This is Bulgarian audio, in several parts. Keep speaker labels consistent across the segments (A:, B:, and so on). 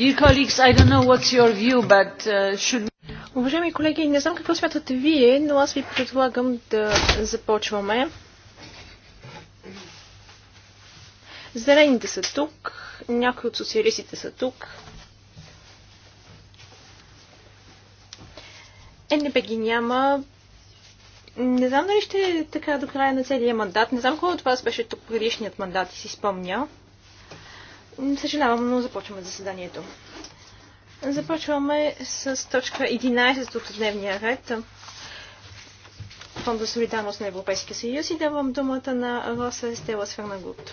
A: Uh, Уважаеми колеги, не знам какво смятате вие, но аз ви предлагам да започваме. Зелените са тук, някои от социалистите са тук. Е, НДП ги няма. Не знам дали ще е така до края на целия мандат. Не знам кой от вас беше тук предишният мандат и си спомня. Съжалявам, но започваме заседанието. Започваме с точка 11 от дневния ред. Фонда Солидарност на Европейския съюз и давам думата на Роса Стела Свернагут.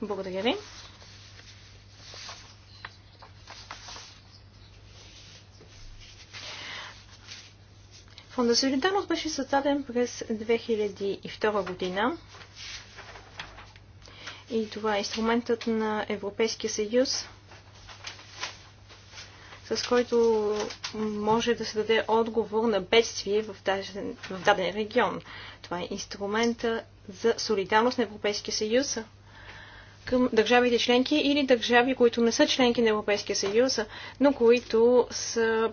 A: Благодаря ви. Фонда Солидарност беше създаден през 2002 година и това е инструментът на Европейския съюз, с който може да се даде отговор на бедствие в даден, в даден регион. Това е инструмента за солидарност на Европейския съюз, към държавите членки или държави, които не са членки на Европейския съюз, но които са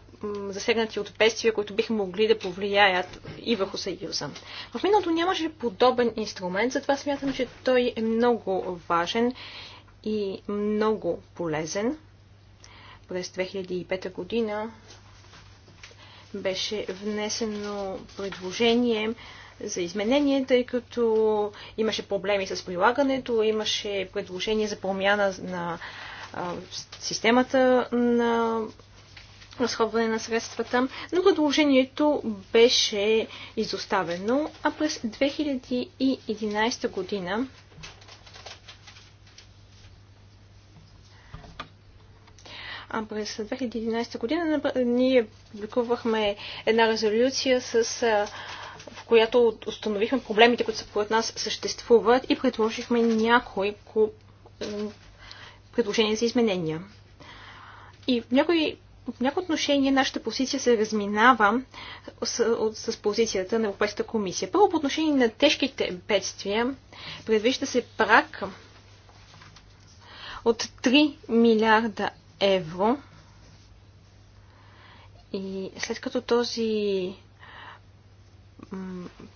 A: засегнати от бедствия, които биха могли да повлияят и върху съюза. В миналото нямаше подобен инструмент, затова смятам, че той е много важен и много полезен. През 2005 година беше внесено предложение за изменение, тъй като имаше проблеми с прилагането, имаше предложение за промяна на системата на разходване на средствата, но предложението беше изоставено, а през 2011 година А през 2011 година ние публикувахме една резолюция с която установихме проблемите, които според нас съществуват и предложихме някои предложения за изменения. И в някои в някои отношения нашата позиция се разминава с, с позицията на Европейската комисия. Първо по отношение на тежките бедствия предвижда се прак от 3 милиарда евро. И след като този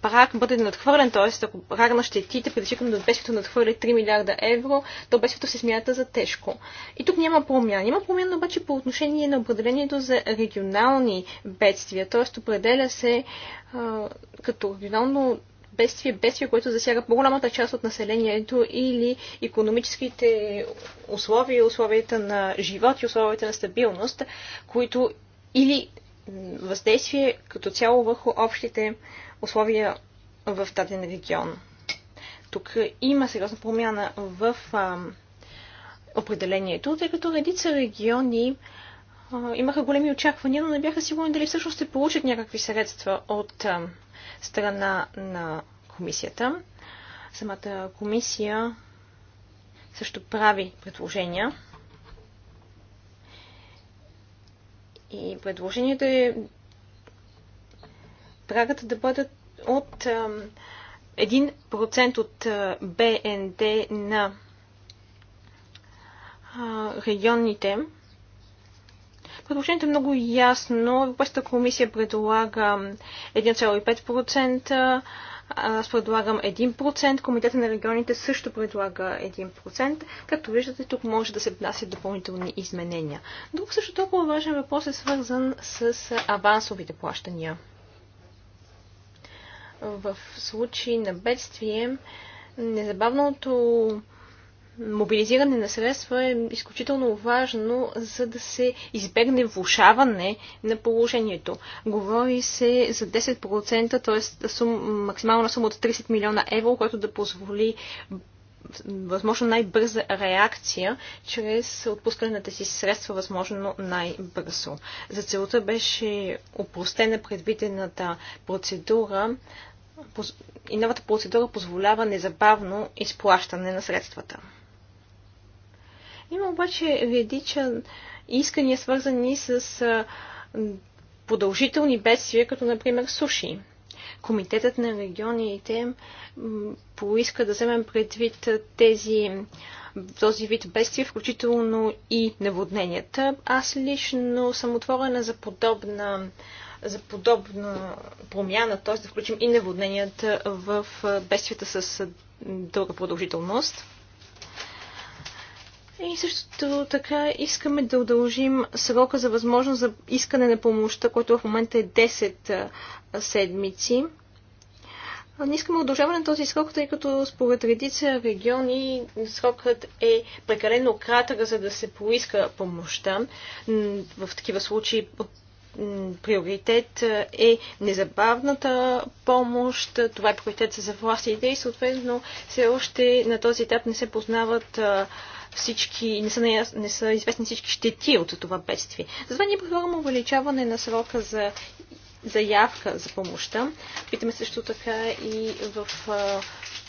A: Прак бъде надхвърлен, т.е. ако праг на щетите, предишително от бедствието, надхвърли 3 милиарда евро, то бедствието се смята за тежко. И тук няма промяна. Има промяна обаче по отношение на определението за регионални бедствия, т.е. определя се а, като регионално бедствие, бедствие, което засяга по-голямата част от населението или економическите условия, условията на живот и условията на стабилност, които или въздействие като цяло върху общите условия в даден регион. Тук има сериозна промяна в а, определението, тъй като редица региони а, имаха големи очаквания, но не бяха сигурни дали всъщност ще получат някакви средства от а, страна на комисията. Самата комисия също прави предложения. И предложението е прагата да бъдат от 1% от БНД на регионните. Предложението е много ясно. Европейската комисия предлага 1,5%, аз предлагам 1%, Комитета на регионите също предлага 1%. Както виждате, тук може да се внасят допълнителни изменения. Друг също толкова важен въпрос е свързан с авансовите плащания. В случай на бедствие, незабавното мобилизиране на средства е изключително важно, за да се избегне влушаване на положението. Говори се за 10%, т.е. Сум, максимална сума от 30 милиона евро, което да позволи възможно най-бърза реакция чрез отпускането си средства възможно най-бързо. За целта беше опростена предвидената процедура, и новата процедура позволява незабавно изплащане на средствата. Има обаче редича искания, свързани с продължителни бедствия, като например суши. Комитетът на регионите поиска да вземем предвид тези, този вид бедствия, включително и наводненията. Аз лично съм отворена за подобна за подобна промяна, т.е. да включим и наводненията в бедствията с дълга продължителност. И също така искаме да удължим срока за възможност за искане на помощта, който в момента е 10 седмици. Не искаме удължаване на този срок, тъй като според редица региони срокът е прекалено кратък, за да се поиска помощта. В такива случаи приоритет е незабавната помощ, това е приоритет за властите и съответно все още на този етап не се познават всички, не са, не, не са известни всички щети от това бедствие. Затова ние предлагаме увеличаване на срока за заявка за помощта. Питаме също така и в,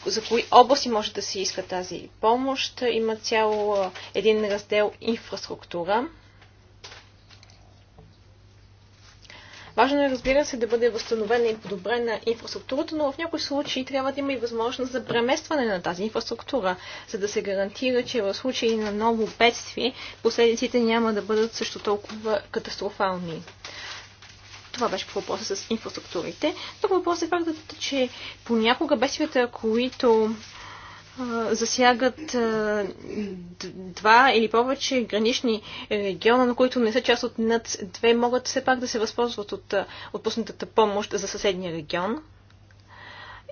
A: за кои области може да се иска тази помощ. Има цяло един раздел инфраструктура. Важно е, разбира се, да бъде възстановена и подобрена инфраструктурата, но в някои случаи трябва да има и възможност за преместване на тази инфраструктура, за да се гарантира, че в случай на ново бедствие последиците няма да бъдат също толкова катастрофални. Това беше по въпроса с инфраструктурите. Друг въпрос е фактът, че понякога бедствията, които засягат два или повече гранични е, региона, на които не са част от над две, могат все пак да се възползват от отпуснатата помощ за съседния регион.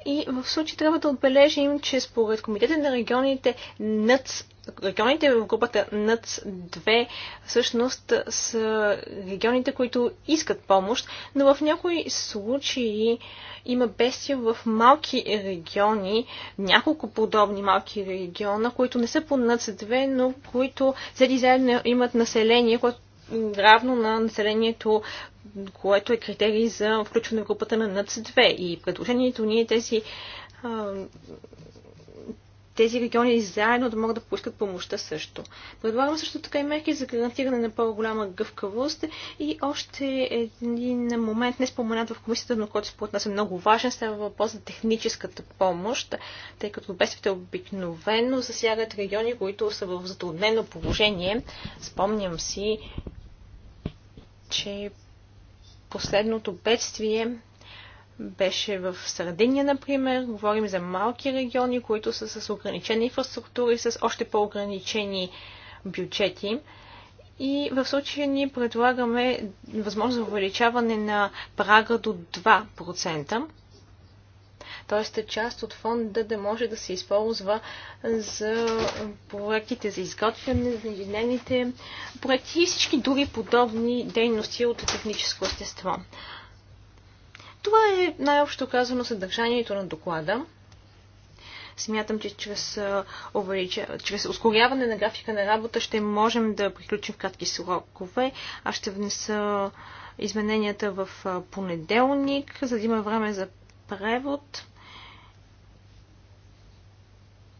A: И в случай трябва да отбележим, че според Комитета на регионите НЦ регионите в групата НЦ-2 всъщност са регионите, които искат помощ, но в някои случаи има бестия в малки региони, няколко подобни малки региона, които не са по НЦ-2, но които заедно имат население, което равно на населението което е критерий за включване в групата на НЦ2. И предложението ни е тези, тези региони заедно да могат да поискат помощта също. Предлагам също така и мерки за гарантиране на по-голяма гъвкавост и още един момент не споменат в комисията, но който според нас е много важен, става въпрос за техническата помощ, тъй като бедствията обикновено засягат региони, които са в затруднено положение. Спомням си, че последното бедствие беше в Сардиния, например. Говорим за малки региони, които са с ограничена инфраструктура и с още по-ограничени бюджети. И в случая ние предлагаме възможност за увеличаване на прага до 2% т.е. част от фонда да може да се използва за проектите за изготвяне, за инженерните проекти и всички други подобни дейности от техническо естество. Това е най-общо казано съдържанието на доклада. Смятам, че чрез, увелича, чрез ускоряване на графика на работа ще можем да приключим в кратки срокове. Аз ще внеса измененията в понеделник, за да има време за превод.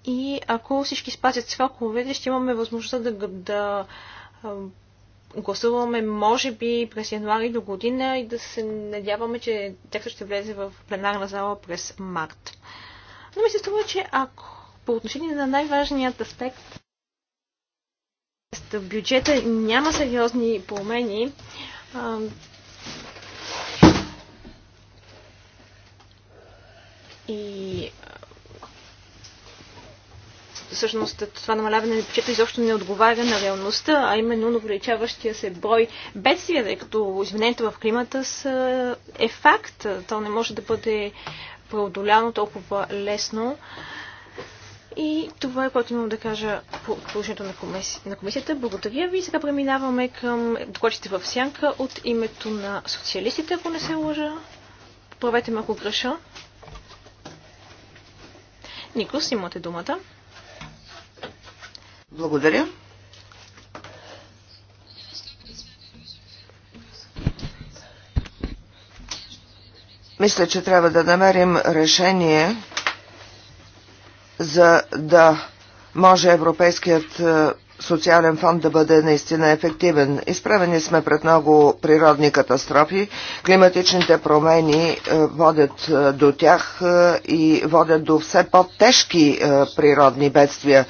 A: И ако всички спазят сроковете, ще имаме възможността да, да гласуваме, може би, през януари до година и да се надяваме, че текстът ще влезе в пленарна зала през март. Но ми се струва, че ако по отношение на най-важният аспект, бюджета няма сериозни промени, и всъщност това намаляване на бюджета изобщо не отговаря на реалността, а именно на увеличаващия се брой бедствия, тъй като измененията в климата са, е факт. То не може да бъде преодоляно толкова лесно. И това е което имам да кажа по положението на, комиси... на комисията. Благодаря ви. Сега преминаваме към докладите в сянка от името на социалистите, ако не се лъжа. Поправете ме, ако греша. Никос, имате думата.
B: Благодаря. Мисля, че трябва да намерим решение, за да може Европейският е, социален фонд да бъде наистина ефективен. Изправени сме пред много природни катастрофи. Климатичните промени е, водят е, до тях и водят до все по-тежки природни бедствия.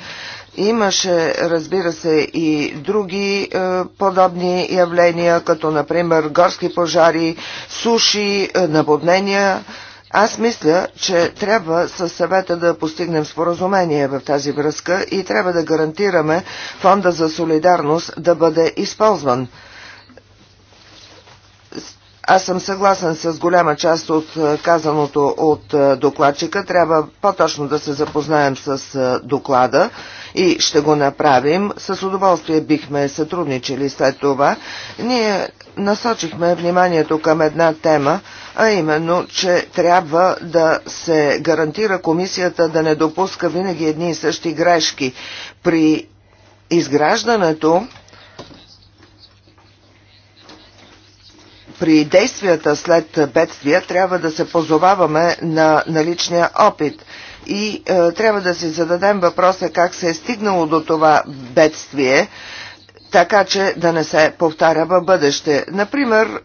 B: Имаше, разбира се, и други е, подобни явления, като например горски пожари, суши, е, наводнения. Аз мисля, че трябва със съвета да постигнем споразумение в тази връзка и трябва да гарантираме фонда за солидарност да бъде използван. Аз съм съгласен с голяма част от е, казаното от е, докладчика. Трябва по-точно да се запознаем с е, доклада и ще го направим. С удоволствие бихме сътрудничили след това. Ние насочихме вниманието към една тема, а именно, че трябва да се гарантира комисията да не допуска винаги едни и същи грешки при изграждането при действията след бедствия трябва да се позоваваме на наличния опит и е, трябва да си зададем въпроса как се е стигнало до това бедствие, така че да не се повтаря в бъдеще. Например, е,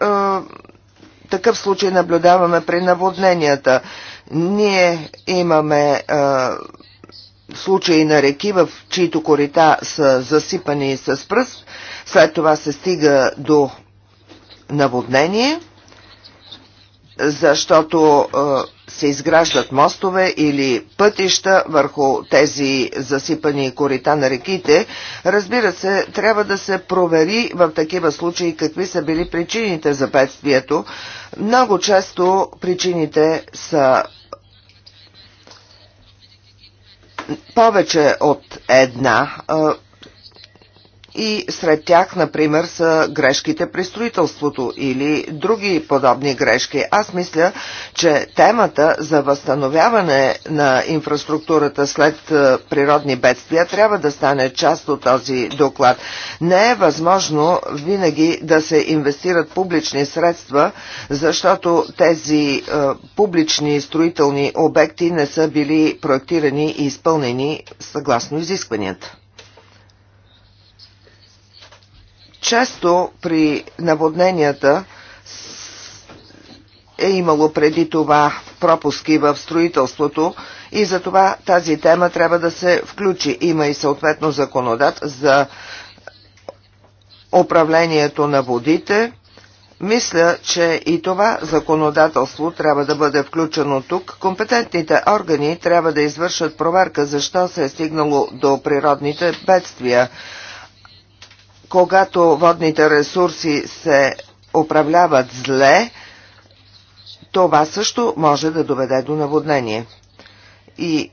B: такъв случай наблюдаваме при наводненията. Ние имаме е, случаи на реки, в чието корита са засипани с пръст, след това се стига до наводнение, защото се изграждат мостове или пътища върху тези засипани корита на реките. Разбира се, трябва да се провери в такива случаи какви са били причините за бедствието. Много често причините са повече от една и сред тях, например, са грешките при строителството или други подобни грешки. Аз мисля, че темата за възстановяване на инфраструктурата след е, природни бедствия трябва да стане част от този доклад. Не е възможно винаги да се инвестират публични средства, защото тези е, публични строителни обекти не са били проектирани и изпълнени съгласно изискванията. Често при наводненията е имало преди това пропуски в строителството и за това тази тема трябва да се включи. Има и съответно законодат за управлението на водите. Мисля, че и това законодателство трябва да бъде включено тук. Компетентните органи трябва да извършат проверка защо се е стигнало до природните бедствия когато водните ресурси се управляват зле, това също може да доведе до наводнение. И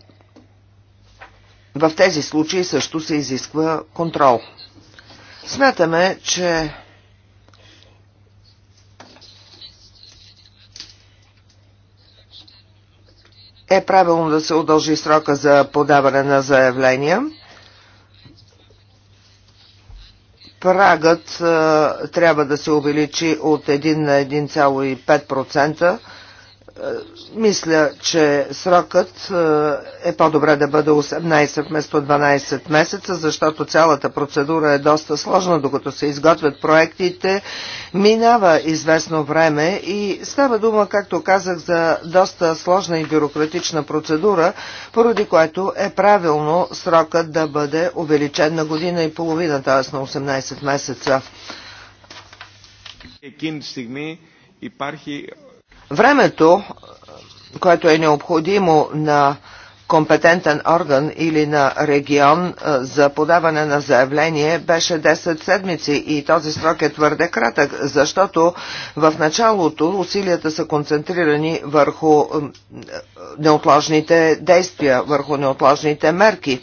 B: в тези случаи също се изисква контрол. Смятаме, че е правилно да се удължи срока за подаване на заявления. прагът трябва да се увеличи от 1 на 1,5%, е, мисля, че срокът е, е по-добре да бъде 18 вместо 12 месеца, защото цялата процедура е доста сложна, докато се изготвят проектите. Минава известно време и става дума, както казах, за доста сложна и бюрократична процедура, поради което е правилно срокът да бъде увеличен на година и половина, т.е. на 18 месеца.
C: Екин стигми, υπάρχει
B: Времето, което е необходимо на компетентен орган или на регион е, за подаване на заявление беше 10 седмици и този срок е твърде кратък, защото в началото усилията са концентрирани върху е, неотложните действия, върху неотложните мерки.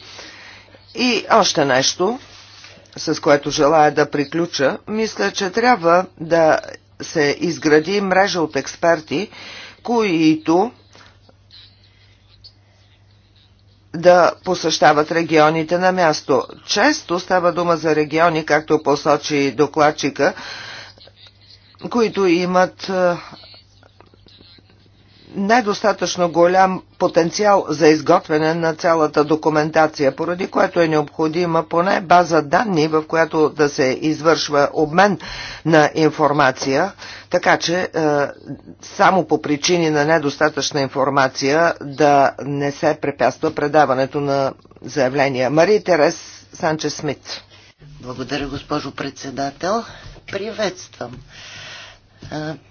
B: И още нещо, с което желая да приключа, мисля, че трябва да се изгради мрежа от експерти, които да посещават регионите на място. Често става дума за региони, както посочи докладчика, които имат недостатъчно голям потенциал за изготвяне на цялата документация, поради което е необходима поне база данни, в която да се извършва обмен на информация, така че е, само по причини на недостатъчна информация да не се препятства предаването на заявления. Мария Терес Санчес Смит. Благодаря, госпожо председател. Приветствам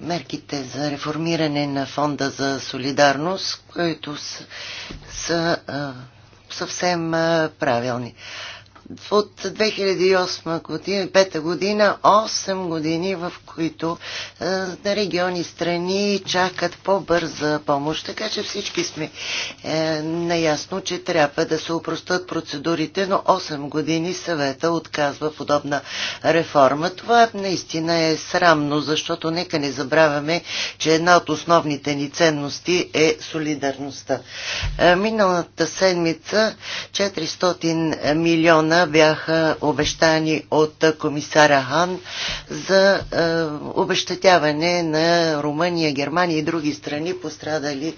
C: мерките за реформиране на фонда за солидарност, които са, са съвсем правилни от 2008 година, пета година, 8 години, в които е, на региони страни чакат по-бърза помощ. Така че всички сме е, наясно, че трябва да се упростат процедурите, но 8 години съвета отказва подобна реформа. Това наистина е срамно, защото нека не забравяме, че една от основните ни ценности е солидарността. Е, миналата седмица 400 милиона страна бяха обещани от комисара Хан за е, обещатяване на Румъния, Германия и други страни пострадали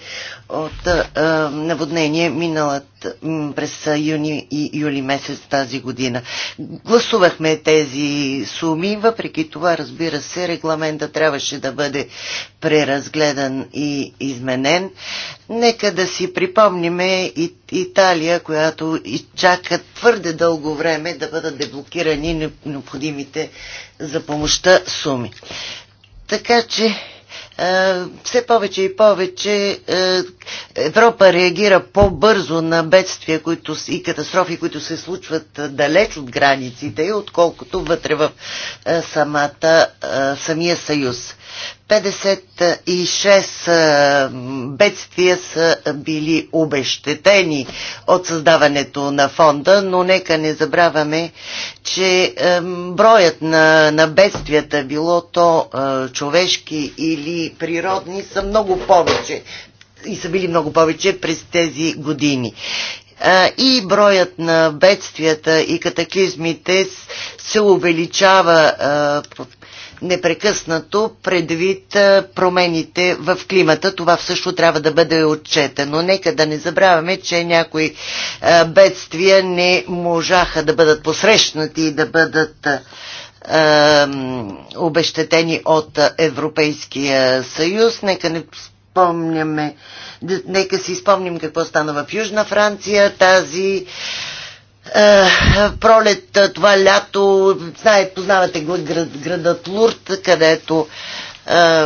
C: от е, наводнение миналата през юни и юли месец тази година. Гласувахме тези суми, въпреки това, разбира се, регламента трябваше да бъде преразгледан и изменен. Нека да си припомниме и Италия, която чака твърде дълго време да бъдат деблокирани необходимите за помощта суми. Така че е, все повече и повече е, Европа реагира по-бързо на бедствия които, и катастрофи, които се случват е, далеч от границите, отколкото вътре в самата, самия съюз. 56 бедствия са били обещетени от създаването на фонда, но нека не забравяме, че броят на, на бедствията, било то е, човешки или природни, са много повече и са били много повече през тези години е, и броят на бедствията и катаклизмите се увеличава е, непрекъснато предвид промените в климата. Това също трябва да бъде отчетено. Нека да не забравяме, че някои бедствия не можаха да бъдат посрещнати и да бъдат обещетени от Европейския съюз. Нека не спомняме, нека си спомним какво стана в Южна Франция тази е, пролет, е, това лято, знаете, познавате град, градът Лурт, където е,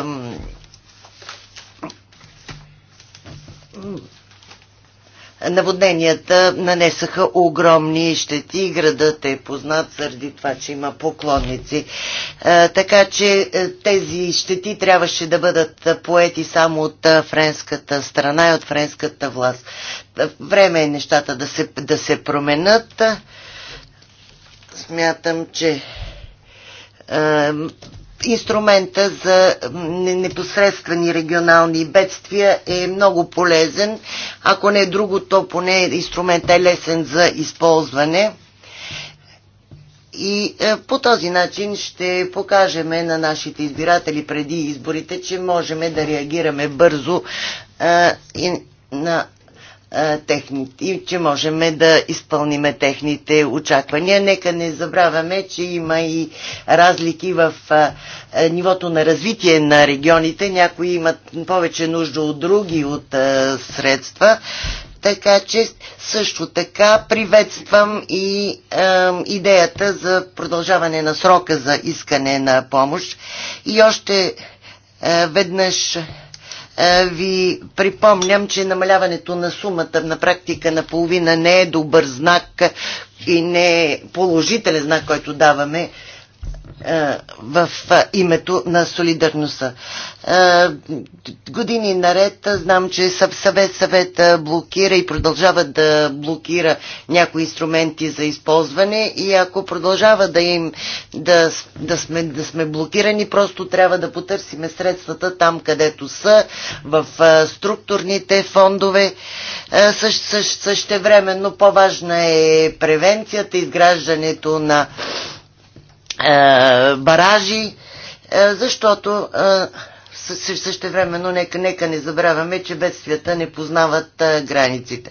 C: наводненията нанесаха огромни щети. Градът е познат заради това, че има поклонници. Е, така че е, тези щети трябваше да бъдат поети само от е, френската страна и от френската власт. Време е нещата да се, да се променят. Смятам, че инструмента за непосредствени регионални бедствия е много полезен. Ако не е друго, то поне инструмент е лесен за използване. И е, по този начин ще покажем на нашите избиратели преди изборите, че можем да реагираме бързо е, на техните, и че можем да изпълниме техните очаквания. Нека не забравяме, че има и разлики в нивото на развитие на регионите. Някои имат повече нужда от други, от средства. Така че също така приветствам и е, идеята за продължаване на срока за искане на помощ. И още е, веднъж е, ви припомням, че намаляването на сумата на практика на половина не е добър знак и не е положителен знак, който даваме е, в е, името на солидарността. Е, години наред знам, че съвет съвет блокира и продължава да блокира някои инструменти за използване и ако продължава да им да, да, сме, да сме блокирани, просто трябва да потърсиме средствата там, където са, в структурните фондове. Също, също, същевременно по-важна е превенцията, изграждането на е, баражи, е, защото е, същевременно нека, нека не забравяме, че бедствията не познават а, границите.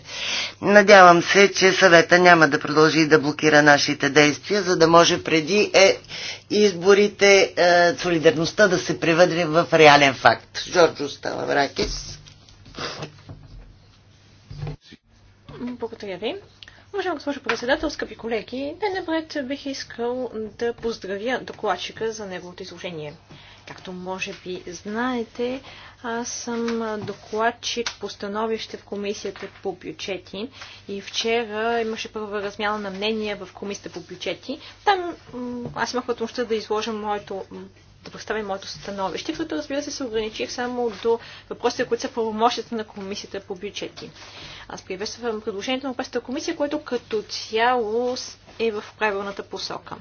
C: Надявам се, че съвета няма да продължи да блокира нашите действия, за да може преди е, изборите е, солидарността да се превъдри в реален факт. Жорджо Стававракис.
A: Благодаря ви. Уважаема госпожо председател, скъпи колеги, най-напред бих искал да поздравя докладчика за неговото изложение. Както може би знаете, аз съм докладчик по становище в комисията по бюджети и вчера имаше първа размяна на мнения в комисията по бюджети. Там аз имах възможността да изложа моето да представя моето становище, като разбира се се ограничих само до въпросите, които са правомощията на комисията по бюджети. Аз приветствам предложението на Европейската комисия, което като цяло е в правилната посока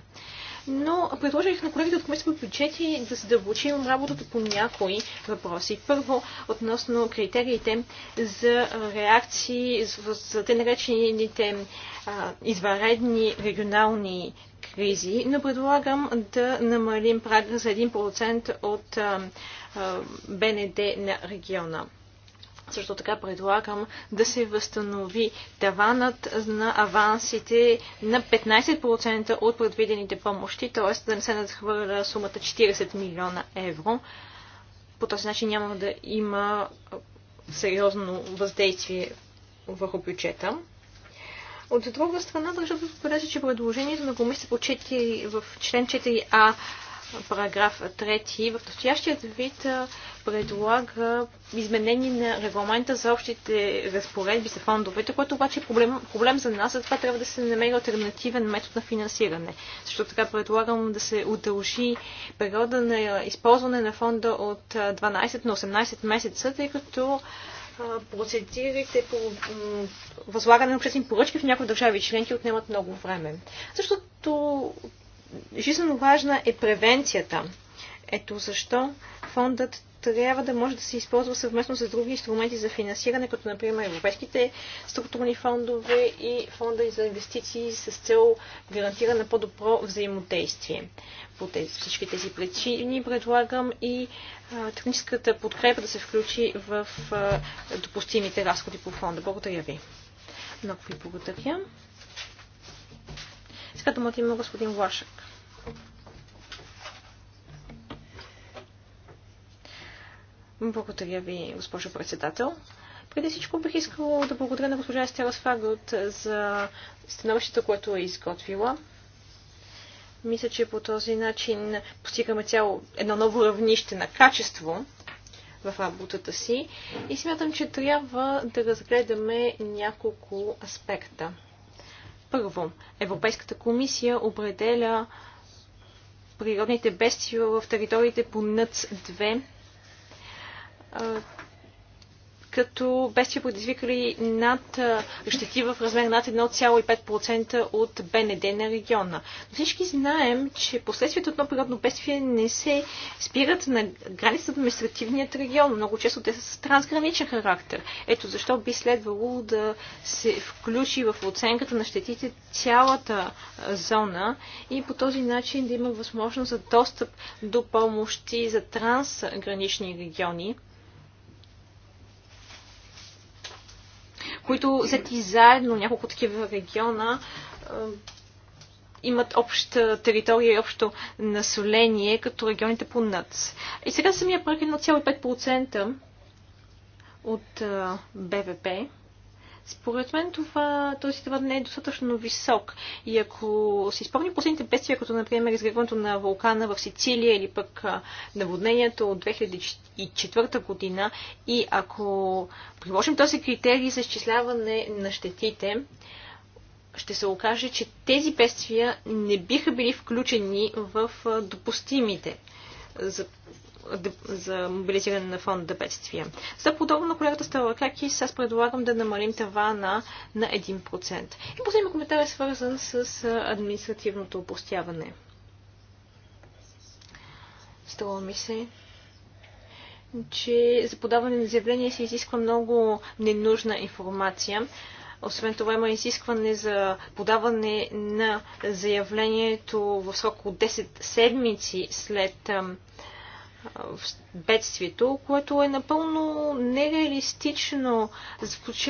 A: но предложих на колегите от Комисията по бюджети да се дълбочим работата по някои въпроси. Първо, относно критериите за реакции за те наречените извънредни регионални кризи, но предлагам да намалим прага за 1% от БНД на региона. Също така предлагам да се възстанови таванът на авансите на 15% от предвидените помощи, т.е. да не се надхвърля сумата 40 милиона евро. По този начин няма да има сериозно въздействие върху бюджета. От друга страна, държавата да отбележа, че предложението на комисията по 4, в член 4а параграф 3 в настоящият вид предлага изменение на регламента за общите разпоредби за фондовете, което обаче е проблем, проблем за нас, затова трябва да се намери альтернативен метод на финансиране. Също така предлагам да се удължи периода на използване на фонда от 12 на 18 месеца, тъй като процедирите по възлагане на обществени поръчки в някои държави членки отнемат много време. Защото жизненно важна е превенцията. Ето защо фондът трябва да може да се използва съвместно с други инструменти за финансиране, като например европейските структурни фондове и фонда за инвестиции с цел гарантиране на по-добро взаимодействие. По тези, всички тези причини предлагам и а, техническата подкрепа да се включи в а, допустимите разходи по фонда. Благодаря ви. Много ви благодаря. Сега думата има господин Влашък. Благодаря ви, госпожо председател. Преди всичко бих искала да благодаря на госпожа Естела Сфагот за становището, което е изготвила. Мисля, че по този начин постигаме цяло едно ново равнище на качество в работата си и смятам, че трябва да разгледаме няколко аспекта. Първо, Европейската комисия определя природните бедствия в териториите по нц 2 като бедствия предизвикали над щети в размер над 1,5% от БНД на региона. Но всички знаем, че последствията от едно природно бедствие не се спират на границата на административният регион. Много често те са с трансграничен характер. Ето защо би следвало да се включи в оценката на щетите цялата зона и по този начин да има възможност за достъп до помощи за трансгранични региони които взети заедно няколко такива региона е, имат обща територия и общо население, като регионите по НАЦ. И сега самия прък е 1,5% от е, БВП. Според мен това, този това не е достатъчно висок. И ако се изпълни последните бедствия, като например изгреването на вулкана в Сицилия или пък наводнението от 2004 година, и ако приложим този критерий за изчисляване на щетите, ще се окаже, че тези бедствия не биха били включени в допустимите за за мобилизиране на фонда бедствия. За подобно на колегата Сталакакис, аз предлагам да намалим тавана на 1%. И последният коментар е свързан с административното опустяване. Струва ми се, че за подаване на заявление се изисква много ненужна информация. Освен това има изискване за подаване на заявлението в срок от 10 седмици след в бедствието, което е напълно нереалистично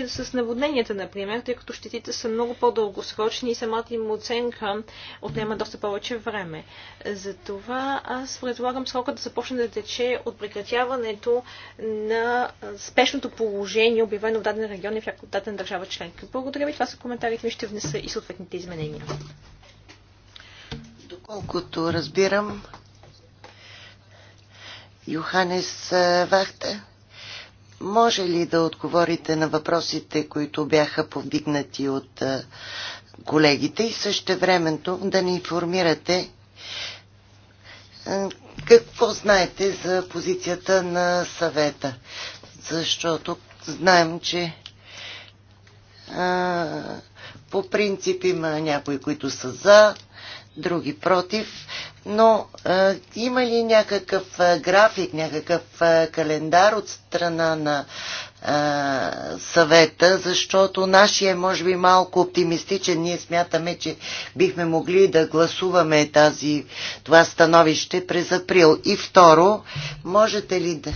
A: с наводненията, например, тъй като щетите са много по-дългосрочни и самата им оценка отнема доста повече време. Затова аз предлагам срока да започне да тече от прекратяването на спешното положение, обявено в даден регион и в дадена държава членка. Благодаря ви, това са коментарите ми, ще внеса и съответните изменения.
C: Доколкото разбирам, Йоханес Вахта, може ли да отговорите на въпросите, които бяха повдигнати от колегите и също времето да ни информирате какво знаете за позицията на съвета? Защото знаем, че а, по принцип има някои, които са за, други против но а, е, има ли някакъв а, е, график, някакъв а, е, календар от страна на а, съвета, защото нашия е може би малко оптимистичен. Ние смятаме, че бихме могли да гласуваме тази, това становище през април. И второ, можете ли да,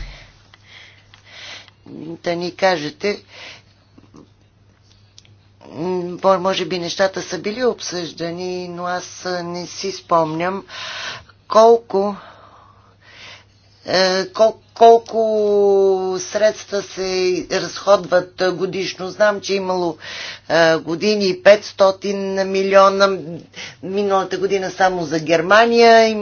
C: да ни кажете може би нещата са били обсъждани, но аз не си спомням колко, е, колко колко средства се разходват годишно. Знам, че имало е, години 500 милиона. Миналата година само за Германия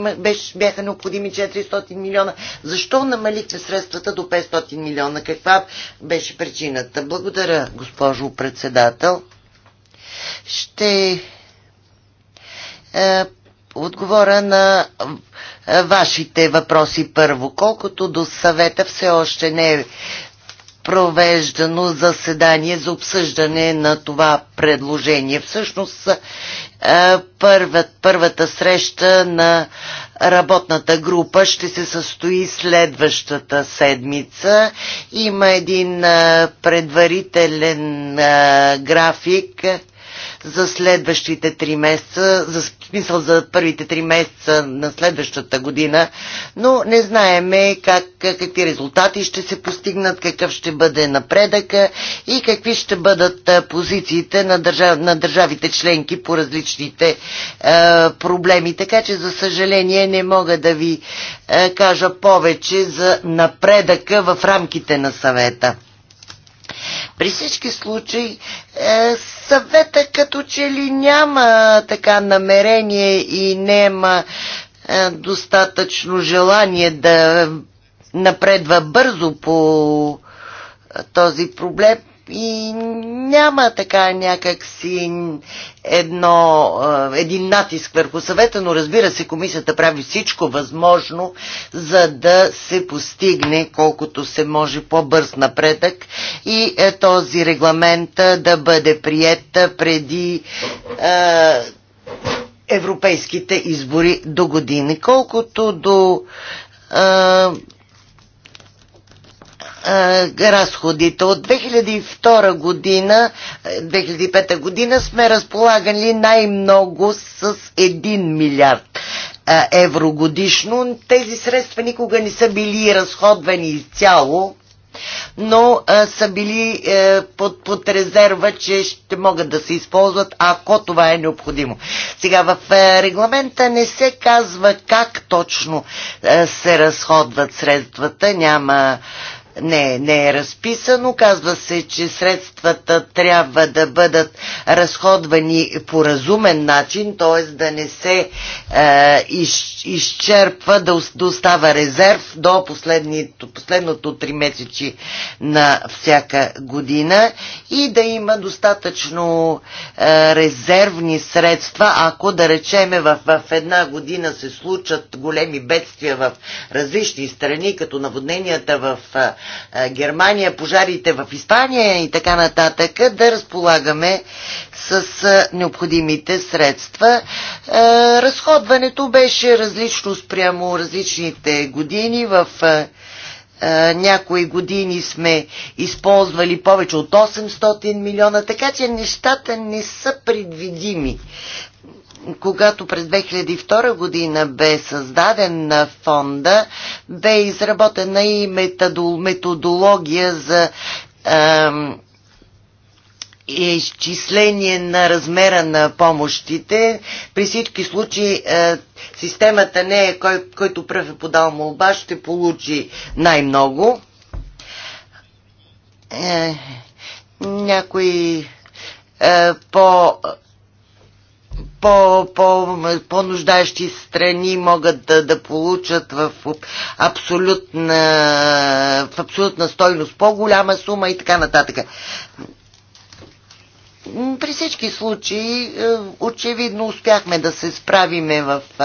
C: бяха необходими 400 милиона. Защо намалихте средствата до 500 милиона? Каква беше причината? Благодаря, госпожо председател. Ще е, отговоря на е, вашите въпроси първо. Колкото до съвета все още не е провеждано заседание за обсъждане на това предложение. Всъщност е, първат, първата среща на работната група ще се състои следващата седмица. Има един е, предварителен график за следващите три месеца, за смисъл за първите три месеца на следващата година, но не знаеме как, какви резултати ще се постигнат, какъв ще бъде напредъка и какви ще бъдат позициите на, държав, на държавите членки по различните е, проблеми. Така че, за съжаление, не мога да ви е, кажа повече за напредъка в рамките на съвета. При всички случаи е, съвета като че ли няма така намерение и няма е, достатъчно желание да напредва бързо по е, този проблем, и няма така някакси едно, един натиск върху съвета, но разбира се, комисията прави всичко възможно, за да се постигне колкото се може по-бърз напредък и е, този регламент да бъде прият преди е, европейските избори до години. Колкото до е, разходите. От 2002 година, 2005 е, година сме разполагали най-много с 1 милиард евро годишно. Тези средства никога не са били разходвани изцяло, но а, са били е, под, под резерва, че ще могат да се използват, ако това е необходимо. Сега в е, регламента не се казва как точно се разходват средствата, няма не, не е разписано. Казва се, че средствата трябва да бъдат разходвани по разумен начин, т.е. да не се е, из, изчерпва, да, да остава резерв до последното три месечи на всяка година и да има достатъчно е, резервни средства, ако да речеме в, в една година се случат големи бедствия в различни страни, като наводненията в е, Германия, пожарите в Испания и така нататък, да разполагаме с необходимите средства. Разходването беше различно спрямо различните години в някои години сме използвали повече от 800 милиона, така че нещата не са предвидими когато през 2002 година бе създаден на фонда, бе изработена и методология за ам, изчисление на размера на помощите. При всички случаи е, системата не е кой, който пръв е подал молба, ще получи най-много. Е, някои е, по по-нуждаещи по, по, по страни могат да, да получат в абсолютна, в абсолютна стойност по-голяма сума и така нататък. При всички случаи, е, очевидно, успяхме да се справиме в е,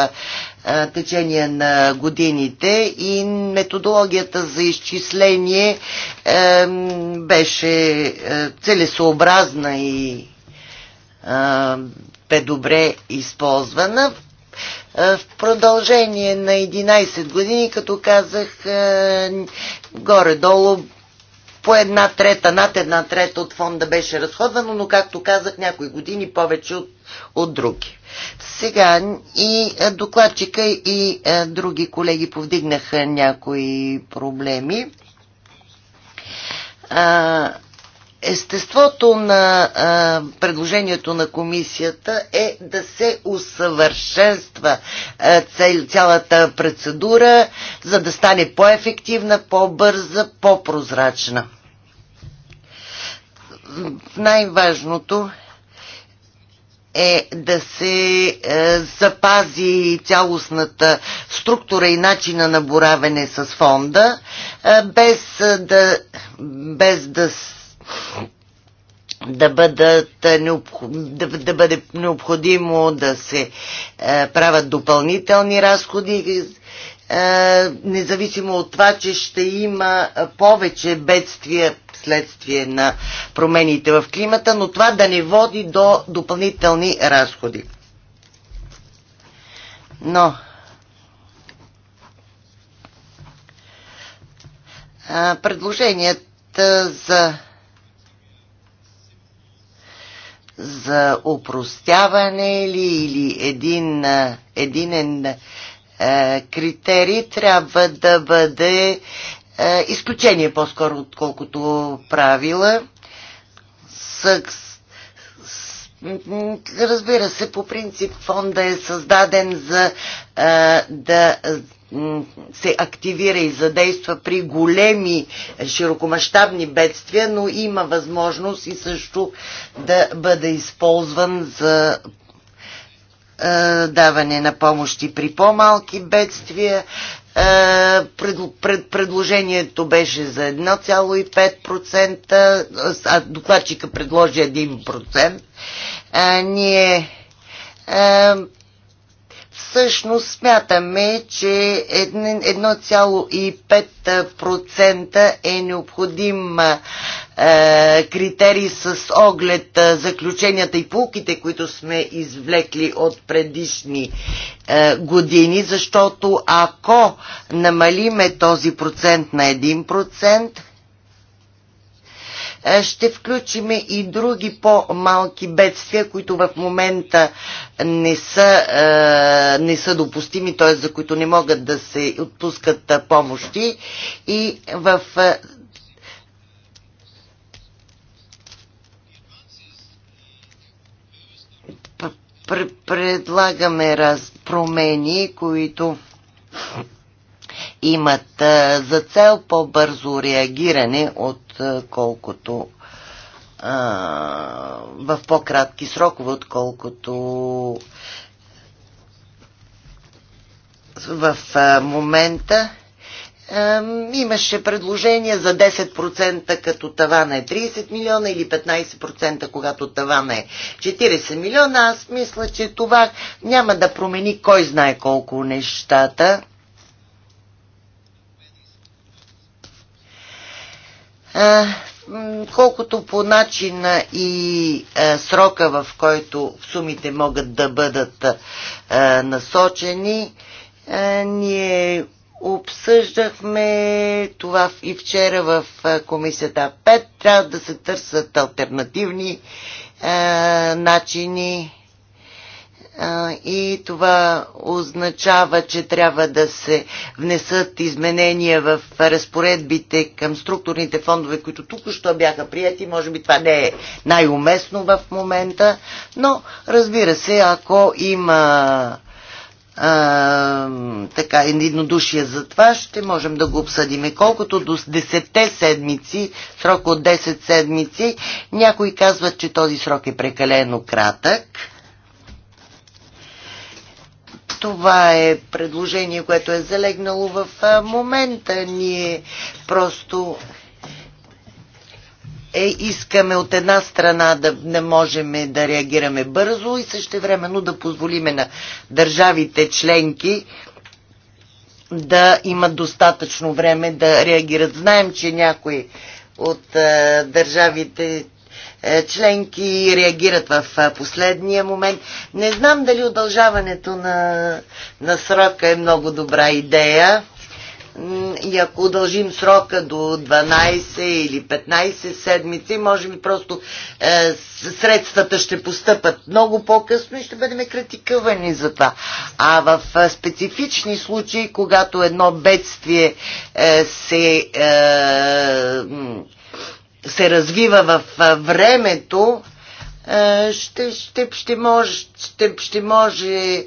C: е, течение на годините и методологията за изчисление беше целесообразна и бе добре използвана. В продължение на 11 години, като казах, горе-долу по една трета, над една трета от фонда беше разходвано, но както казах, някои години повече от, от други. Сега и докладчика и други колеги повдигнаха някои проблеми. Естеството на а, предложението на комисията е да се усъвършенства а, цял, цялата процедура, за да стане по-ефективна, по-бърза, по-прозрачна. Най-важното е да се е, запази цялостната структура и начина на бораване с фонда, е, без, да, без да да, бъдат, е, да, да бъде необходимо да се е, правят допълнителни разходи, е, независимо от това, че ще има повече бедствия следствие на промените в климата, но това да не води до допълнителни разходи. Но предложенията за за упростяване или, или един, един е, критерий трябва да бъде е, изключение по-скоро, отколкото правила. С, с, разбира се, по принцип фонда е създаден за е, да се активира и задейства при големи широкомащабни бедствия, но има възможност и също да бъде използван за даване на помощи при по-малки бедствия. Предложението беше за 1,5%, а докладчика предложи 1%. Ние всъщност смятаме, че 1,5% е необходим е, критерий с оглед заключенията и полките, които сме извлекли от предишни е, години, защото ако намалиме този процент на 1%, е, ще включим и други по-малки бедствия, които в момента не са, е, не са допустими, т.е. за които не могат да се отпускат е, помощи и в предлагаме раз, промени, които имат за цел по-бързо реагиране, отколкото в по-кратки срокове, отколкото в момента имаше предложение за 10% като тавана е 30 милиона или 15% когато тавана е 40 милиона. Аз мисля, че това няма да промени кой знае колко нещата. Колкото по начина и срока, в който сумите могат да бъдат насочени, ние обсъждахме това и вчера в комисията 5. Трябва да се търсят альтернативни начини и това означава, че трябва да се внесат изменения в разпоредбите към структурните фондове, които тук що бяха прияти. Може би това не е най-уместно в момента, но разбира се, ако има а, така единодушие за това, ще можем да го обсъдиме. Колкото до 10 седмици, срок от 10 седмици, някои казват, че този срок е прекалено кратък това е предложение, което е залегнало в момента. Ние просто е, искаме от една страна да не можем да реагираме бързо и същевременно да позволиме на държавите членки да имат достатъчно време да реагират. Знаем, че някои от е, държавите е, членки реагират в е, последния момент. Не знам дали удължаването на, на срока е много добра идея. И ако удължим срока до 12 или 15 седмици, може би просто е, средствата ще постъпат много по-късно и ще бъдем критикувани за това. А в е, специфични случаи, когато едно бедствие е, се. Е, се развива в времето, ще, ще, ще, може, ще, ще може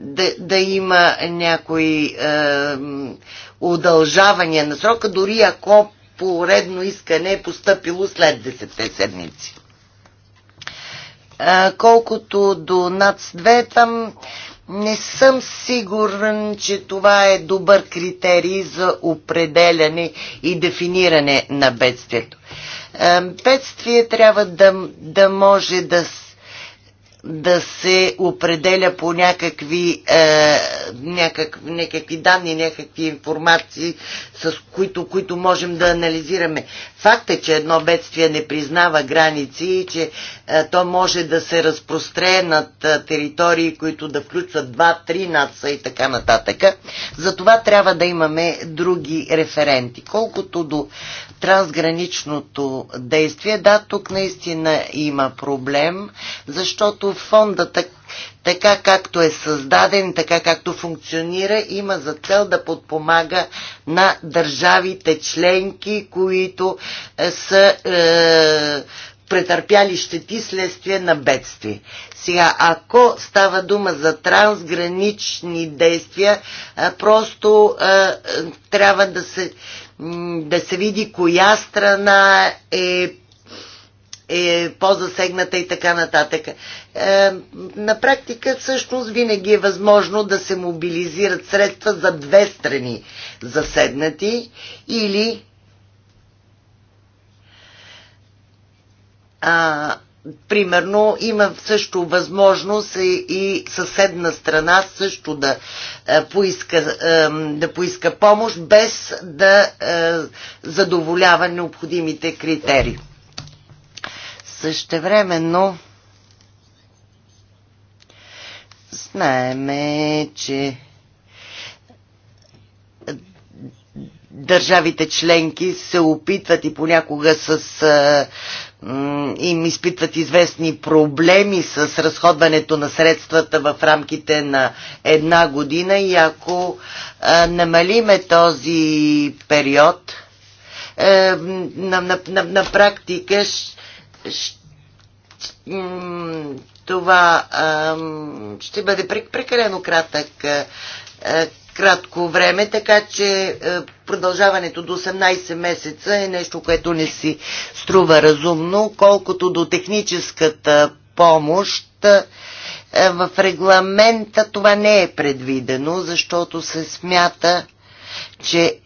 C: да, да има някои е, удължавания на срока, дори ако поредно искане е поступило след 10 седмици. колкото до НАЦ-2, там не съм сигурен, че това е добър критерий за определяне и дефиниране на бедствието. Е, бедствие трябва да, да може да, да се определя по някакви, е, някак, някакви данни, някакви информации, с които, които можем да анализираме. Факт е, че едно бедствие не признава граници и че е, то може да се разпростре над е, територии, които да включват 2-3 нация и така нататък. Затова трябва да имаме други референти. Колкото до трансграничното действие, да, тук наистина има проблем, защото фондата така както е създаден, така както функционира, има за цел да подпомага на държавите членки, които е, са е, претърпяли щети следствие на бедствие. Сега, ако става дума за трансгранични действия, е, просто е, е, трябва да се, да се види коя страна е е по-засегната и така нататък. Е, на практика всъщност винаги е възможно да се мобилизират средства за две страни заседнати или а, примерно има също възможност и, и съседна страна също да, е, поиска, е, да поиска помощ без да е, задоволява необходимите критерии. Същевременно знаеме, че държавите членки се опитват и понякога с а, им изпитват известни проблеми с разходването на средствата в рамките на една година и ако а, намалиме този период, а, е, на, на, на, на практика ще това ще бъде прекалено кратък кратко време, така че продължаването до 18 месеца е нещо, което не си струва разумно, колкото до техническата помощ в регламента това не е предвидено, защото се смята, че,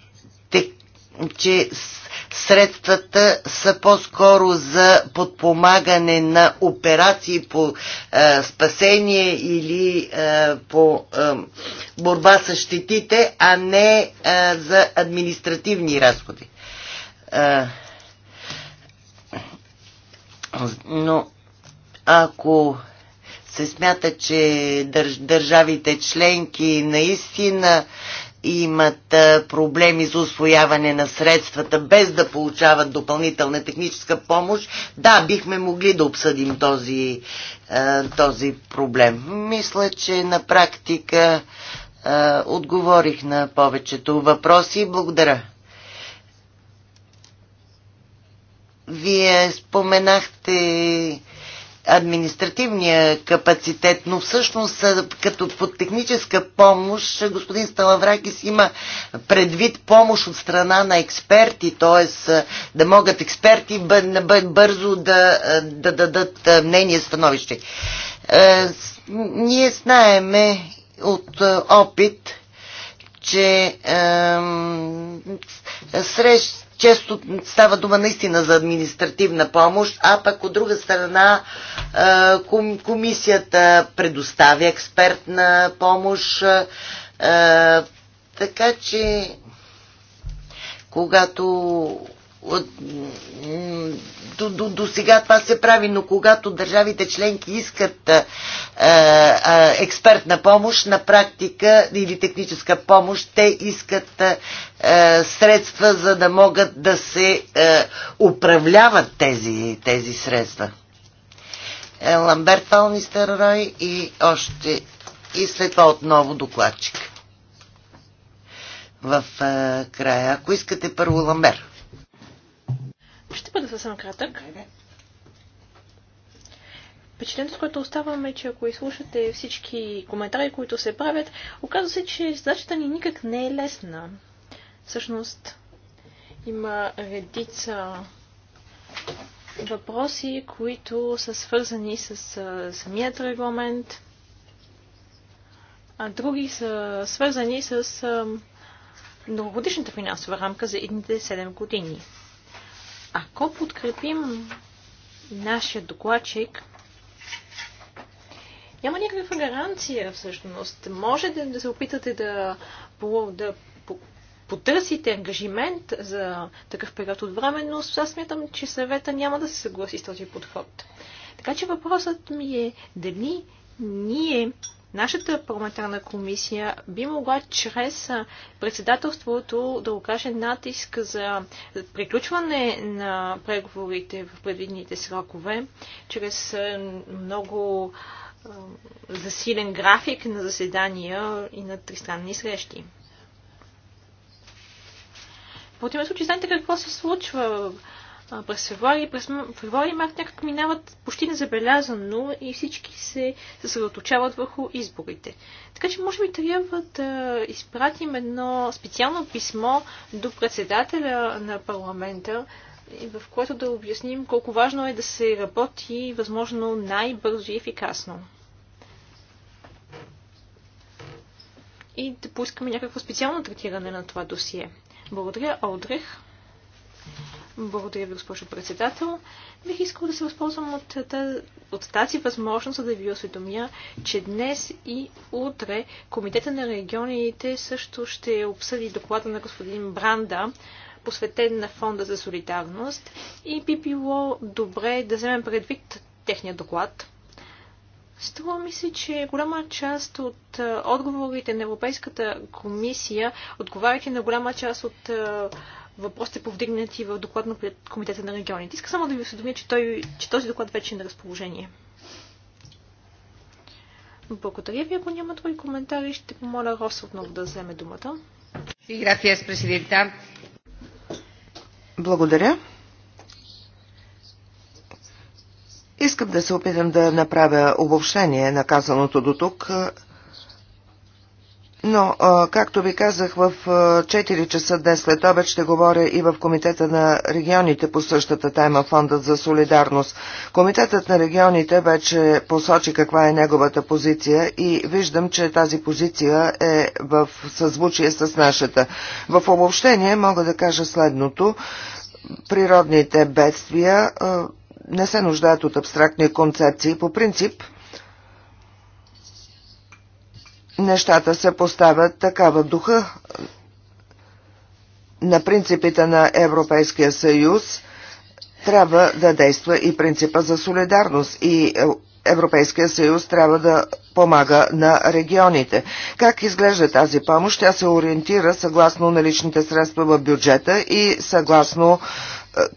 C: че Средствата са по-скоро за подпомагане на операции по а, е, спасение или а, е, по а, е, борба с щетите, а не а, за административни разходи. А, но ако се смята, че държ, държавите членки наистина имат проблеми за освояване на средствата, без да получават допълнителна техническа помощ, да, бихме могли да обсъдим този, този проблем. Мисля, че на практика отговорих на повечето въпроси. Благодаря. Вие споменахте административния капацитет, но всъщност като под техническа помощ господин Сталавракис има предвид помощ от страна на експерти, т.е. да могат експерти бързо да, да дадат мнение становище. Ние знаеме от опит, че срещ често става дума наистина за административна помощ, а пък от друга страна комисията предоставя експертна помощ. Така че, когато до, до, до сега това се прави, но когато държавите членки искат а, а, експертна помощ, на практика или техническа помощ, те искат а, средства, за да могат да се а, управляват тези, тези средства. Е, Ламберт Фалнистер Рой и още и след това отново докладчик. В а, края, ако искате първо Ламберт.
A: Ще бъда съвсем кратък. Впечатлението, с което оставаме, е, че ако изслушате всички коментари, които се правят, оказва се, че задачата ни никак не е лесна. Всъщност, има редица въпроси, които са свързани с а, самият регламент, а други са свързани с а, многогодишната финансова рамка за едните 7 години. Ако подкрепим нашия докладчик, няма никаква гаранция всъщност. Може да, да се опитате да, да потърсите ангажимент за такъв период от време, но аз смятам, че съвета няма да се съгласи с този подход. Така че въпросът ми е дали ние нашата парламентарна комисия би могла чрез председателството да окаже натиск за приключване на преговорите в предвидните срокове, чрез много засилен график на заседания и на тристранни срещи. В противен случай, знаете какво се случва? през февруари, през февруари март някак минават почти незабелязано и всички се съсредоточават върху изборите. Така че може би трябва да изпратим едно специално писмо до председателя на парламента, в което да обясним колко важно е да се работи възможно най-бързо и ефикасно. И да поискаме някакво специално третиране на това досие. Благодаря, Олдрих. Благодаря ви, госпожо председател. Бих искал да се възползвам от, от тази възможност, за да ви осведомя, че днес и утре Комитета на регионите също ще обсъди доклада на господин Бранда, посветен на Фонда за солидарност и би било добре да вземем предвид техния доклад. Струва ми се, че голяма част от отговорите на Европейската комисия, отговаряйки на голяма част от въпросите повдигнати в доклад на Комитета на регионите. Иска само да ви осведомя, че, той, че този доклад вече е на разположение. Благодаря ви. Ако няма други коментари, ще помоля Рос отново да вземе думата.
B: Благодаря. Искам да се опитам да направя обобщение на казаното до тук. Но, както ви казах, в 4 часа днес след обед ще говоря и в Комитета на регионите по същата тема Фондът за солидарност. Комитетът на регионите вече посочи каква е неговата позиция и виждам, че тази позиция е в съзвучие с нашата. В обобщение мога да кажа следното. Природните бедствия не се нуждаят от абстрактни концепции. По принцип, нещата се поставят така в духа на принципите на Европейския съюз, трябва да действа и принципа за солидарност и Европейския съюз трябва да помага на регионите. Как изглежда тази помощ? Тя се ориентира съгласно наличните средства в бюджета и съгласно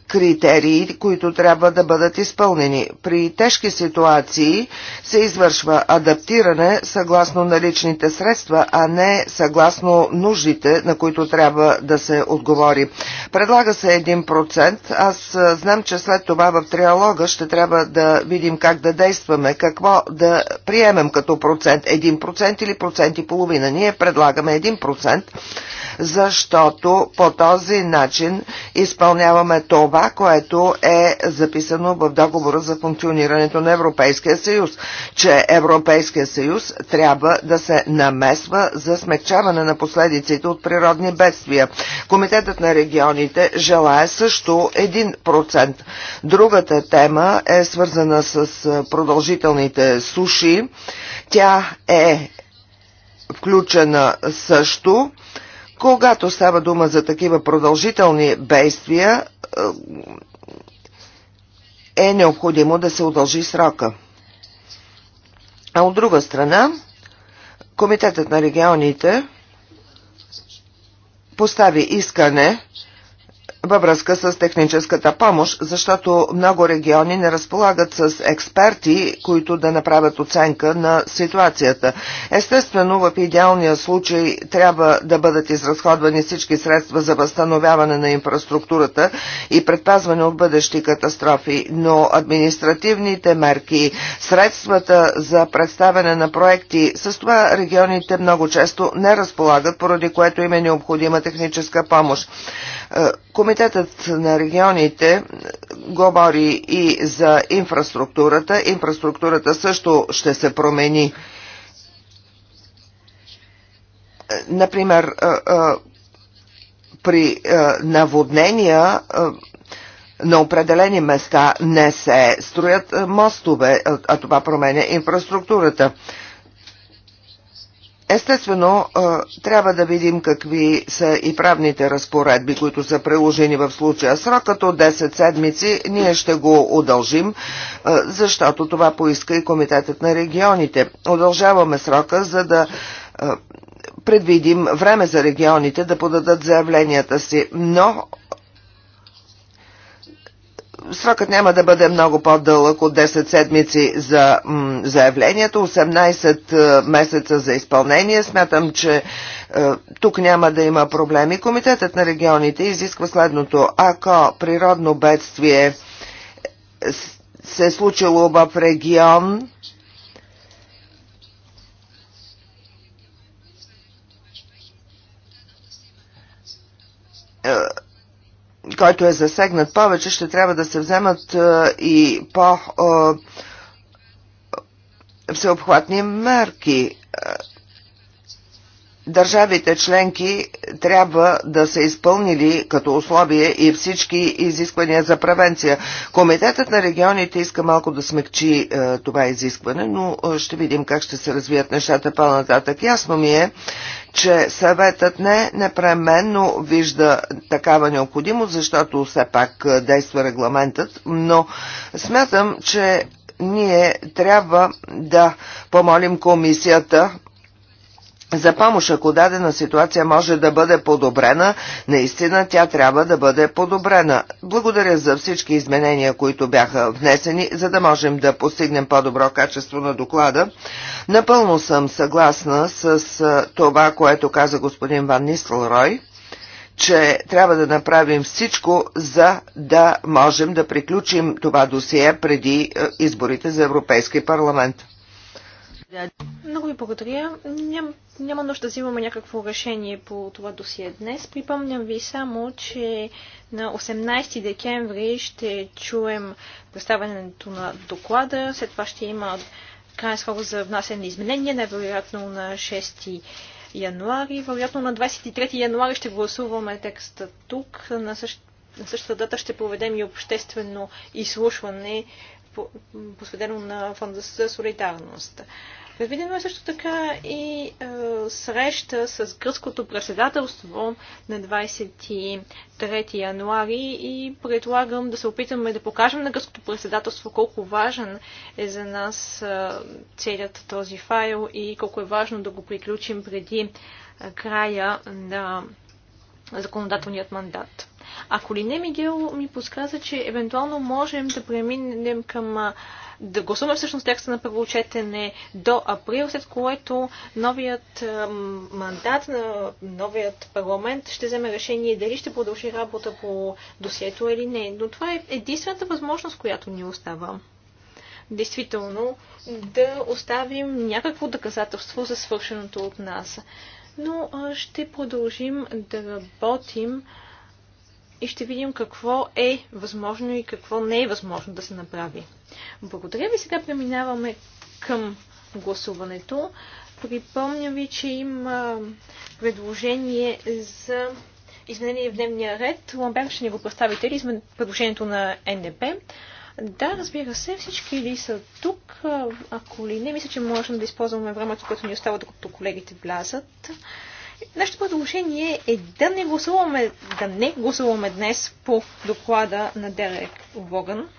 B: критерии, които трябва да бъдат изпълнени. При тежки ситуации се извършва адаптиране съгласно наличните средства, а не съгласно нуждите, на които трябва да се отговори. Предлага се 1%. Аз знам, че след това в триалога ще трябва да видим как да действаме, какво да приемем като процент. 1% или процент и половина. Ние предлагаме 1%, защото по този начин изпълняваме това, което е записано в договора за функционирането на Европейския съюз, че Европейския съюз трябва да се намесва за смягчаване на последиците от природни бедствия. Комитетът на регионите желая също 1%. Другата тема е свързана с продължителните суши. Тя е включена също. Когато става дума за такива продължителни бедствия, е, е необходимо да се удължи срока. А от друга страна, Комитетът на регионите постави искане във връзка с техническата помощ, защото много региони не разполагат с експерти, които да направят оценка на ситуацията. Естествено, в идеалния случай трябва да бъдат изразходвани всички средства за възстановяване на инфраструктурата и предпазване от бъдещи катастрофи, но административните мерки, средствата за представяне на проекти, с това регионите много често не разполагат, поради което им е необходима техническа помощ. Е, Комитетът на регионите говори и за инфраструктурата. Инфраструктурата също ще се промени. Например, при наводнения на определени места не се строят мостове, а това променя инфраструктурата. Естествено, трябва да видим какви са и правните разпоредби, които са приложени в случая. Срокът от 10 седмици ние ще го удължим, защото това поиска и Комитетът на регионите. Удължаваме срока, за да предвидим време за регионите да подадат заявленията си, но Срокът няма да бъде много по-дълъг от 10 седмици за заявлението, 18 е, месеца за изпълнение. Смятам, че е, тук няма да има проблеми. Комитетът на регионите изисква следното. Ако природно бедствие се е случило в регион, е, който е засегнат повече, ще трябва да се вземат е, и по е, всеобхватни мерки. Е, държавите членки трябва да са изпълнили като условие и всички изисквания за превенция. Комитетът на регионите иска малко да смекчи е, това изискване, но ще видим как ще се развият нещата по-нататък. Ясно ми е, че съветът не непременно вижда такава необходимост, защото все пак е, действа регламентът, но смятам, че ние трябва да помолим комисията за помощ, ако дадена ситуация може да бъде подобрена, наистина тя трябва да бъде подобрена. Благодаря за всички изменения, които бяха внесени, за да можем да постигнем по-добро качество на доклада. Напълно съм съгласна с това, което каза господин Ван Рой, че трябва да направим всичко, за да можем да приключим това досие преди изборите за Европейски парламент.
A: Много ви благодаря. Ням, няма нужда да взимаме някакво решение по това досие днес. Припомням ви само, че на 18 декември ще чуем представянето на доклада. След това ще има крайен срок за внасяне на изменения, най-вероятно на 6 януари. Вероятно на 23 януари ще гласуваме текста тук. На, същ... на същата дата ще проведем и обществено изслушване, посветено на Фонда за солидарност. Предвидено е също така и е, среща с гръцкото председателство на 23 януари и предлагам да се опитаме да покажем на гръцкото председателство колко важен е за нас е, целият този файл и колко е важно да го приключим преди е, края на законодателният мандат. Ако ли не, Мигел ми подсказа, че евентуално можем да преминем към да гласуваме всъщност текста на първо четене до април, след което новият мандат на новият парламент ще вземе решение дали ще продължи работа по досието или не. Но това е единствената възможност, която ни остава. Действително, да оставим някакво доказателство за свършеното от нас. Но ще продължим да работим и ще видим какво е възможно и какво не е възможно да се направи. Благодаря ви. Сега преминаваме към гласуването. Припомня ви, че има предложение за изменение в дневния ред. Ламберг ще ни го представите ли предложението на НДП? Да, разбира се, всички ли са тук. Ако ли не, мисля, че можем да използваме времето, което ни остава, докато колегите влязат. Нашето предложение е да не гласуваме, да не гласуваме днес по доклада на Дерек Воган.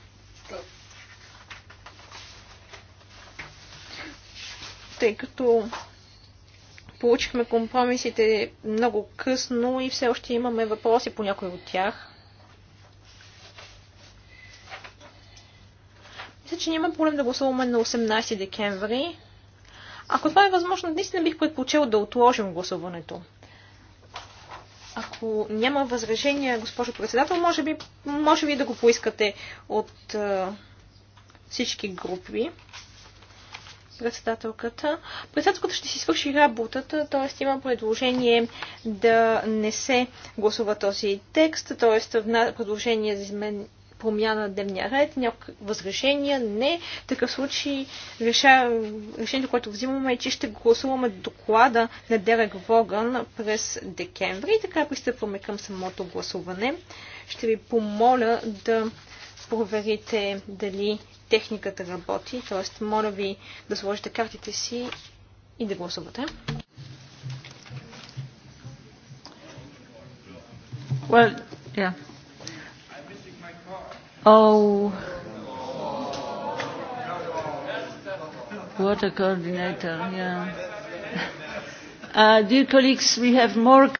A: Тъй като получихме компромисите много късно и все още имаме въпроси по някои от тях. Мисля, че няма проблем да гласуваме на 18 декември. Ако това е възможно, наистина бих предпочел да отложим гласуването. Ако няма възражения, госпожо председател, може би, може би да го поискате от е, всички групи. Председателката. Председателката ще си свърши работата, т.е. има предложение да не се гласува този текст, т.е. предложение за измен промяна на дневния ред, някакви възражения, не. В такъв случай реша... решението, което взимаме е, че ще гласуваме доклада на Дерек Воган през декември. И така пристъпваме към самото гласуване. Ще ви помоля да проверите дали техниката работи, т.е. моля ви да сложите картите си и да гласувате. Well, yeah. Oh. What a coordinator, yeah. Uh, dear colleagues, we have more...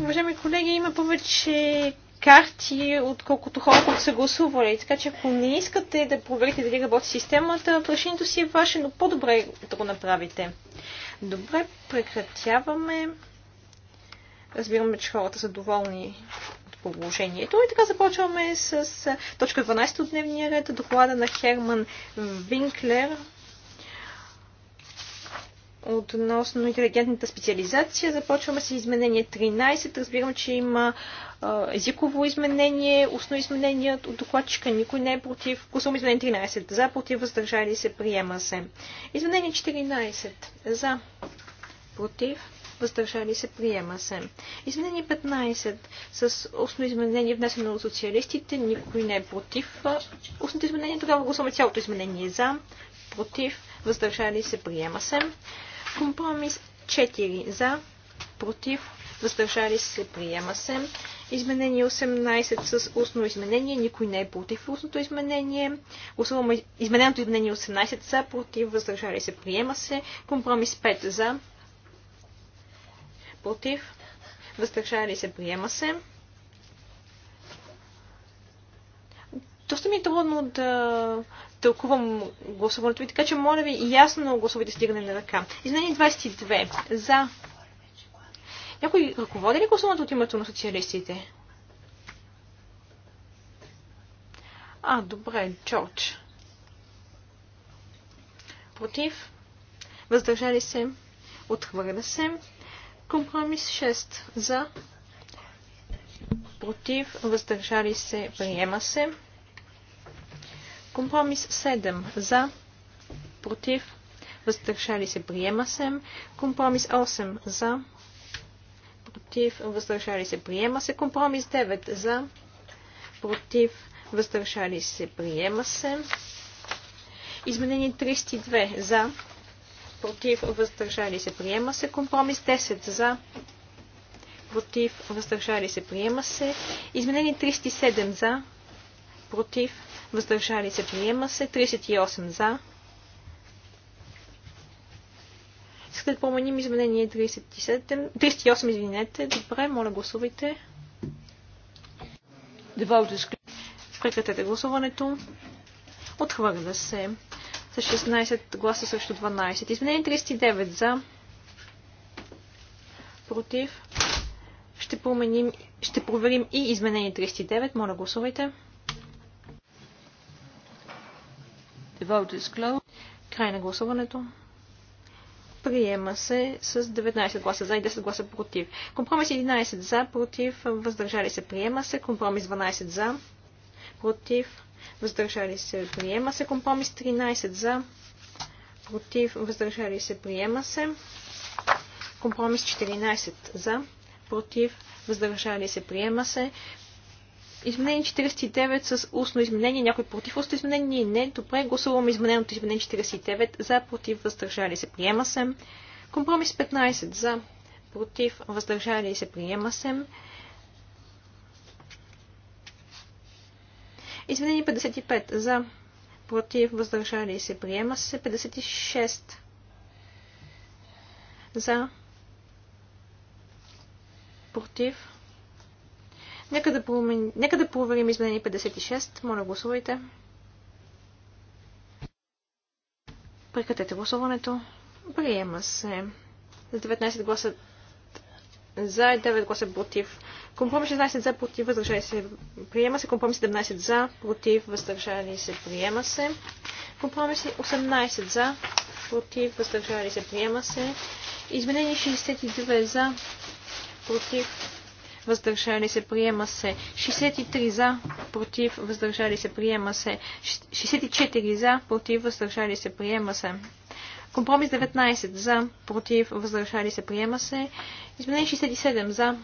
A: Уважаеми колеги, има повече карти, отколкото хора, които са гласували. Така че ако не искате да проверите дали работи системата, решението си е ваше, но по-добре е да го направите. Добре, прекратяваме. Разбираме, че хората са доволни положението. И така започваме с точка 12 от дневния ред, доклада на Херман Винклер относно интелигентната специализация. Започваме с изменение 13. Разбирам, че има езиково изменение, устно изменение от докладчика. Никой не е против. Гласуваме изменение 13. За, против, въздържали се, приема се. Изменение 14. За, против, въздържали се, приема се. Изменение 15 с устно изменение, внесено от социалистите, никой не е против. Устното изменение, тогава гласуваме цялото изменение за, против, въздържали се, приема се. Компромис 4 за, против, въздържали се, приема се. Изменение 18 с устно изменение. Никой не е против устното изменение. Гласуваме измененото изменение 18 за, против, въздържали се, приема се. Компромис 5 за, против, въздържали се, приема се. Доста ми е трудно да тълкувам гласуването ви, така че моля ви ясно гласовите стигане на ръка. Изменение 22. За. Някой ръководи ли гласуването от името на социалистите? А, добре, Джордж. Против. Въздържали се. Отхвърля се. Компромис 6 за, против, въздържали се, приема се. Компромис 7 за, против, въздържали се, приема се. Компромис 8 за, против, въздържали се, приема се. Компромис 9 за, против, въздържали се, приема се. Изменение 32 за, против, въздържали се, приема се. Компромис 10 за, против, въздържали се, приема се. Изменение 37 за, против, въздържали се, приема се. 38 за. Искате да променим изменение 37, 38, извинете. Добре, моля гласувайте. Прекратете гласуването. Отхвърля се с 16 гласа срещу 12. Изменение 39 за. Против. Ще, променим, ще проверим и изменение 39. Моля, гласувайте. The vote is closed. Край на гласуването. Приема се с 19 гласа за и 10 гласа против. Компромис 11 за, против, въздържали се. Приема се. Компромис 12 за, против, въздържали се, приема се. Компромис 13 за, против, въздържали се, приема се. Компромис 14 за, против, въздържали се, приема се. Изменение 49 с устно изменение. Някой против устно изменение? Не. Добре, гласуваме измененото изменение 49 за, против, въздържали се, приема се. Компромис 15 за, против, въздържали се, приема се. Изменение 55 за против, въздържали се, приема се 56 за против. Нека да, промен... Нека да проверим изменение 56. Моля, гласувайте. Прекратете гласуването. Приема се. За 19 гласа за и 9 гласа против. Компромис 16 за, против, въздържали се, приема се. Компромис 17 за, против, въздържали се, приема се. Компромис 18 за, против, въздържали се, приема се. Изменение 62 за, против, въздържали се, приема се. 63 за, против, въздържали се, приема се. 64 за, против, въздържали се, приема се. Компромис 19 за, против, въздържали се, приема се. Изменение 67 за,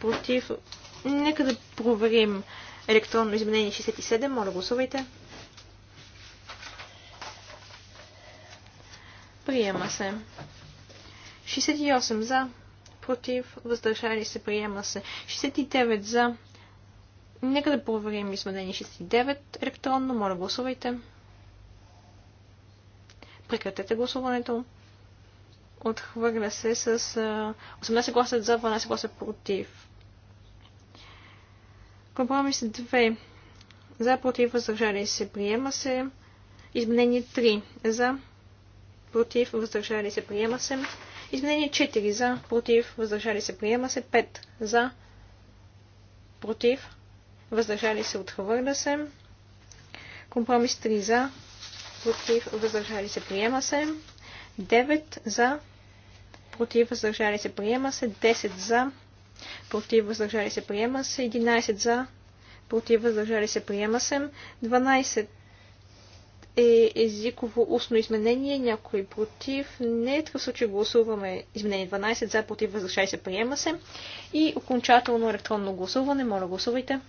A: против. Нека да проверим електронно изменение 67. Моля, гласувайте. Приема се. 68 за, против, въздържали се, приема се. 69 за. Нека да проверим изменение 69 електронно. Моля, гласувайте. Прекратете гласуването. Отхвърля се с 18 гласа за, 12 гласа против. Компромис 2. За, против, въздържали се, приема се. Изменение 3. За, против, въздържали се, приема се. Изменение 4. За, против, въздържали се, приема се. 5. За, против, въздържали се, отхвърля се. Компромис 3. За, против, въздържали се, приема се. 9. За, против, въздържали се, приема се. 10. За, против въздържали се приема се, 11 за, против въздържали се приема се, 12 е езиково устно изменение, някой против, не, такъв случай гласуваме изменение 12 за, против въздържали се приема се и окончателно електронно гласуване, моля гласувайте.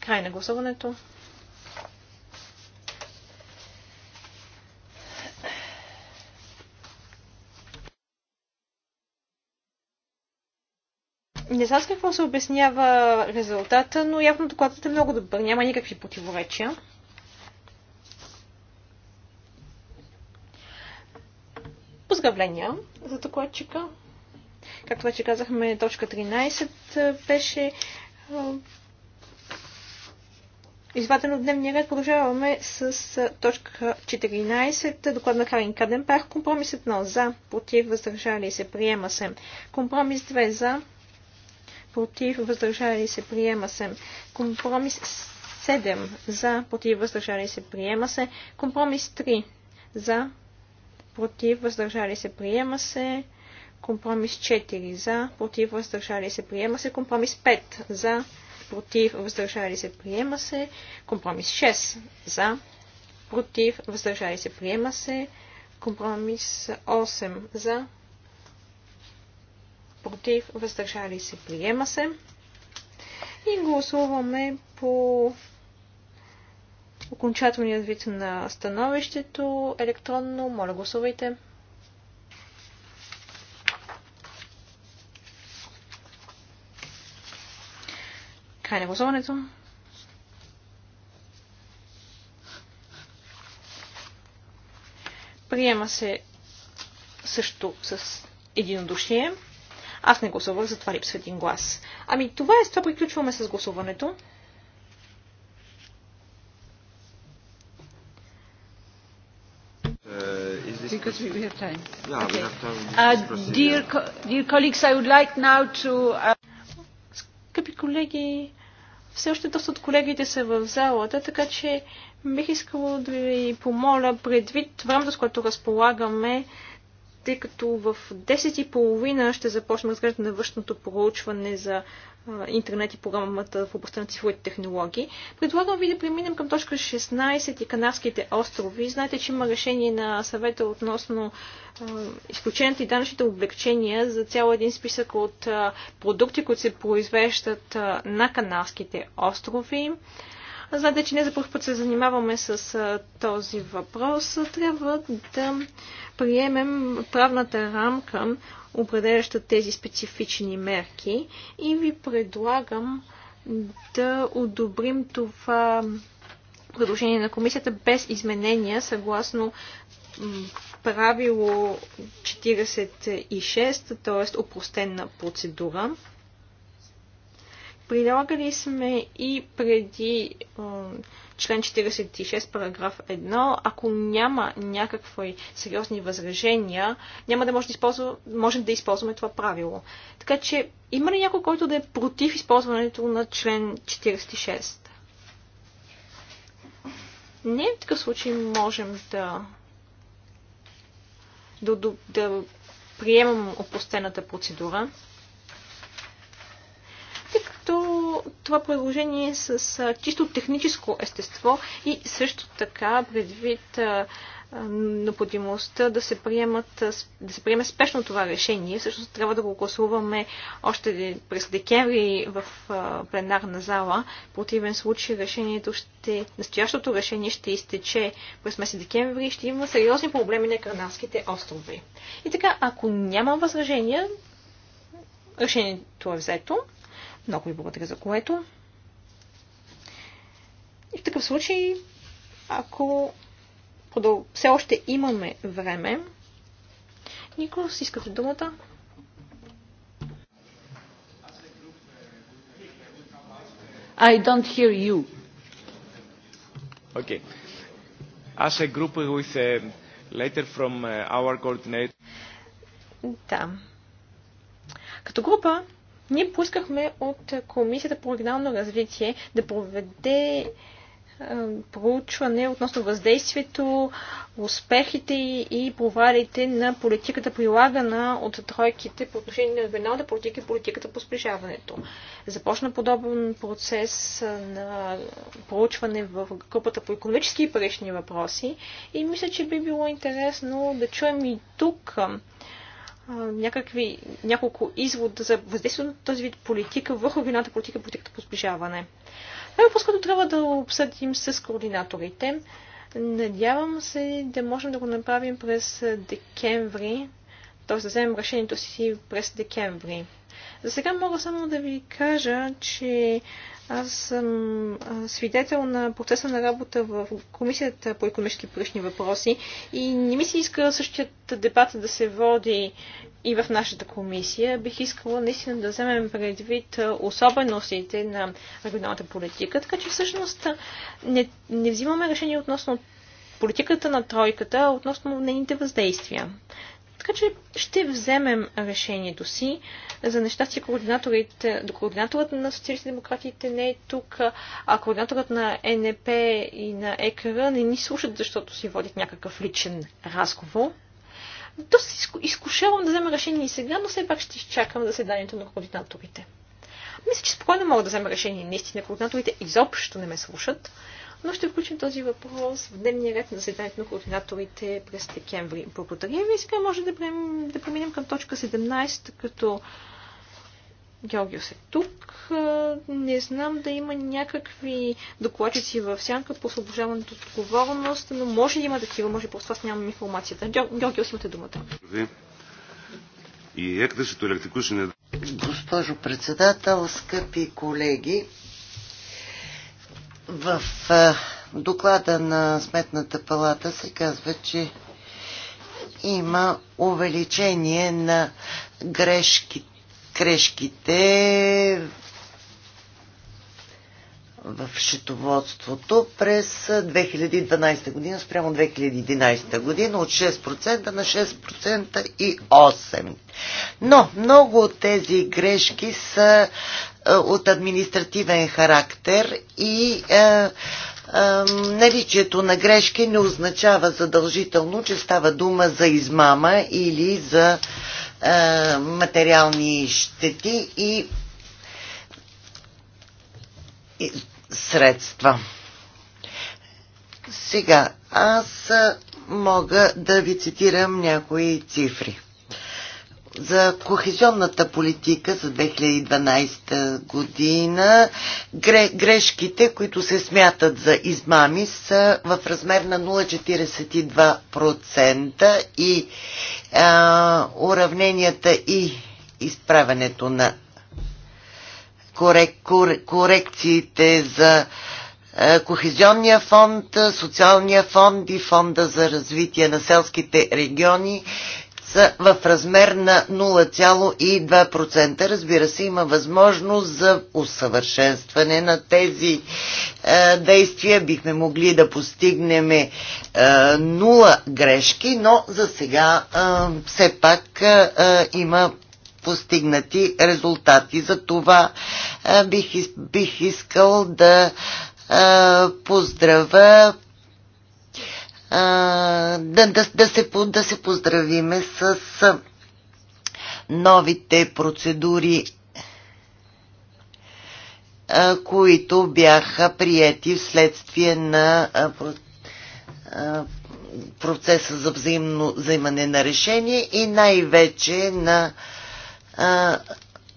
A: Край на гласуването. Не знам с какво се обяснява резултата, но явно докладът е много добър. Няма никакви противоречия. Поздравления за докладчика. Както вече казахме, точка 13 беше Изваден от дневния ред продължаваме с точка 14, доклад на Харин Каденпах. Компромисът 1 за, против, въздържали се, приема се. Компромис 2 за, против, въздържали се, приема се. Компромис 7 за, против, въздържали се, приема се. Компромис 3 за, против, въздържали се, приема се. Компромис 4 за, против, въздържали се, приема се. Компромис 5 за, против, въздържали се, приема се. Компромис 6 за, против, въздържали се, приема се. Компромис 8 за, против, въздържали се, приема се. И гласуваме по окончателният вид на становището електронно. Моля, гласувайте. Край на гласуването. Приема се също с единодушие. Аз не гласувах, затова липсва един глас. Ами това е, с това приключваме с гласуването. Скъпи колеги, все още доста от колегите са в залата, така че бих искала да ви помоля предвид времето, с което разполагаме, тъй като в 10.30 ще започнем разглеждане на външното проучване за интернет и програмата в областта на цифровите технологии. Предлагам ви да преминем към точка 16 и Канарските острови. Знаете, че има решение на съвета относно изключените и данъчните облегчения за цял един списък от продукти, които се произвеждат на Канарските острови. Знаете, че не за първ път се занимаваме с този въпрос. Трябва да приемем правната рамка, определяща тези специфични мерки и ви предлагам да одобрим това предложение на комисията без изменения, съгласно правило 46, т.е. опростена процедура. Прилагали сме и преди член 46, параграф 1, ако няма някакви сериозни възражения, няма да може да можем да използваме това правило. Така че, има ли някой, който да е против използването на член 46? Не, в такъв случай можем да, да, да, да приемам опустената процедура. това предложение е с чисто техническо естество и също така предвид необходимостта да се, приемат, да се приеме спешно това решение. Всъщност трябва да го гласуваме още през декември в пленарна зала. В противен случай решението ще, настоящото решение ще изтече през месец декември и ще има сериозни проблеми на Канадските острови. И така, ако няма възражения, решението е взето. Много ви благодаря за което. И в такъв случай, ако продъл... все още имаме време, Никол, си искате думата? I don't hear you.
B: Okay. As a group with
A: a uh, letter from uh, our coordinator. Да. Като група ние поискахме от Комисията по регионално развитие да проведе проучване относно въздействието, успехите и провалите на политиката прилагана от тройките по отношение на регионалната политика и политиката по сближаването. Започна подобен процес на проучване в групата по економически и парични въпроси и мисля, че би било интересно да чуем и тук някакви, няколко извода за въздействието на този вид политика върху вината политика и политиката по сближаване. Това ами, е трябва да обсъдим с координаторите. Надявам се да можем да го направим през декември, т.е. да вземем решението си през декември. За сега мога само да ви кажа, че аз съм свидетел на процеса на работа в Комисията по економически и въпроси и не ми се иска същият дебат да се води и в нашата комисия. Бих искала наистина да вземем предвид особеностите на регионалната политика, така че всъщност не, не взимаме решение относно политиката на тройката, а относно нейните въздействия. Така че ще вземем решението си. За нещастие координаторите, координаторът на социалистите демократите не е тук, а координаторът на НП и на ЕКР не ни слушат, защото си водят някакъв личен разговор. То се изкушавам да взема решение и сега, но все пак ще изчакам заседанието на координаторите. Мисля, че спокойно мога да взема решение. Наистина, координаторите изобщо не ме слушат но ще включим този въпрос в дневния ред на заседанието на координаторите през декември. Благодаря ви. Сега може да, прем... да преминем към точка 17, като Георгиос е тук. Не знам да има някакви докладчици в сянка по освобождаването от отговорност, но може да има такива, може просто аз нямам информацията. Георгиос, имате думата.
C: И екдъщето електрикушене. Госпожо председател, скъпи колеги, в доклада на Сметната палата се казва, че има увеличение на грешки, грешките в счетоводството през 2012 година спрямо 2011 година от 6% на 6% и 8%. Но много от тези грешки са е, от административен характер и е, е, наличието на грешки не означава задължително, че става дума за измама или за материални щети и, и средства. Сега, аз мога да ви цитирам някои цифри за кохезионната политика за 2012 година грешките, които се смятат за измами, са в размер на 0,42% и а, уравненията и изправенето на корек, корек, корекциите за Кохезионния фонд, социалния фонд и фонда за развитие на селските региони са в размер на 0,2%. Разбира се, има възможност за усъвършенстване на тези е, действия. Бихме могли да постигнем е, 0 грешки, но за сега е, все пак е, е, има постигнати резултати. За това е, бих, бих искал да е, поздравя да, да, да, се, да се поздравиме с новите процедури, които бяха прияти вследствие на процеса за взаимно взаимане на решение и най-вече на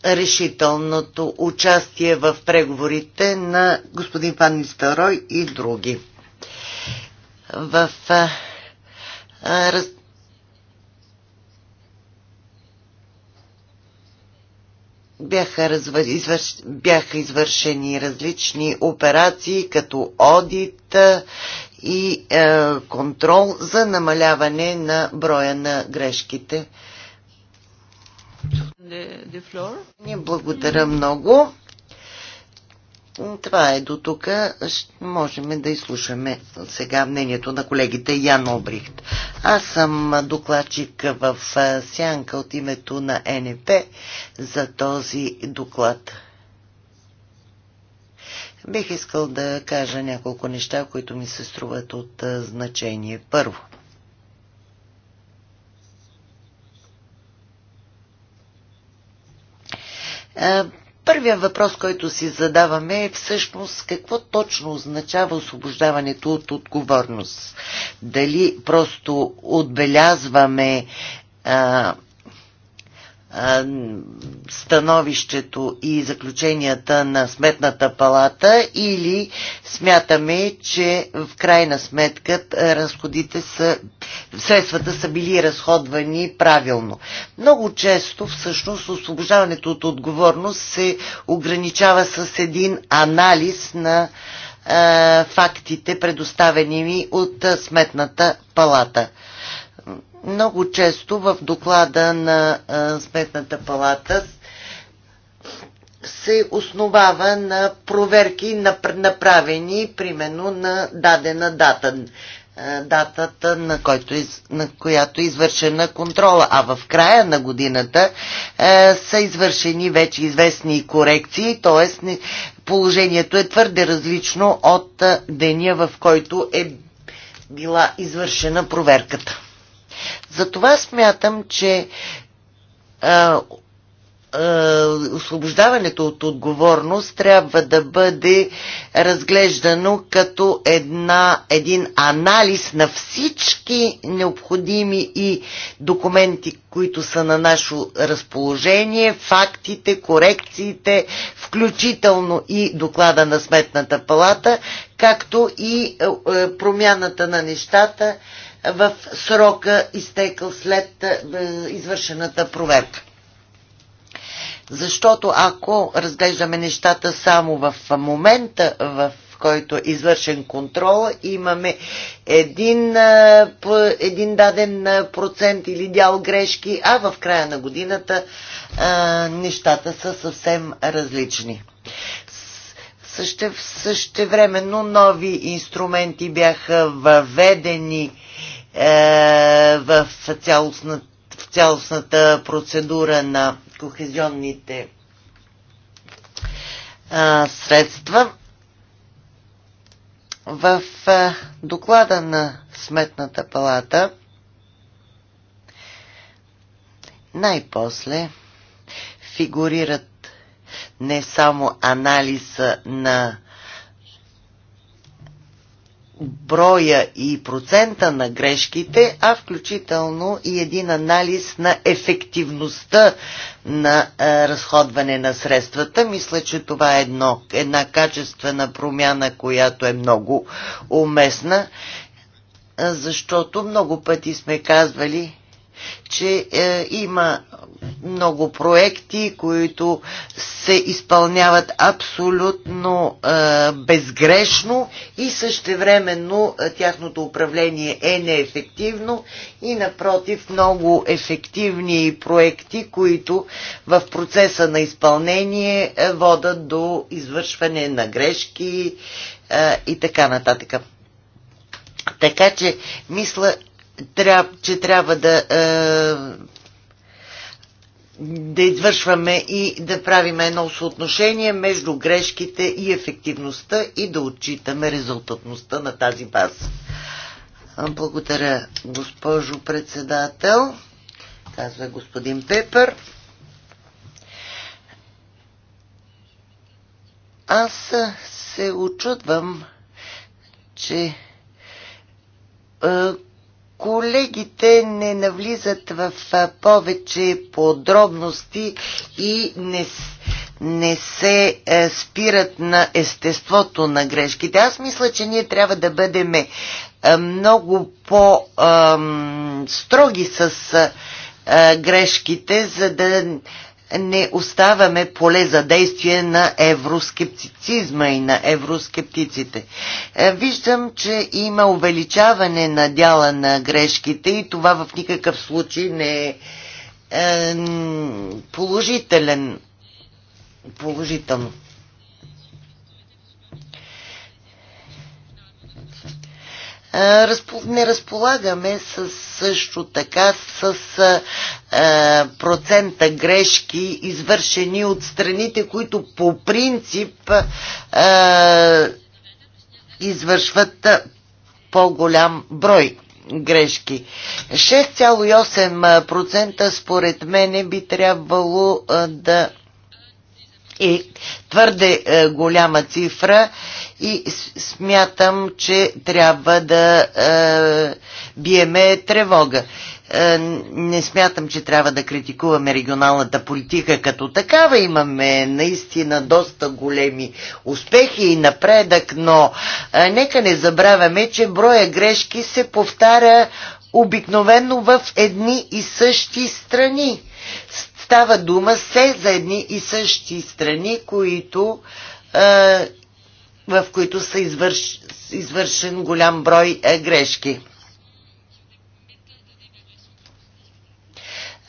C: решителното участие в преговорите на господин Пан Нистарой и други в а, раз... бяха, развър... извърш... бяха извършени различни операции, като одит и а, контрол за намаляване на броя на грешките.
A: The,
C: благодаря много това е до тук. Можем да изслушаме сега мнението на колегите Ян Обрихт. Аз съм докладчик в сянка от името на НП за този доклад. Бих искал да кажа няколко неща, които ми се струват от значение. Първо, Първият въпрос, който си задаваме е всъщност какво точно означава освобождаването от отговорност. Дали просто отбелязваме становището и заключенията на Сметната палата или смятаме, че в крайна сметка разходите са, средствата са били разходвани правилно. Много често всъщност освобождаването от отговорност се ограничава с един анализ на е, фактите, предоставени ми от Сметната палата. Много често в доклада на Сметната палата се основава на проверки направени примерно на дадена дата датата, на, който, на която е извършена контрола. А в края на годината е, са извършени вече известни корекции, т.е. положението е твърде различно от деня, в който е била извършена проверката. Затова смятам, че а, освобождаването от отговорност трябва да бъде разглеждано като една, един анализ на всички необходими и документи, които са на наше разположение, фактите, корекциите, включително и доклада на Сметната палата, както и е, е, промяната на нещата в срока изтекъл след е, извършената проверка. Защото ако разглеждаме нещата само в момента, в който е извършен контрол, имаме един, е, един даден е, процент или дял грешки, а в края на годината нещата са съвсем различни. Съще, времено нови инструменти бяха въведени е, в цялостната, в цялостната процедура на кохезионните средства. В доклада на Сметната палата най-после фигурират не само анализа на броя и процента на грешките, а включително и един анализ на ефективността на а, е, разходване на средствата. Мисля, че това е едно, една качествена промяна, която е много уместна, е, защото много пъти сме казвали, че е, има много проекти, които се изпълняват абсолютно е, безгрешно и същевременно е, тяхното управление е неефективно и напротив много ефективни проекти, които в процеса на изпълнение е, водат до извършване на грешки е, и така нататък. Така че мисля, тряб, че трябва да, е, да извършваме и да правим едно съотношение между грешките и ефективността и да отчитаме резултатността на тази база. Благодаря, госпожо председател, казва господин Пепър. Аз се очудвам, че е, колегите не навлизат в повече подробности и не, не се е, спират на естеството на грешките. Аз мисля, че ние трябва да бъдем е, много по-строги с е, грешките, за да не оставяме поле за действие на евроскептицизма и на евроскептиците. Е, виждам, че има увеличаване на дяла на грешките и това в никакъв случай не е, е положителен. Положително. не разполагаме с, също така с а, процента грешки, извършени от страните, които по принцип а, извършват по-голям брой грешки. 6,8% според мене би трябвало да е твърде е, голяма цифра и смятам, че трябва да е, биеме тревога. Е, не смятам, че трябва да критикуваме регионалната политика като такава. Имаме наистина доста големи успехи и напредък, но е, нека не забравяме, че броя грешки се повтаря обикновено в едни и същи страни става дума се за едни и същи страни, които, е, в които са извърш, извършен голям брой е, грешки.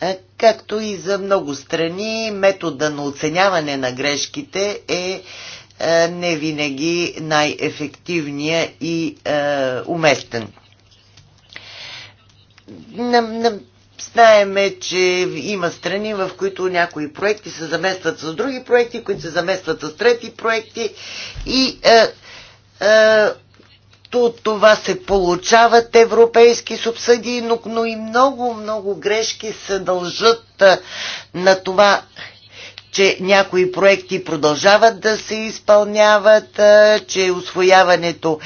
C: Е, както и за много страни, метода на оценяване на грешките е не винаги най-ефективния и уместен. Знаеме, че има страни, в които някои проекти се заместват с други проекти, които се заместват с трети проекти и е, е, то, това се получават европейски субсъдии, но, но и много, много грешки се дължат е, на това че някои проекти продължават да се изпълняват, че освояването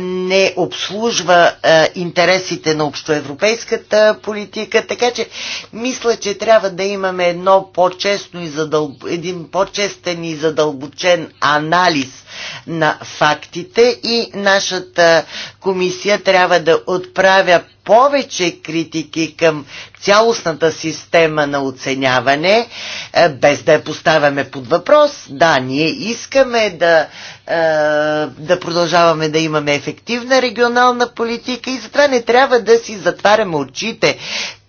C: не обслужва интересите на общоевропейската политика, така че мисля, че трябва да имаме едно по-честно и задълб... един по-честен и задълбочен анализ на фактите и нашата комисия трябва да отправя повече критики към цялостната система на оценяване, е, без да я поставяме под въпрос. Да, ние искаме да, е, да продължаваме да имаме ефективна регионална политика и затова не трябва да си затваряме очите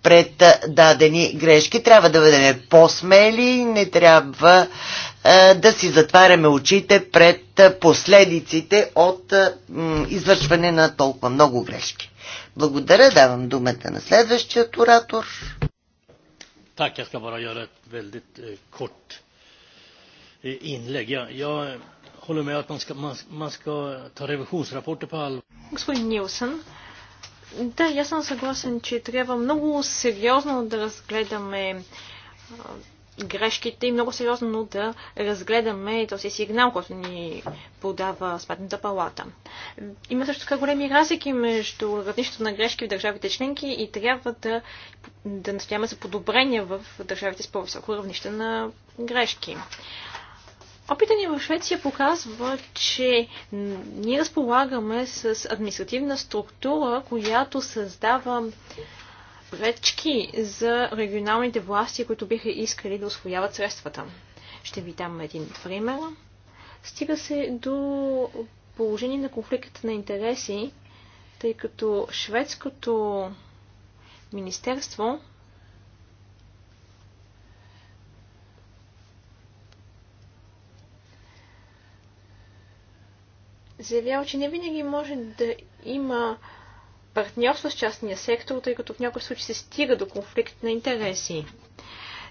C: пред е, дадени грешки. Трябва да бъдем по-смели, не трябва е, да си затваряме очите пред е, последиците от е, извършване на толкова много грешки. Благодаря, давам думата на следващия оратор.
A: Tack, jag ska bara göra ett väldigt eh, kort eh, inlägg. Jag, jag håller med att man ska, man, man ska ta revisionsrapporter på allvar. Господин Нилсън, да, я съм съгласен, че трябва много сериозно да разгледаме грешките и много сериозно да разгледаме този сигнал, който ни подава Сметната палата. Има също така големи разлики между равнището на грешки в държавите членки и трябва да, да настояваме за подобрения в държавите с по-високо равнище на грешки. Опита ни в Швеция показва, че ние разполагаме с административна структура, която създава пречки за регионалните власти, които биха искали да освояват средствата. Ще ви дам един пример. Стига се до положение на конфликта на интереси, тъй като шведското министерство заявява, че не винаги може да има партньорство с частния сектор, тъй като в някои случаи се стига до конфликт на интереси.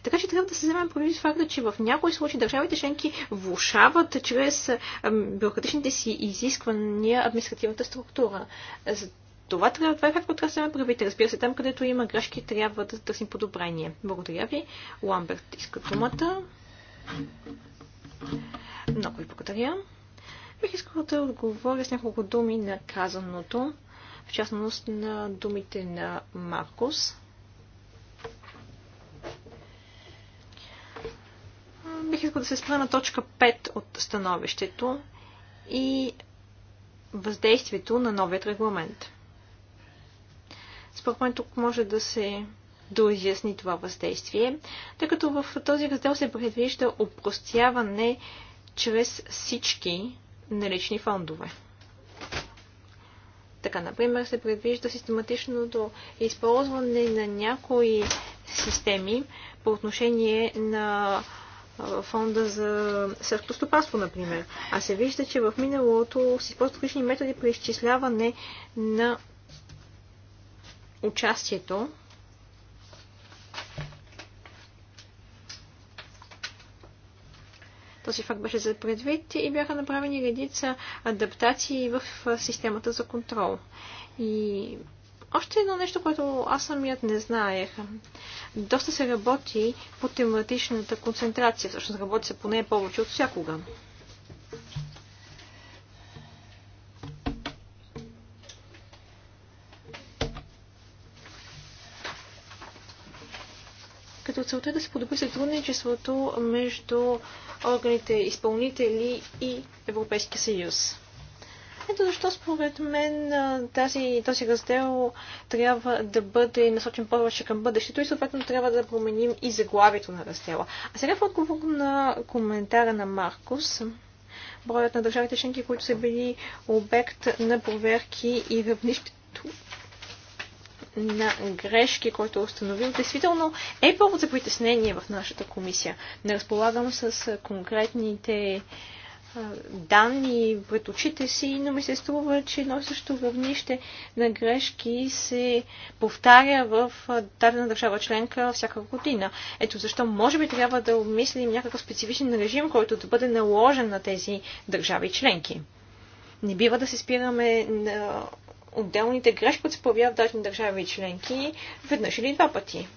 A: Така че трябва да се вземем предвид факта, че в някои случаи държавите членки влушават чрез бюрократичните си изисквания административната структура. Е, за това, трябва, това е какво трябва да се правите. разбира се, там където има грешки, трябва да търсим подобрение. Благодаря ви. Ламберт иска думата. Много ви благодаря. Бих искала да отговоря с няколко думи на казаното в частност на думите на Маркус. Бих искал да се спра на точка 5 от становището и въздействието на новият регламент. Според мен тук може да се доизясни това въздействие, тъй като в този раздел се предвижда опростяване чрез всички налични фондове. Така, например, се предвижда систематичното използване на някои системи по отношение на фонда за съртостопаство, например. А се вижда, че в миналото се използват лични методи при изчисляване на участието Този факт беше за предвид и бяха направени редица адаптации в системата за контрол. И още едно нещо, което аз самият не знаех. Доста се работи по тематичната концентрация. Всъщност работи се поне повече от всякога. целта е да се подобри сътрудничеството между органите изпълнители и Европейския съюз. Ето защо според мен тази, този раздел трябва да бъде насочен повече към бъдещето и съответно трябва да променим и заглавието на раздела. А сега в отговор на коментара на Маркус, броят на държавите членки, които са били обект на проверки и равнището на грешки, който е установил, действително е повод за притеснение в нашата комисия. Не разполагам с конкретните данни пред очите си, но ми се струва, че едно също равнище на грешки се повтаря в дадена държава членка всяка година. Ето защо може би трябва да обмислим някакъв специфичен режим, който да бъде наложен на тези държави членки. Не бива да се спираме на отделните грешки, които се появяват в дадени държави и членки, веднъж или два пъти.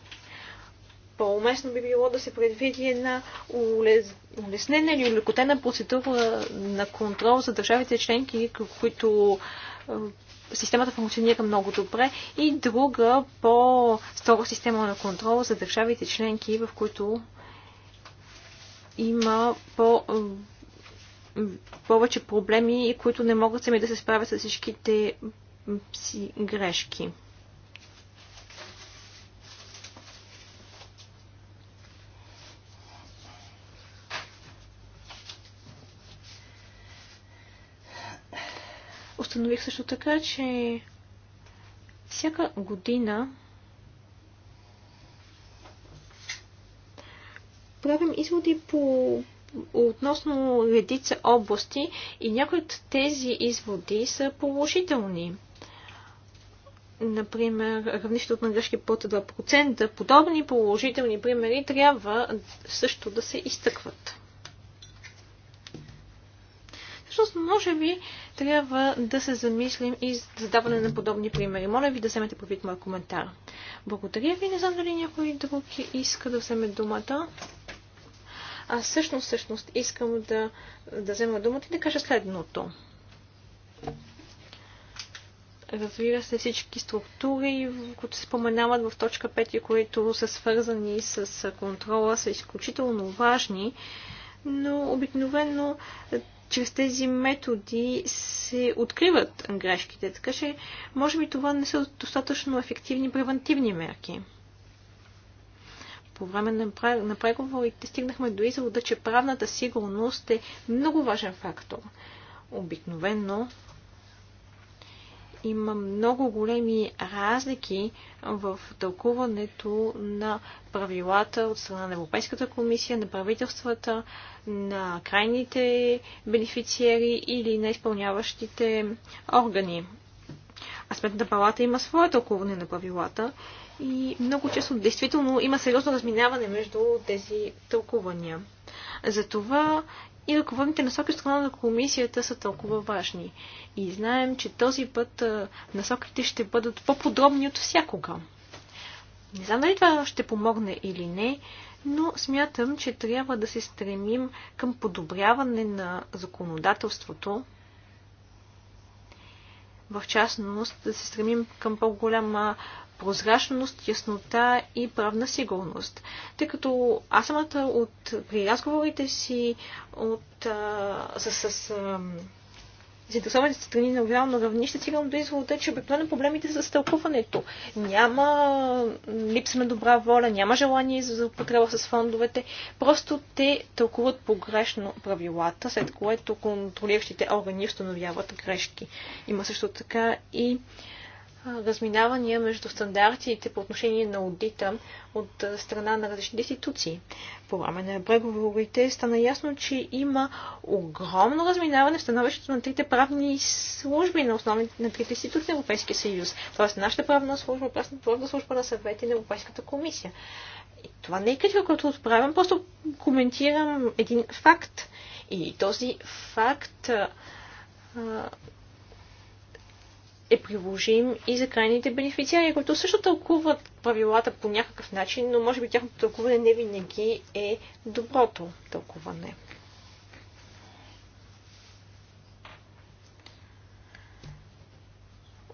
A: По-уместно би било да се предвиди една улез... улеснена или улекотена процедура на контрол за държавите членки, които е, системата функционира много добре и друга по-строга система на контрол за държавите членки, в които има по повече проблеми, които не могат сами да се справят с всичките пси грешки. Установих също така, че всяка година правим изводи по относно редица области и някои от тези изводи са положителни например, равнището на грешки под 2%, подобни положителни примери трябва също да се изтъкват. Всъщност, може би, трябва да се замислим и за даване на подобни примери. Моля ви да вземете предвид моя коментар. Благодаря ви. Не знам дали някой друг иска да вземе думата. Аз всъщност, всъщност искам да, да взема думата и да кажа следното. Разбира се, всички структури, които се споменават в точка 5 и които са свързани с контрола, са изключително важни, но обикновено чрез тези методи се откриват грешките. Така че, може би това не са достатъчно ефективни превентивни мерки. По време на преговорите стигнахме до извода, че правната сигурност е много важен фактор. обикновено има много големи разлики в тълкуването на правилата от страна на Европейската комисия, на правителствата, на крайните бенефициери или на изпълняващите органи. А сметната палата има свое тълкуване на правилата и много често действително има сериозно разминаване между тези тълкувания. Затова и ръководните насоки от страна на комисията са толкова важни. И знаем, че този път насоките ще бъдат по-подробни от всякога. Не знам дали това ще помогне или не, но смятам, че трябва да се стремим към подобряване на законодателството, в частност да се стремим към по-голяма прозрачност, яснота и правна сигурност. Тъй като аз самата от, при разговорите си от, а, с, с а, заинтересованите страни на реално равнище, стигам до извода, че обикновено проблемите са с тълкуването. Няма липса на добра воля, няма желание за употреба с фондовете. Просто те тълкуват погрешно правилата, след което контролиращите органи установяват грешки. Има също така и разминавания между стандартите по отношение на аудита от страна на различните институции. По време на преговорите стана ясно, че има огромно разминаване в становището на трите правни служби на основните на трите институции на Европейския съюз. Тоест нашата правна служба, правна служба на съвети и на Европейската комисия. И това не е критика, която отправям, просто коментирам един факт. И този факт е приложим и за крайните бенефициари, които също тълкуват правилата по някакъв начин, но може би тяхното тълкуване не винаги е доброто тълкуване.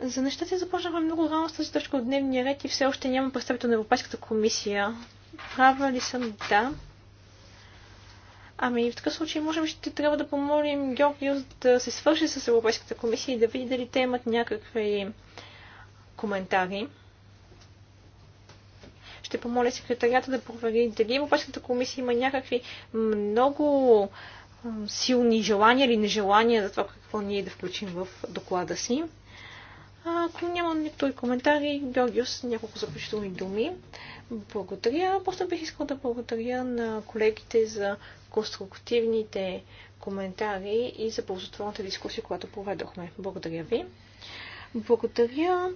A: За нещата започнахме много рано с тази точка от дневния ред и все още няма представител на Европейската комисия. Права ли съм? Да. Ами в такъв случай, може би ще трябва да помолим Георгиус да се свърши с Европейската комисия и да види дали те имат някакви коментари. Ще помоля секретарията да провери дали Европейската комисия има някакви много силни желания или нежелания за това какво ние да включим в доклада си. Ако няма никакви коментари, Георгиос, няколко заключителни думи. Благодаря. Просто бих искал да благодаря на колегите за конструктивните коментари и за ползотворната дискусия, която проведохме. Благодаря ви. Благодаря.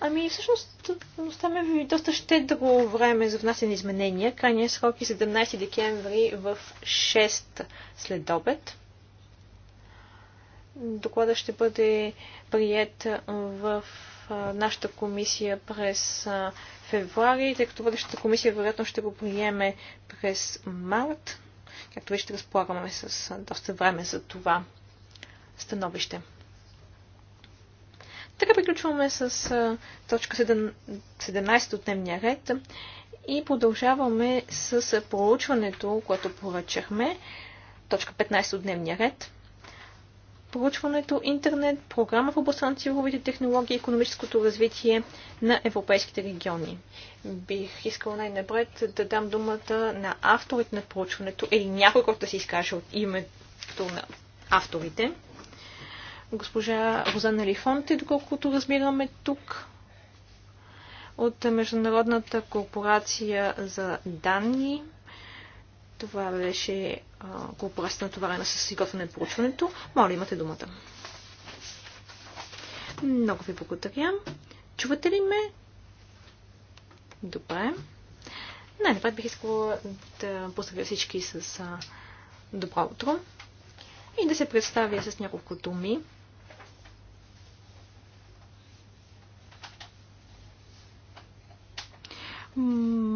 A: Ами, всъщност, оставяме ви доста щедро време за внасяне изменения. Крайният срок е 17 декември в 6 след обед. Докладът ще бъде прият в нашата комисия през февруари, тъй като бъдещата комисия вероятно ще го приеме през март, както вече разполагаме с доста време за това становище. Така приключваме с точка 17 от дневния ред и продължаваме с проучването, което поръчахме, точка 15 от дневния ред проучването, интернет, програма в областта на цифровите технологии и економическото развитие на европейските региони. Бих искал най-напред да дам думата на авторите на проучването или някой, който да се изкаже от името на авторите. Госпожа Розана Лифонте, доколкото разбираме тук от Международната корпорация за данни. Това беше корпорацията товарена с изготвяне на проучването. Моля, имате думата. Много ви благодаря. Чувате ли ме? Добре. Най-напред бих искала да поздравя всички с а, добро утро и да се представя с няколко думи.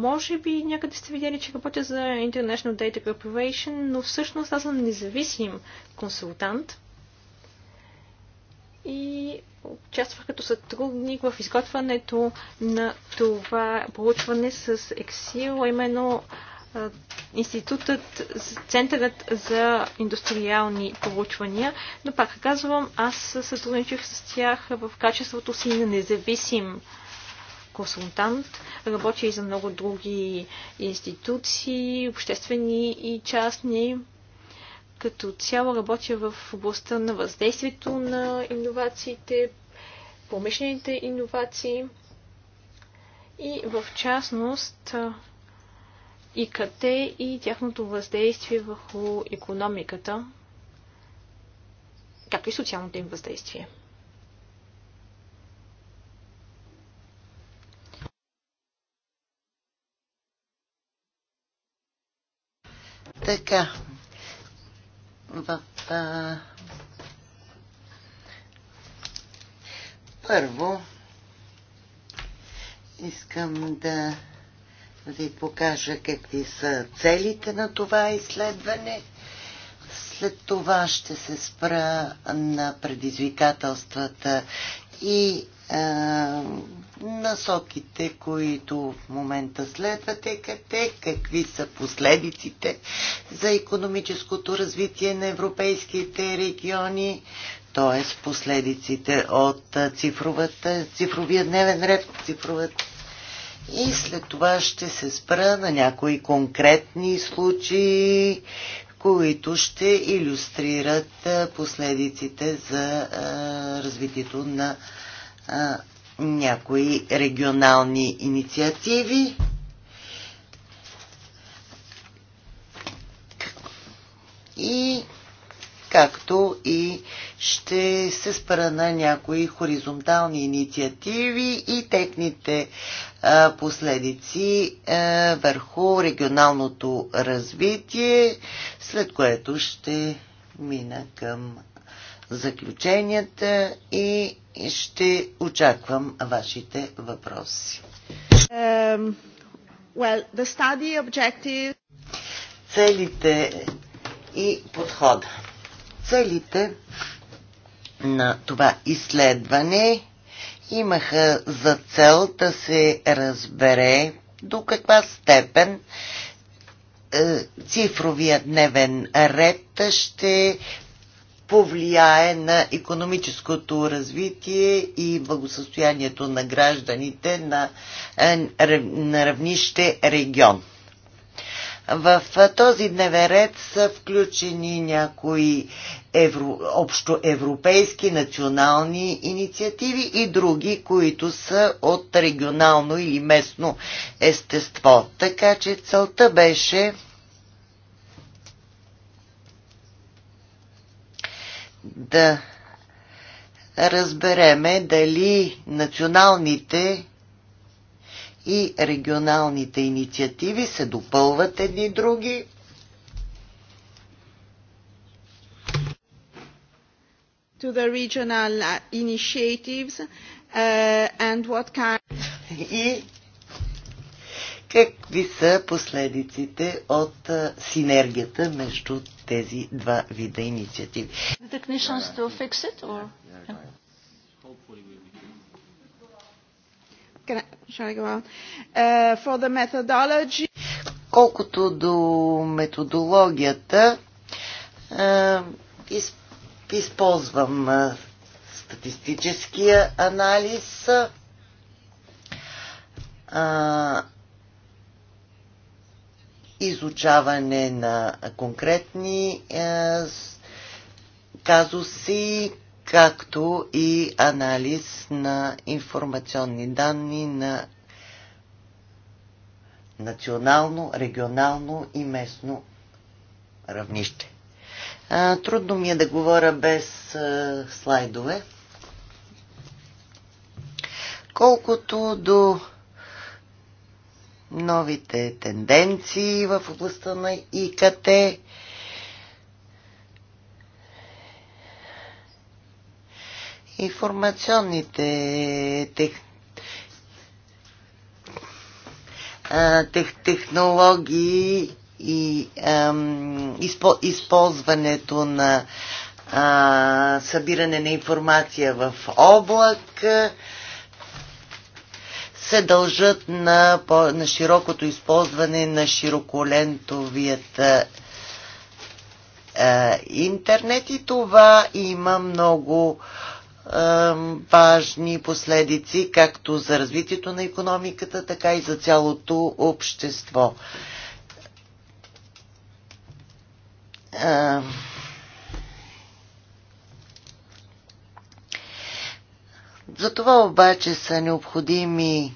A: Може би някъде сте видели, че работя за International Data Corporation, но всъщност аз съм независим консултант и участвах като сътрудник в изготвянето на това получване с Ексил, именно Институтът, Центърът за индустриални проучвания, но пак казвам, аз сътрудничих с тях в качеството си на независим консултант, работя и за много други институции, обществени и частни. Като цяло работя в областта на въздействието на иновациите, промишлените иновации и в частност и къде и тяхното въздействие върху економиката, както и социалното им въздействие.
C: Така, в а, първо искам да ви покажа какви са целите на това изследване. След това ще се спра на предизвикателствата и е, насоките, които в момента следвате, къде, какви са последиците за економическото развитие на европейските региони, т.е. последиците от е, цифровата, цифровия дневен ред, цифровата и след това ще се спра на някои конкретни случаи, които ще иллюстрират е, последиците за развитието на а, някои регионални инициативи. И както и ще се спра на някои хоризонтални инициативи и техните а, последици а, върху регионалното развитие, след което ще мина към заключенията и ще очаквам вашите въпроси.
A: Um, well, the study objective...
C: Целите и подхода. Целите на това изследване имаха за цел да се разбере до каква степен е, цифровия дневен ред ще повлияе на економическото развитие и благосъстоянието на гражданите на, е, на равнище регион. В е, този дневен ред са включени някои евро, общоевропейски национални инициативи и други, които са от регионално или местно естество. Така че целта беше да разбереме дали националните и регионалните инициативи се допълват едни други.
A: To the regional uh, initiatives uh, and what kind... И
C: какви са последиците от uh, синергията между тези два вида инициативи.
A: Uh,
C: Колкото до методологията, използвам статистическия анализ изучаване на конкретни е, казуси, както и анализ на информационни данни на национално, регионално и местно равнище. А, трудно ми е да говоря без а, е, слайдове. Колкото до новите тенденции в областта на ИКТ. Информационните тех... Тех... технологии и ам, изпо... използването на а, събиране на информация в облак. А, се дължат на, по, на широкото използване на широколентовият е, е, интернет и това има много е, важни последици, както за развитието на економиката, така и за цялото общество. Е, За това обаче са необходими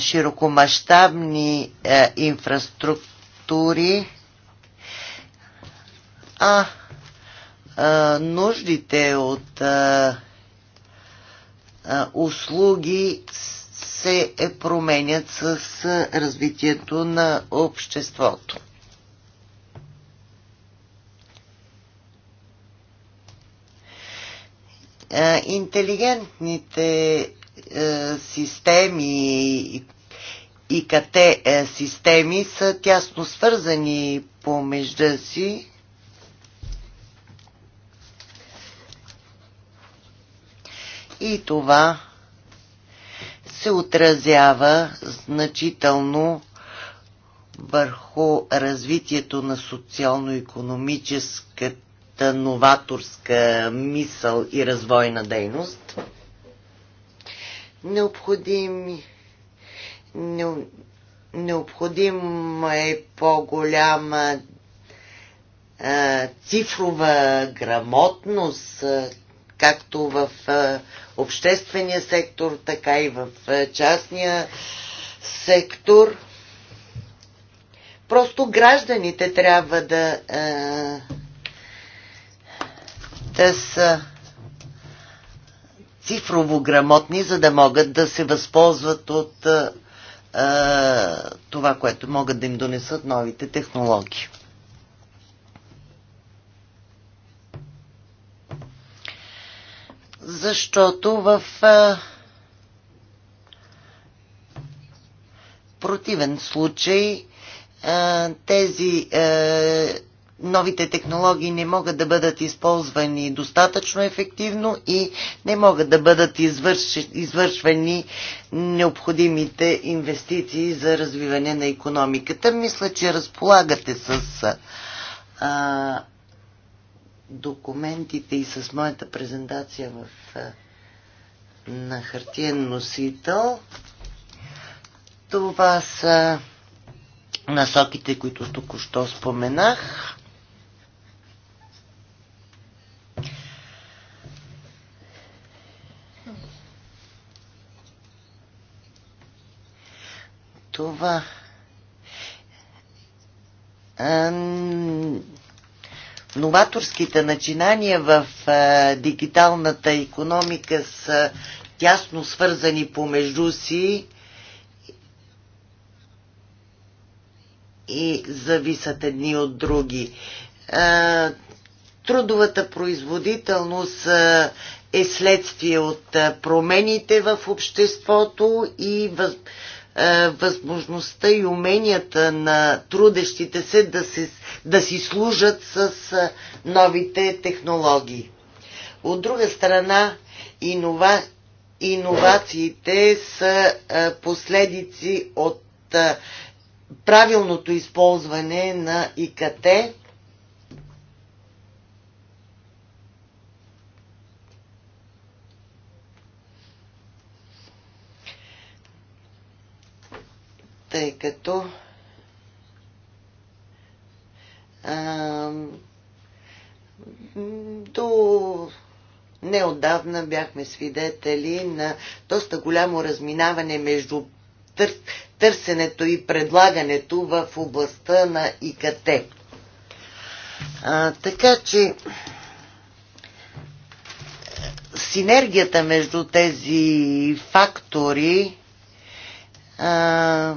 C: широкомащабни инфраструктури, а нуждите от услуги се е променят с развитието на обществото. Е, интелигентните е, системи и ИКТ е, системи са тясно свързани помежда си. И това се отразява значително върху развитието на социално-економическата новаторска мисъл и развойна дейност. Необходим не, необходим е по-голяма цифрова грамотност, както в обществения сектор, така и в частния сектор. Просто гражданите трябва да те са цифрово грамотни, за да могат да се възползват от а, това, което могат да им донесат новите технологии. Защото в а, противен случай а, тези а, новите технологии не могат да бъдат използвани достатъчно ефективно и не могат да бъдат извършвани необходимите инвестиции за развиване на економиката. Мисля, че разполагате с а, документите и с моята презентация в, на хартиен носител. Това са насоките, които току-що споменах. Това новаторските начинания в дигиталната економика са тясно свързани помежду си и зависят едни от други. Трудовата производителност е следствие от промените в обществото и е, възможността и уменията на трудещите се да, се, да си служат с е, новите технологии. От друга страна, инова, иновациите са е, последици от правилното използване на ИКТ тъй като а, до неодавна бяхме свидетели на доста голямо разминаване между тър, търсенето и предлагането в областта на ИКТ. А, така че синергията между тези фактори а,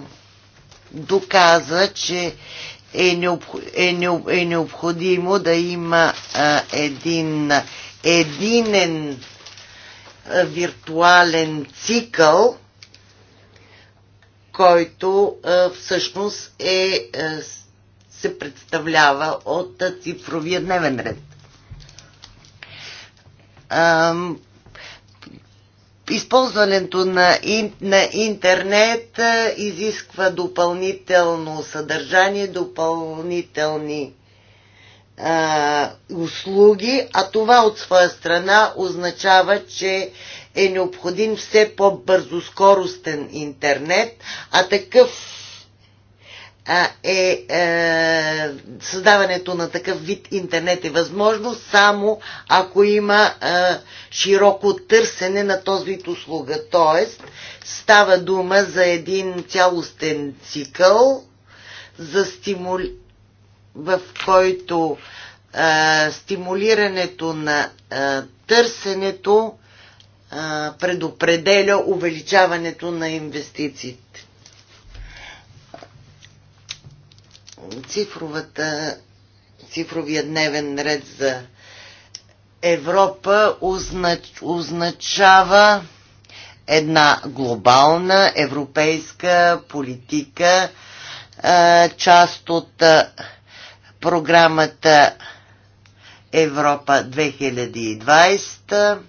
C: доказа, че е, необх... е, необ... е необходимо да има а, един единен а, виртуален цикъл, който а, всъщност е, а, се представлява от а, цифровия дневен ред. А, Използването на, ин, на интернет изисква допълнително съдържание, допълнителни а, услуги, а това от своя страна означава, че е необходим все по-бързоскоростен интернет, а такъв е, е създаването на такъв вид интернет е възможно само ако има е, широко търсене на този вид услуга. Тоест, става дума за един цялостен цикъл за стимули... в който е, стимулирането на е, търсенето предопределя увеличаването на инвестициите. цифровата, цифровия дневен ред за Европа означ, означава една глобална европейска политика, част от програмата Европа 2020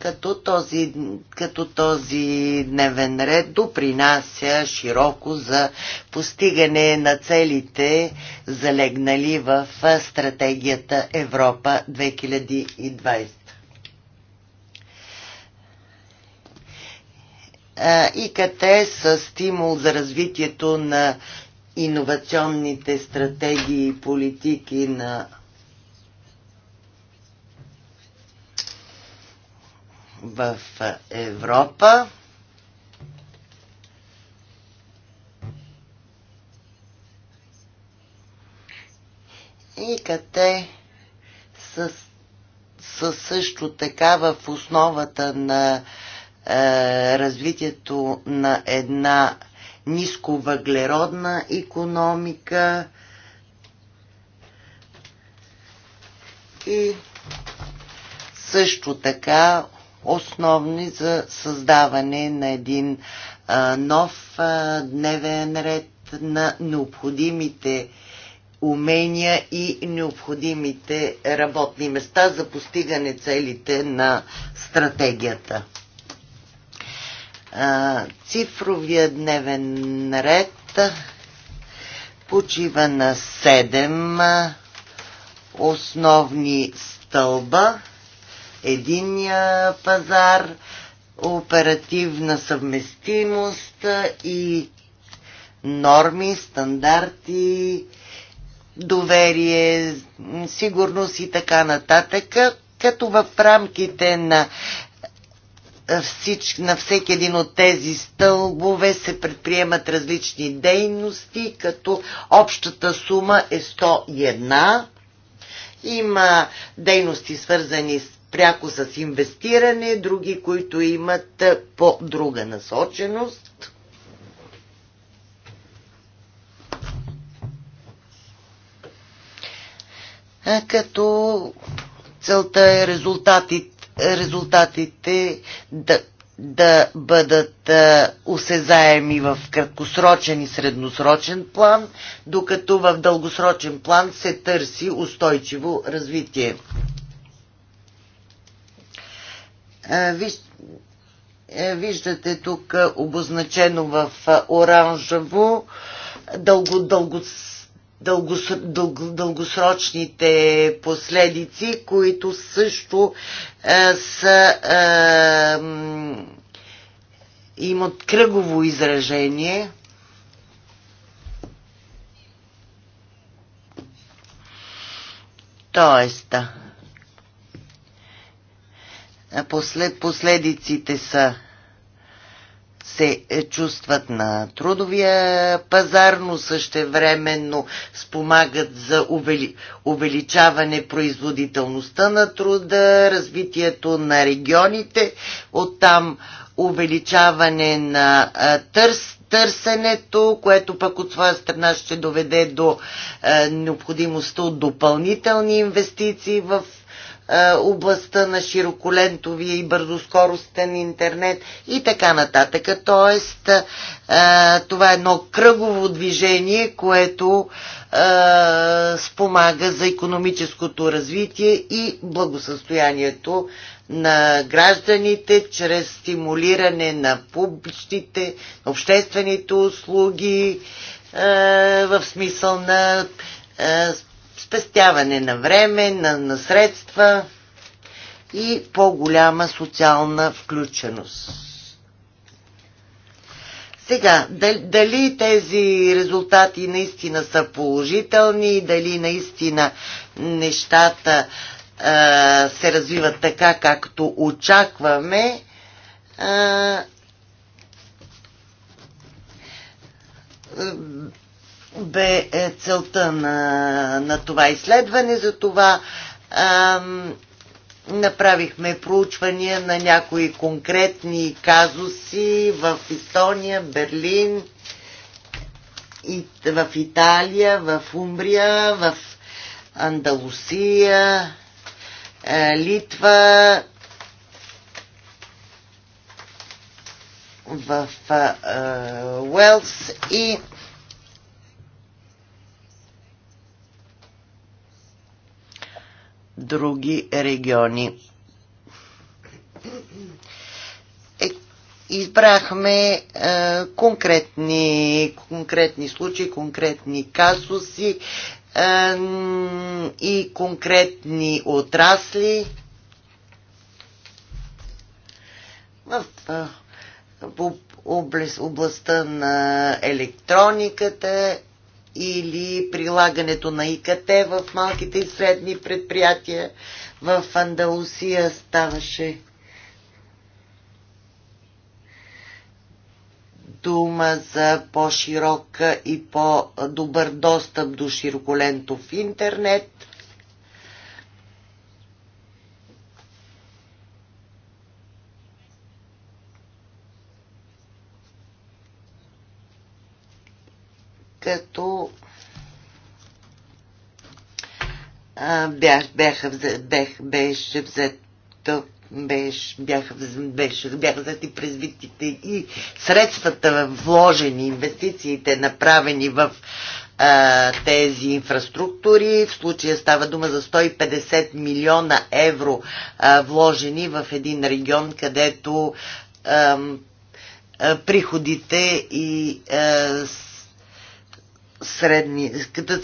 C: като този, като този дневен ред допринася широко за постигане на целите, залегнали в стратегията Европа 2020. ИКТ са стимул за развитието на иновационните стратегии и политики на в Европа. И къде са, е са също така в основата на е, развитието на една нисковъглеродна економика и също така основни за създаване на един а, нов а, дневен ред на необходимите умения и необходимите работни места за постигане целите на стратегията. А, цифровия дневен ред почива на 7 основни стълба единния пазар, оперативна съвместимост и норми, стандарти, доверие, сигурност и така нататък, като в рамките на всич, на всеки един от тези стълбове се предприемат различни дейности, като общата сума е 101. Има дейности свързани с пряко с инвестиране, други, които имат по-друга насоченост. Като целта е резултатите, резултатите да, да бъдат осезаеми в краткосрочен и средносрочен план, докато в дългосрочен план се търси устойчиво развитие. Е, виж, е, виждате тук е, обозначено в оранжево дълго, дълго, дълго, дълго, дългосрочните последици, които също е, са, е, имат кръгово изражение. Тоест, да. Послед, последиците са се е, чувстват на трудовия пазар, но същевременно спомагат за увели, увеличаване производителността на труда, развитието на регионите, оттам увеличаване на търс, търсенето, което пък от своя страна ще доведе до е, необходимостта от допълнителни инвестиции в е, областта на широколентовия и бързоскоростен интернет и така нататък. Тоест, е, това е едно кръгово движение, което е, спомага за економическото развитие и благосъстоянието на гражданите чрез стимулиране на публичните, обществените услуги, в смисъл на спестяване на време, на, на средства и по-голяма социална включеност. Сега, дали тези резултати наистина са положителни, дали наистина нещата а, се развиват така, както очакваме, а, бе е, целта на, на това изследване, за това ам, направихме проучвания на някои конкретни казуси в Естония, Берлин, и, в Италия, в Умбрия, в Андалусия, е, Литва, в е, Уелс и други региони. Е, избрахме е, конкретни, конкретни случаи, конкретни казуси е, и конкретни отрасли. В е, в област, областта на електрониката или прилагането на ИКТ в малките и средни предприятия. В Андалусия ставаше дума за по-широк и по-добър достъп до широколентов интернет. бях, бяха, бях, беше взето беше, бяха, беше, бяха взети предвидите и средствата вложени, инвестициите направени в а, тези инфраструктури. В случая става дума за 150 милиона евро а, вложени в един регион, където а, а, приходите и а, средни,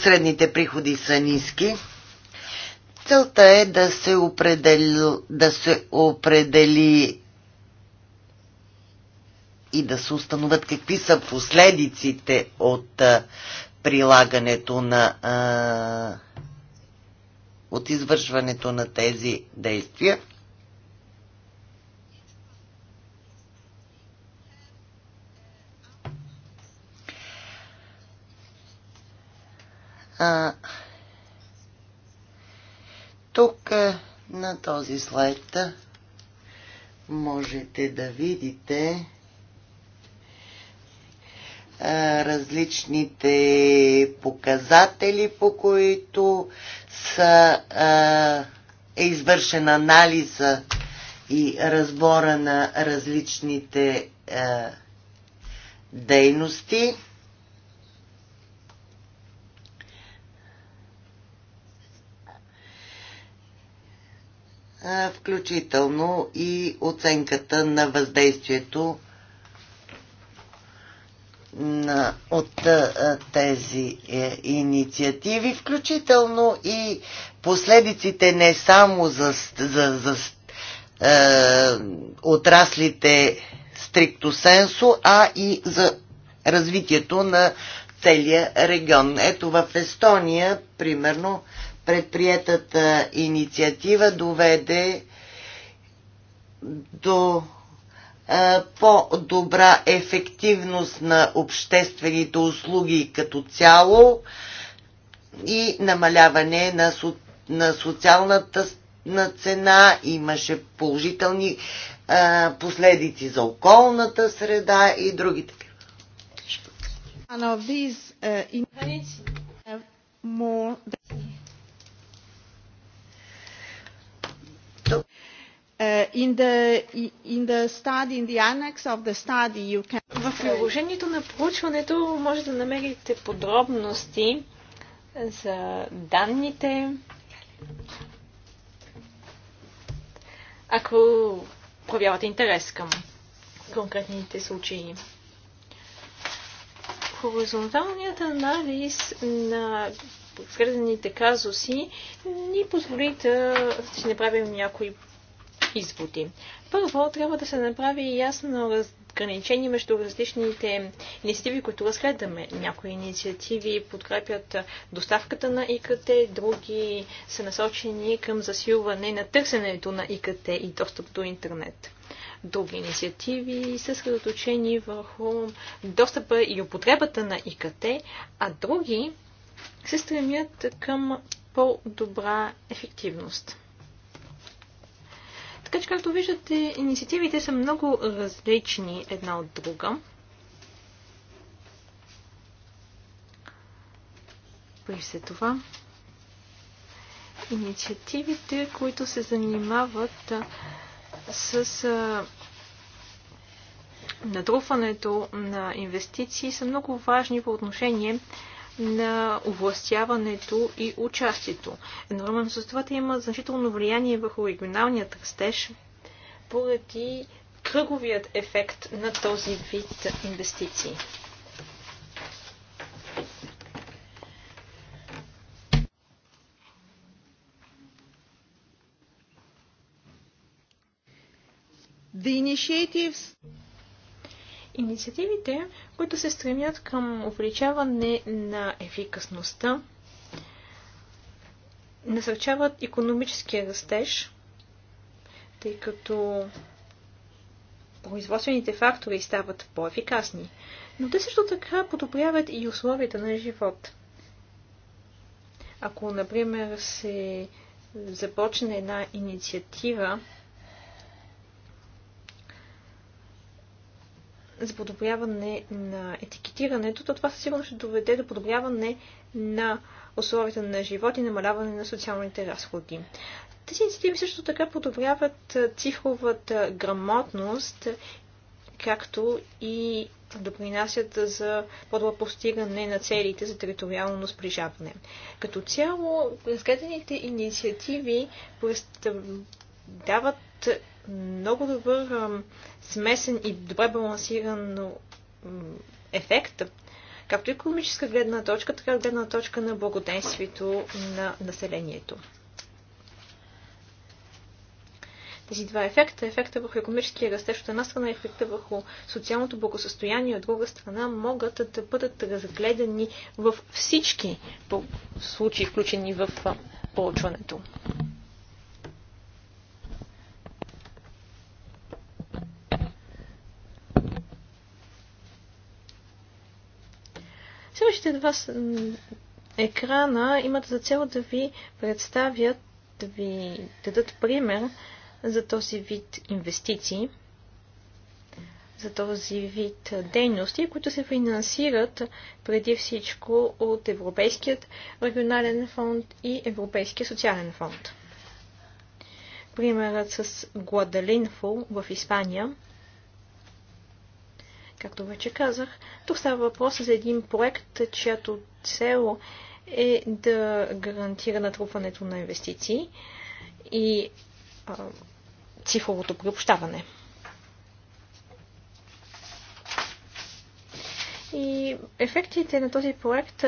C: средните приходи са ниски. Целта е да се определи, да се определи и да се установят какви са последиците от а, прилагането на а, от извършването на тези действия. А, тук е, на този слайд можете да видите е, различните показатели, по които са, е, е извършен анализа и разбора на различните е, дейности. включително и оценката на въздействието на, от а, тези е, инициативи, включително и последиците не само за, за, за е, отраслите стрикто сенсо, а и за развитието на целия регион. Ето в Естония, примерно, предприетата инициатива доведе до по-добра ефективност на обществените услуги като цяло и намаляване на, со, на социалната на цена. Имаше положителни а, последици за околната среда и другите.
A: These, uh, Uh, В приложението на проучването може да намерите подробности за данните. Ако проявявате интерес към конкретните случаи. Хоризонталният анализ на разгледаните казуси ни позволи да си направим някои изводи. Първо, трябва да се направи ясно разграничение между различните инициативи, които разгледаме. Някои инициативи подкрепят доставката на ИКТ, други са насочени към засилване на търсенето на ИКТ и достъп до интернет. Други инициативи са съсредоточени върху достъпа и употребата на ИКТ, а други се стремят към по-добра ефективност. Така че, както виждате, инициативите са много различни една от друга. При това, инициативите, които се занимават с а, натрупването на инвестиции, са много важни по отношение на овластяването и участието. Едновременно с това те има значително влияние върху регионалният растеж поради кръговият ефект на този вид инвестиции. The initiatives Инициативите, които се стремят към увеличаване на ефикасността, насърчават економическия растеж, тъй като производствените фактори стават по-ефикасни, но те също така подобряват и условията на живот. Ако, например, се започне една инициатива, за подобряване на етикетирането, то това със сигурност ще доведе до подобряване на условията на живот и намаляване на социалните разходи. Тези инициативи също така подобряват цифровата грамотност, както и допринасят за по-добро постигане на целите за териториално сближаване. Като цяло, разгледаните инициативи дават много добър смесен и добре балансиран ефект, както и економическа гледна точка, така и гледна точка на благоденствието на населението. Тези два ефекта, ефекта върху економическия растеж от една страна и ефекта върху социалното благосъстояние от друга страна, могат да бъдат разгледани във всички случаи, включени в проучването. Следващите два екрана имат за цел да ви представят, да ви дадат пример за този вид инвестиции, за този вид дейности, които се финансират преди всичко от Европейският регионален фонд и Европейския социален фонд. Примерът с Гладалинфо в Испания Както вече казах, тук става въпрос за един проект, чиято цел е да гарантира натрупването на инвестиции и а, цифровото приобщаване. И ефектите на този проект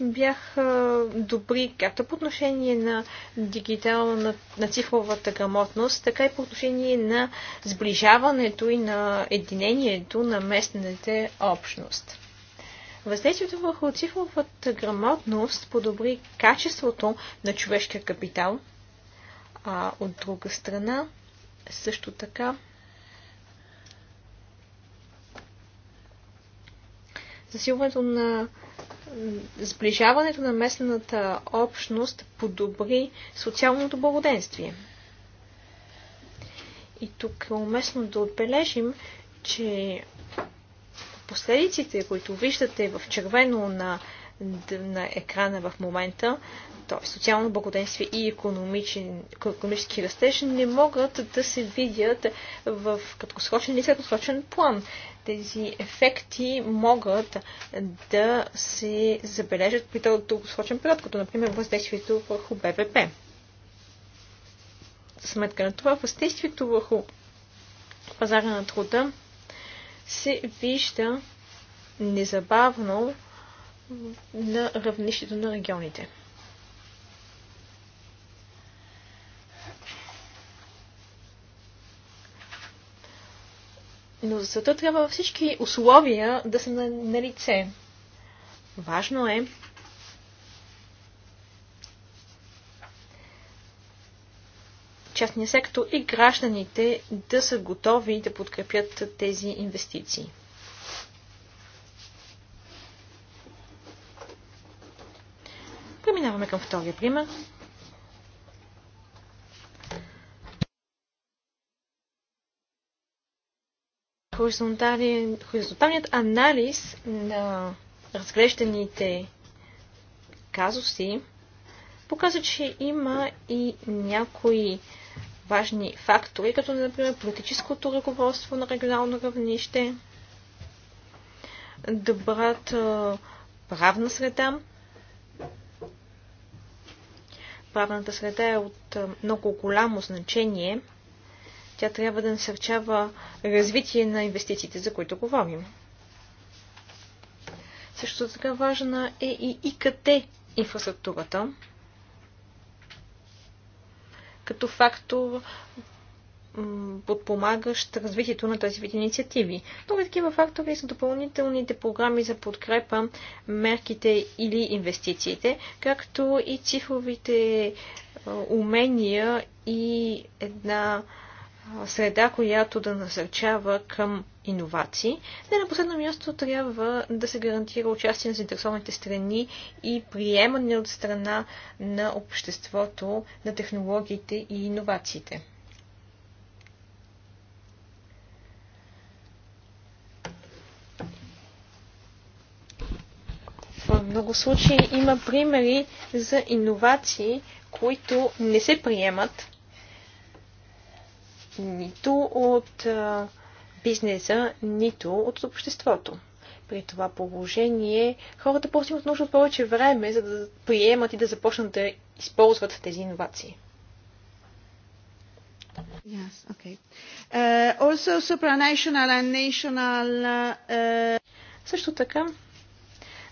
A: бяха добри както по отношение на дигитална, на цифровата грамотност, така и по отношение на сближаването и на единението на местните общност. Въздействието върху цифровата грамотност подобри качеството на човешкия капитал, а от друга страна също така засилването на сближаването на местната общност подобри социалното благоденствие. И тук е уместно да отбележим, че последиците, които виждате в червено на на екрана в момента, т.е. социално благоденствие и економически растеж, не могат да се видят в краткосрочен и средносрочен план. Тези ефекти могат да се забележат при дългосрочен период, като например въздействието върху БВП. Сметка на това, въздействието върху пазара на труда се вижда незабавно на равнището на регионите. Но за света трябва всички условия да са на, на лице. Важно е частния сектор и гражданите да са готови да подкрепят тези инвестиции. Преминаваме към втория пример. хоризонталният анализ на разглежданите казуси показва, че има и някои важни фактори, като например политическото ръководство на регионално равнище, добрата правна среда, правната среда е от много голямо значение. Тя трябва да насърчава развитие на инвестициите, за които говорим. Също така важна е и ИКТ инфраструктурата като фактор, подпомагащ развитието на тези вид инициативи. Други такива фактори са допълнителните програми за подкрепа, мерките или инвестициите, както и цифровите умения и една среда, която да насърчава към иновации. Не на последно място трябва да се гарантира участие на заинтересованите страни и приемане от страна на обществото на технологиите и иновациите. много случаи има примери за иновации, които не се приемат нито от бизнеса, нито от обществото. При това положение хората просто имат нужда повече време, за да приемат и да започнат да използват тези иновации. Yes, okay. Uh, also supranational and national uh... Също така,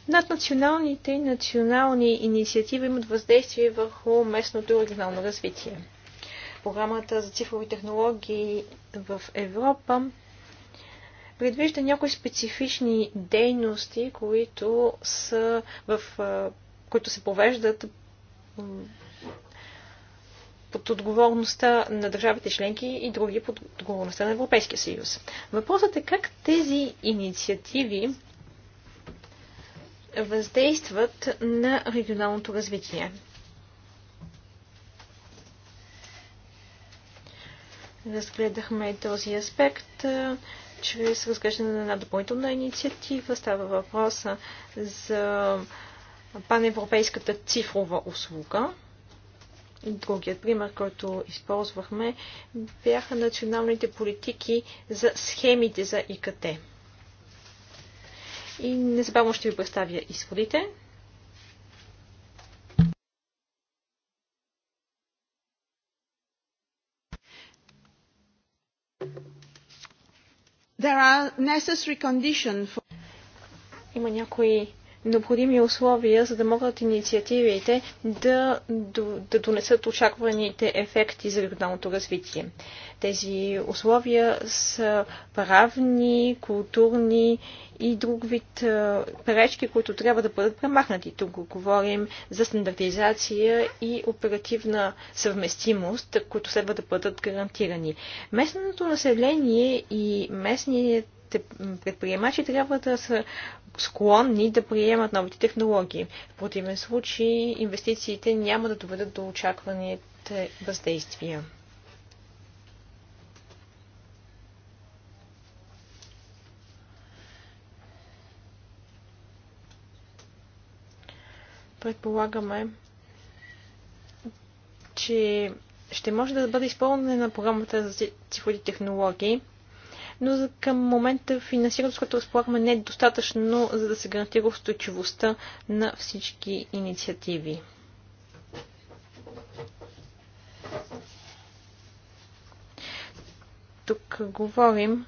A: наднационалните и национални инициативи имат въздействие върху местното и регионално развитие. Програмата за цифрови технологии в Европа предвижда някои специфични дейности, които, са в, които се повеждат под отговорността на държавите членки и други под отговорността на Европейския съюз. Въпросът е как тези инициативи въздействат на регионалното развитие. Разгледахме този аспект чрез разглеждане на една допълнителна инициатива. Става въпроса за паневропейската цифрова услуга. Другият пример, който използвахме, бяха националните политики за схемите за ИКТ и незабавно ще ви представя изходите. There are necessary conditions for... Има някои необходими условия, за да могат инициативите да, да, да донесат очакваните ефекти за регионалното развитие. Тези условия са правни, културни и друг вид пречки, които трябва да бъдат премахнати. Тук говорим за стандартизация и оперативна съвместимост, които следва да бъдат гарантирани. Местното население и местният предприемачи трябва да са склонни да приемат новите технологии. В противен случай инвестициите няма да доведат до очакваните въздействия. Предполагаме, че ще може да бъде изпълнена програмата за цифрови технологии но към момента финансирането, с което разполагаме, не е достатъчно, за да се гарантира устойчивостта на всички инициативи. Тук говорим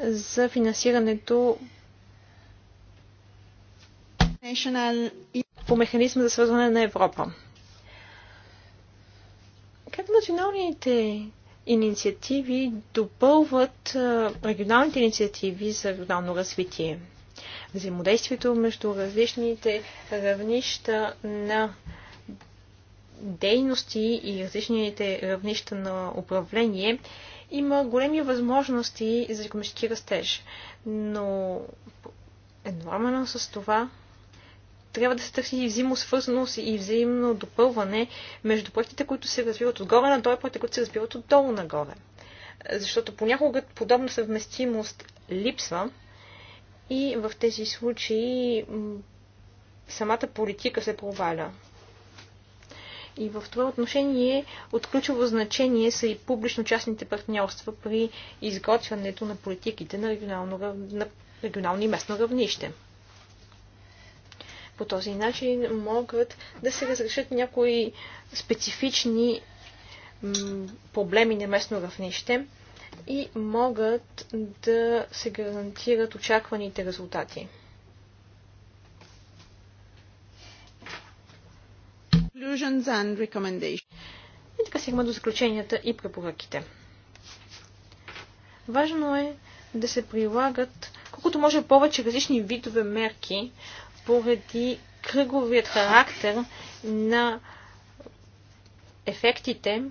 A: за финансирането e- по механизма за свързване на Европа. Как националните инициативи допълват регионалните инициативи за регионално развитие. Взаимодействието между различните равнища на дейности и различните равнища на управление има големи възможности за економически растеж. Но едновременно с това трябва да се търси взаимно свързаност и взаимно допълване между проектите, които се развиват отгоре на и проектите, които се развиват отдолу нагоре. Защото понякога подобна съвместимост липсва и в тези случаи самата политика се проваля. И в това отношение от ключово значение са и публично-частните партньорства при изготвянето на политиките на, регионално, на регионално и местно равнище. По този начин могат да се разрешат някои специфични проблеми на местно равнище и могат да се гарантират очакваните резултати. И така сега до заключенията и препоръките. Важно е да се прилагат колкото може повече различни видове мерки, поради кръговият характер на ефектите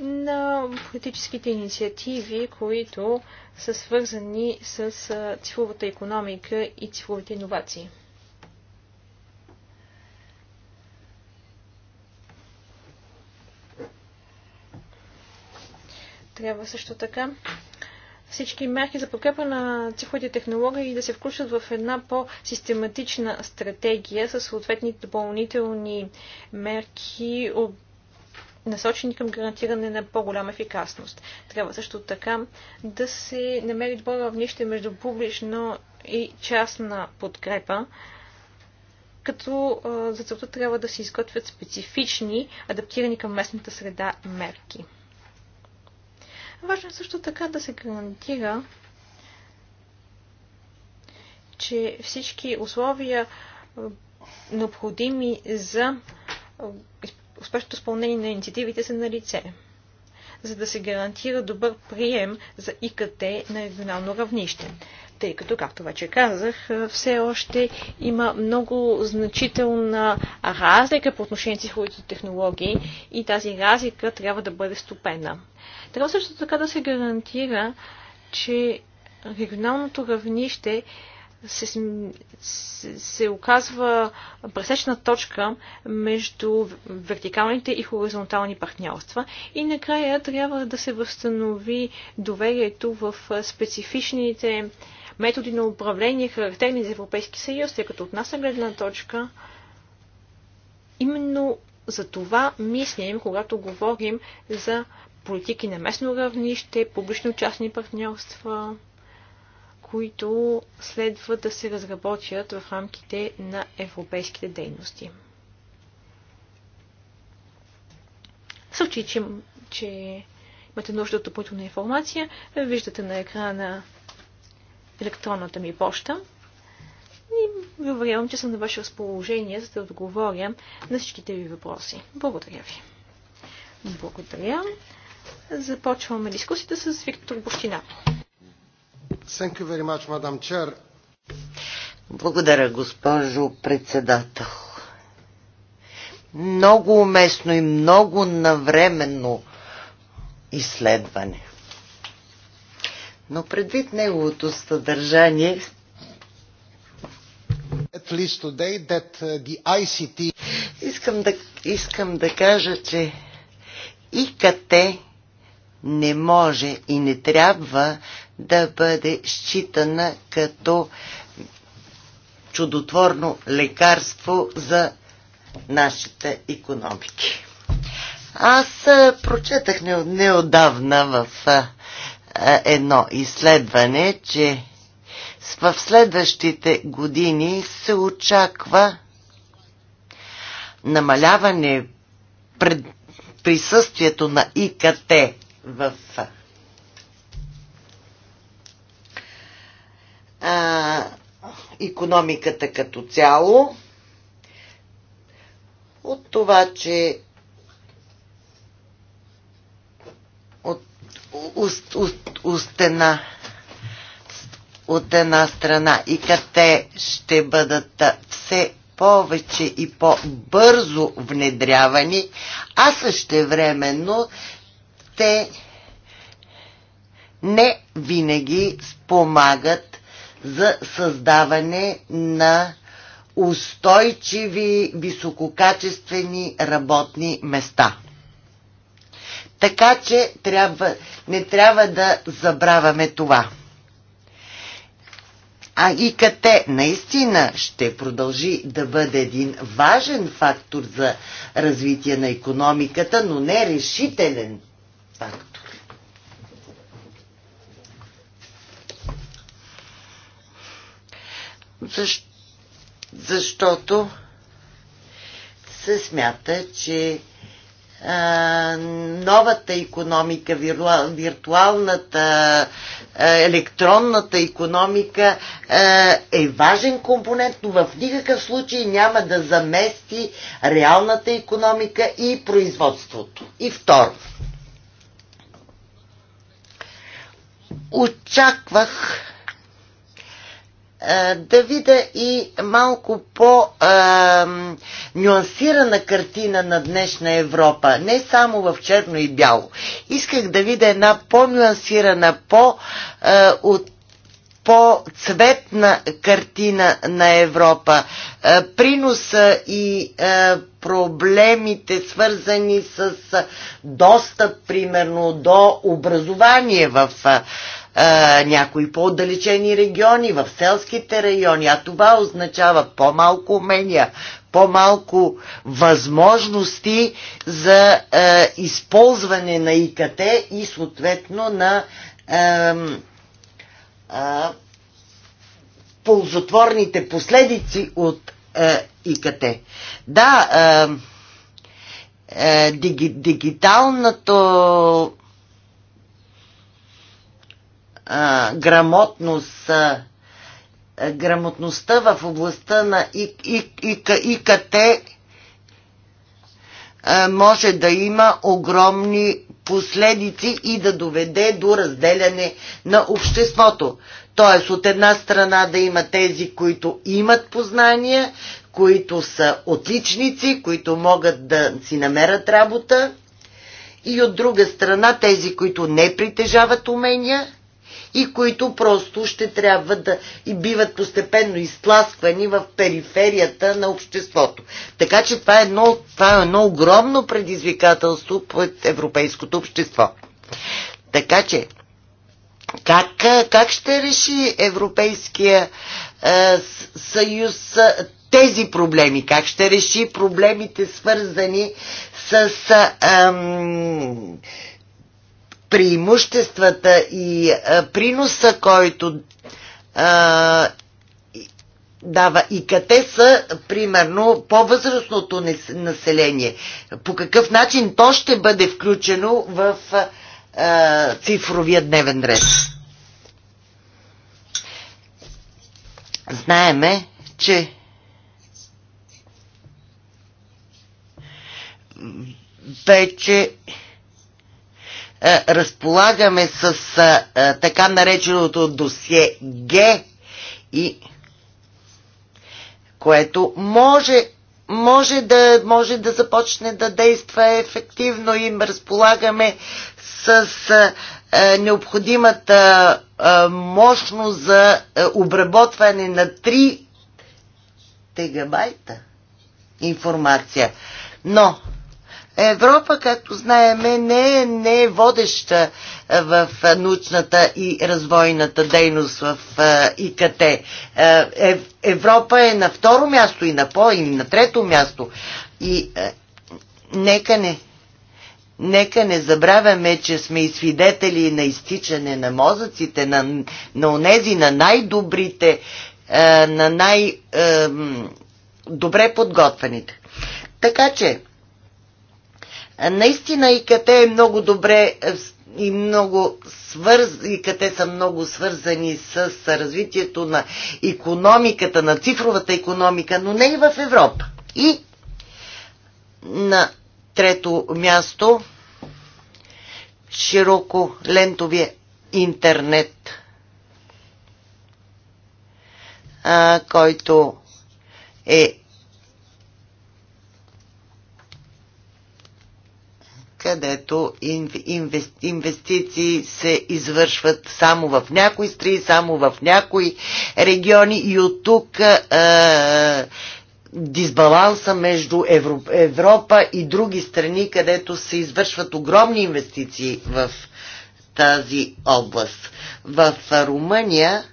A: на политическите инициативи, които са свързани с цифровата економика и цифровите иновации. Трябва също така всички мерки за подкрепа на цифровите технологии и да се включат в една по-систематична стратегия с съответни допълнителни мерки насочени към гарантиране на по-голяма ефикасност. Трябва също така да се намери добро равнище между публично и частна подкрепа, като за целта трябва да се изготвят специфични, адаптирани към местната среда мерки. Важно е също така да се гарантира, че всички условия е, необходими за е, успешното изпълнение на инициативите са на лице, за да се гарантира добър прием за ИКТ на регионално равнище тъй като, както вече казах, все още има много значителна разлика по отношение на цифровите технологии и тази разлика трябва да бъде стопена. Трябва също така да се гарантира, че регионалното равнище се, се, се оказва пресечна точка между вертикалните и хоризонтални партньорства. И накрая трябва да се възстанови доверието в специфичните методи на управление, характерни за Европейски съюз, тъй като от нас гледна точка именно за това мислим, когато говорим за политики на местно равнище, публично-частни партньорства, които следва да се разработят в рамките на европейските дейности. В случай, че, че имате нужда от допълнителна информация, виждате на екрана електронната ми почта. И ви уверявам, че съм на ваше разположение, за да отговоря на всичките ви въпроси. Благодаря ви. Благодаря. Започваме дискусията с Виктор Бощина.
C: Much, Благодаря, госпожо председател. Много уместно и много навременно изследване но предвид неговото съдържание At least today that uh, the ICT... искам, да, искам да кажа, че ИКТ не може и не трябва да бъде считана като чудотворно лекарство за нашите економики. Аз прочетах неодавна в едно изследване, че в следващите години се очаква намаляване пред присъствието на ИКТ в а, економиката като цяло от това, че уст, уст, устена от една страна и къде ще бъдат все повече и по-бързо внедрявани, а но те не винаги спомагат за създаване на устойчиви, висококачествени работни места. Така че трябва, не трябва да забравяме това. А ИКТ наистина ще продължи да бъде един важен фактор за развитие на економиката, но не решителен фактор. Защо? Защото се смята, че новата економика, виртуалната, електронната економика е важен компонент, но в никакъв случай няма да замести реалната економика и производството. И второ, очаквах е, да видя и малко по-нюансирана картина на днешна Европа, не само в черно и бяло. Исках да видя една по-нюансирана, по е, цветна картина на Европа. Е, приноса и проблемите, свързани с достъп, примерно, до образование в а, е, някои по-отдалечени региони, в селските райони, а това означава по-малко умения, по-малко възможности за а, е, използване на ИКТ и съответно на а, а, е, ползотворните последици от а, ИКТ. Да, а, диги, дигиталното а, грамотност, а, грамотността в областта на и, и, и, ИКТ може да има огромни последици и да доведе до разделяне на обществото. Тоест, от една страна да има тези, които имат познания, които са отличници, които могат да си намерят работа, и от друга страна тези, които не притежават умения и които просто ще трябва да и биват постепенно изтласквани в периферията на обществото. Така че това е едно, това е едно огромно предизвикателство пред европейското общество. Така че, как, как ще реши Европейския е, съюз е, тези проблеми? Как ще реши проблемите свързани с... Е, е, преимуществата и приноса, който а, дава и къде са, примерно, по-възрастното население. По какъв начин то ще бъде включено в а, цифровия дневен ред. Знаеме, че вече е, разполагаме с е, е, така нареченото досие Г и което може може да, може да започне да действа ефективно и разполагаме с а, необходимата а, мощност за а, обработване на 3 тегабайта информация. Но Европа, както знаеме, не е, не е водеща в научната и развойната дейност в ИКТ. Е, Европа е на второ място и на по и на трето място. И нека не, Нека не забравяме, че сме и свидетели на изтичане на мозъците, на, на онези, на най-добрите, на най-добре подготвените. Така че, Наистина и къте е много добре е, и много свърз... и къде са много свързани с развитието на економиката, на цифровата економика, но не и в Европа. И на трето място широко лентовия интернет, а, който е където инвестиции се извършват само в някои страни, само в някои региони и от тук дисбаланса между Европа и други страни, където се извършват огромни инвестиции в тази област. В Румъния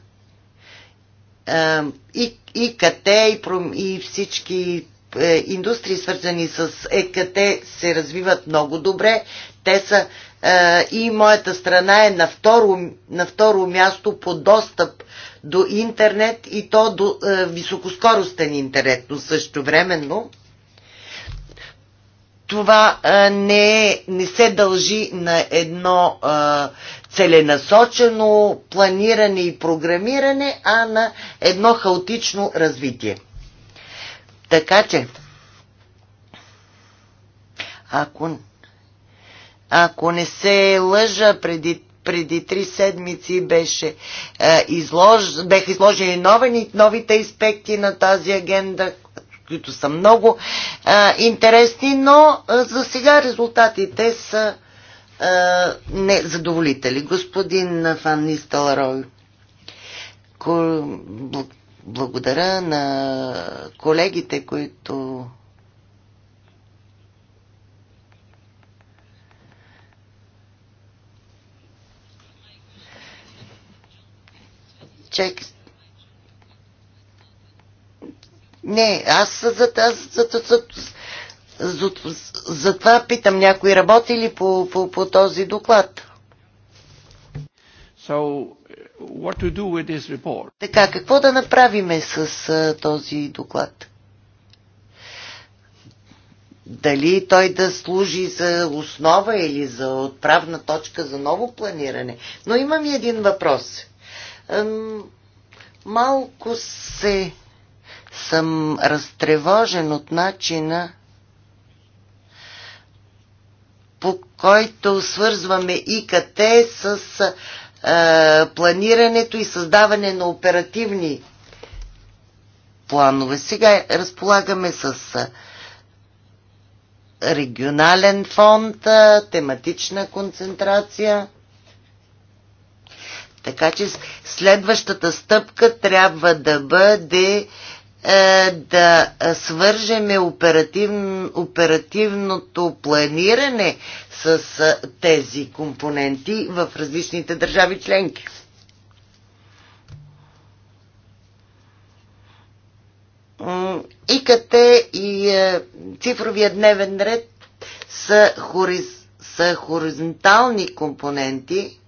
C: и, и КТ, и, и всички е, индустрии, свързани с ЕКТ, се развиват много добре. Те са е, и моята страна е на второ, на второ място по достъп до интернет и то до е, високоскоростен интернет, но също времено това е, не, е, не се дължи на едно е, целенасочено планиране и програмиране, а на едно хаотично развитие. Така че, ако, ако не се лъжа, преди, преди три седмици беше, е, излож, беха изложени нови, новите аспекти на тази агенда, които са много е, интересни, но е, за сега резултатите са е, незадоволители. Господин Фан Нисталрой, благодаря на колегите, които чек. Не, аз за, аз за, за, за, за, за това питам някой работи ли по, по, по този доклад.
A: So, what to do with this report.
C: Така, какво да направиме с uh, този доклад? Дали той да служи за основа или за отправна точка за ново планиране? Но имам и един въпрос. малко се съм разтревожен от начина по който свързваме ИКТ с е, планирането и създаване на оперативни планове. Сега разполагаме с е, регионален фонд, е, тематична концентрация. Така че следващата стъпка трябва да бъде е, да свържеме оператив, оперативното планиране с е, тези компоненти в различните държави членки. ИКТ и е, цифровия дневен ред са, хориз, са хоризонтални компоненти,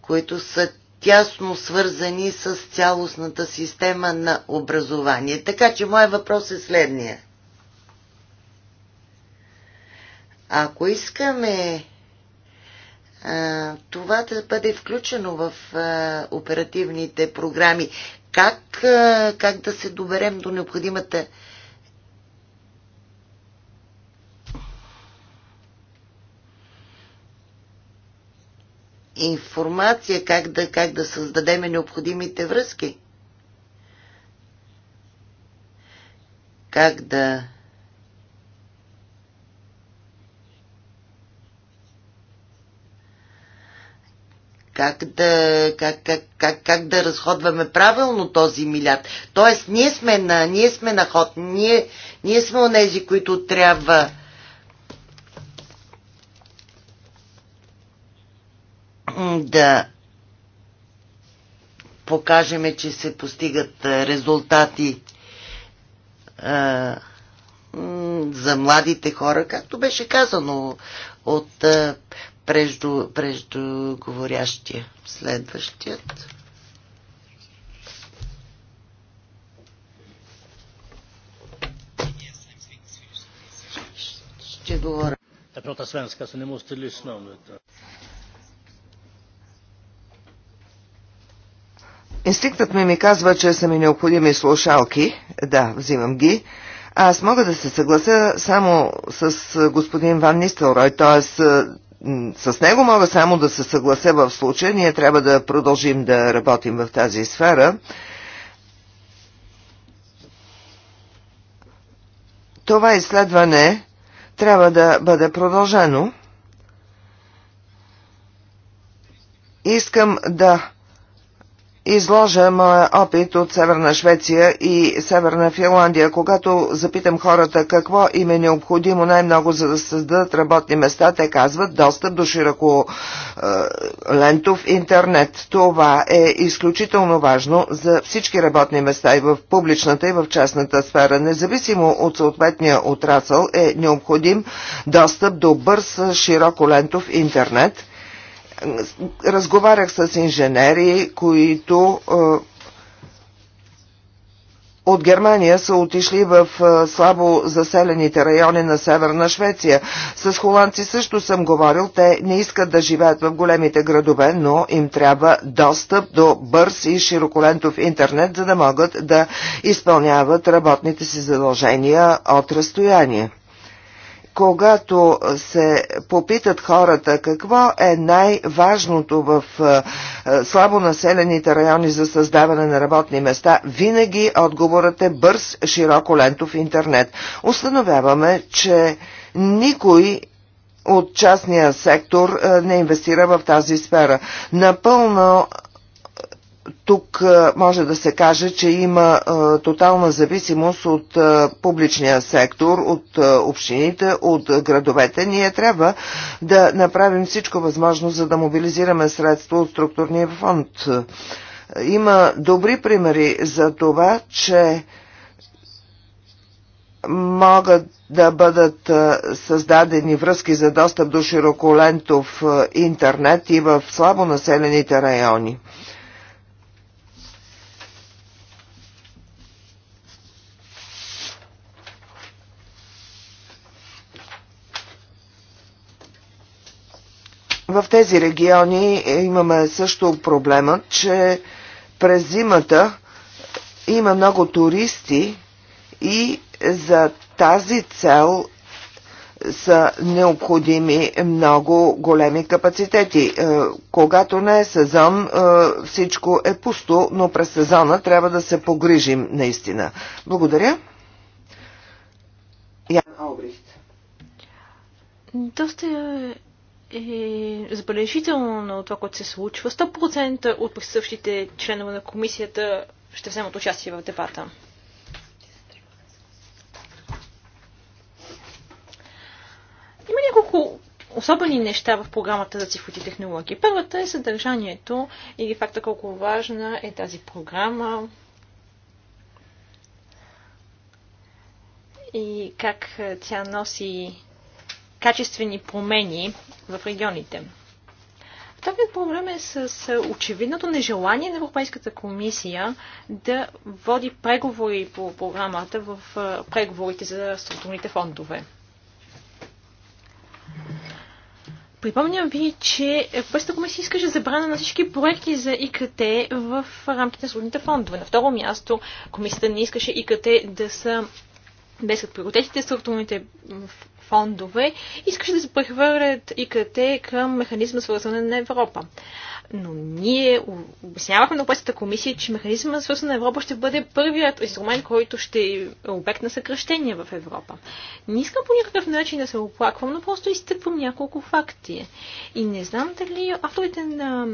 C: които са тясно свързани с цялостната система на образование. Така че моят въпрос е следния. Ако искаме а, това да бъде включено в а, оперативните програми, как, а, как да се доберем до необходимата информация, как да, как да създадеме необходимите връзки. Как да как да, как, как, как, как да разходваме правилно този милиард. Тоест, ние сме на, ние сме на ход, ние, ние сме онези, които трябва да покажем, че се постигат резултати а, за младите хора, както беше казано от а, прежду, преждоговорящия. Следващият. Ще говоря. Jag pratar svenska så ni måste lyssna om det.
B: Инстинктът ми ми казва, че са ми необходими слушалки. Да, взимам ги. Аз мога да се съглася само с господин Ван Нистелрой, т.е. с него мога само да се съглася в случая. Ние трябва да продължим да работим в тази сфера. Това изследване трябва да бъде продължено. Искам да изложа моя опит от Северна Швеция и Северна Финландия. Когато запитам хората какво им е необходимо най-много за да създадат работни места, те казват достъп до широко е, лентов интернет. Това е изключително важно за всички работни места и в публичната и в частната сфера. Независимо от съответния отрасъл е необходим достъп до бърз широко лентов интернет – разговарях с инженери, които е, от Германия са отишли в е, слабо заселените райони на Северна Швеция. С холандци също съм говорил, те не искат да живеят в големите градове, но им трябва достъп до бърз и широколентов интернет, за да могат да изпълняват работните си задължения от разстояние когато се попитат хората какво е най-важното в е, е, слабо населените райони за създаване на работни места, винаги отговорът е бърз, широко лентов интернет. Установяваме, че никой от частния сектор е, не инвестира в тази сфера. Напълно тук е, може да се каже, че има е, тотална зависимост от е, публичния сектор, от общините, от градовете. Ние трябва да направим всичко възможно, за да мобилизираме средства от структурния фонд. Има добри примери за това, че могат да бъдат създадени връзки за достъп до широколентов интернет и в слабо населените райони. В тези региони е, имаме също проблема, че през зимата има много туристи и за тази цел са необходими много големи капацитети. Е, когато не е сезон, е, всичко е пусто, но през сезона трябва да се погрижим наистина. Благодаря. Ян
A: Обрихт. Доста е забележително на това, което се случва. 100% от присъщите членове на комисията ще вземат участие в дебата. Има няколко особени неща в програмата за цифрови технологии. Първата е съдържанието или факта колко важна е тази програма и как тя носи качествени промени в регионите. Вторият е проблем е с очевидното нежелание на Европейската комисия да води преговори по програмата в преговорите за структурните фондове. Припомням ви, че Европейската комисия искаше забрана на всички проекти за ИКТ в рамките на сложните фондове. На второ място, комисията не искаше ИКТ да са без като приоритетите структурните фондове, искаше да се прехвърлят ИКТ към механизма свързан на Европа. Но ние обяснявахме на Европейската комисия, че механизма свързан на Европа ще бъде първият инструмент, който ще е обект на съкръщение в Европа. Не искам по никакъв начин да се оплаквам, но просто изтъквам няколко факти. И не знам дали авторите на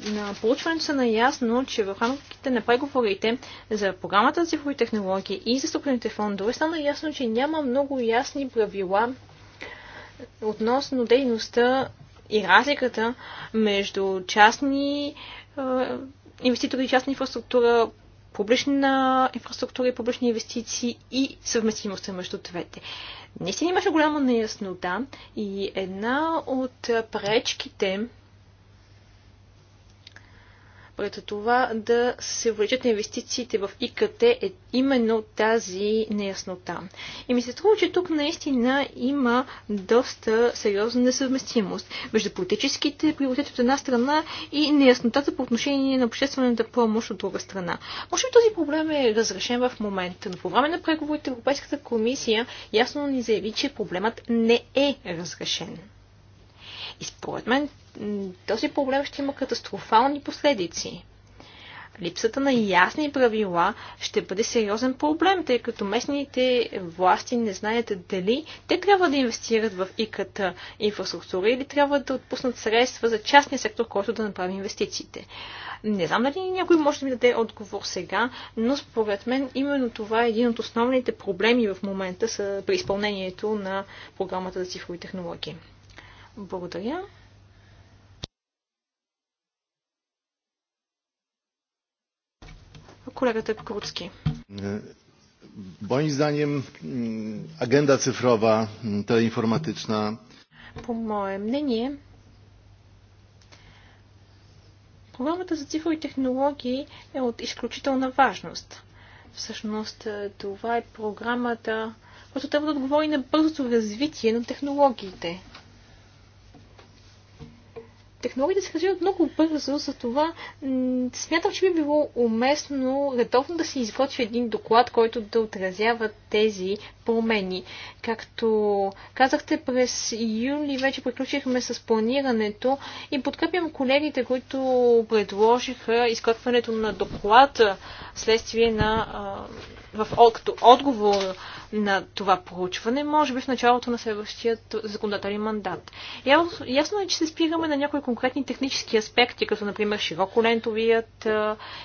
A: на получването са наясно, че в рамките на преговорите за програмата за цифрови технологии и за структурните фондове стана ясно, че няма много ясни правила относно дейността и разликата между частни е, инвеститори и частна инфраструктура, публична инфраструктура и публични инвестиции и съвместимостта между двете. си имаше голяма неяснота и една от пречките, пред това да се увеличат инвестициите в ИКТ е именно тази неяснота. И ми се струва, че тук наистина има доста сериозна несъвместимост между политическите приоритети от една страна и неяснотата по отношение на обществената помощ от друга страна. Може би този проблем е разрешен в момента, но по време на преговорите Европейската комисия ясно ни заяви, че проблемът не е разрешен. И според мен този проблем ще има катастрофални последици. Липсата на ясни правила ще бъде сериозен проблем, тъй като местните власти не знаят дали те трябва да инвестират в ИКТ инфраструктура или трябва да отпуснат средства за частния сектор, който да направи инвестициите. Не знам дали някой може да ми даде отговор сега, но според мен именно това е един от основните проблеми в момента при изпълнението на програмата за цифрови технологии. Благодаря. Колегата Круцки. Moim zdaniem agenda cyfrowa, teleinformatyczna. По мое мнение, програмата за цифрови технологии е от изключителна важност. Всъщност е, това е програмата, която трябва да отговори на бързото развитие на технологиите. Технологиите се развиват много бързо, за това смятам, че би било уместно редовно да се изготви един доклад, който да отразява тези промени. Както казахте, през юли вече приключихме с планирането и подкрепям колегите, които предложиха изготвянето на доклад следствие на в, като отговор на това проучване, може би в началото на следващия законодателен мандат. Ясно е, че се спираме на някои конкретни технически аспекти, като например широколентовият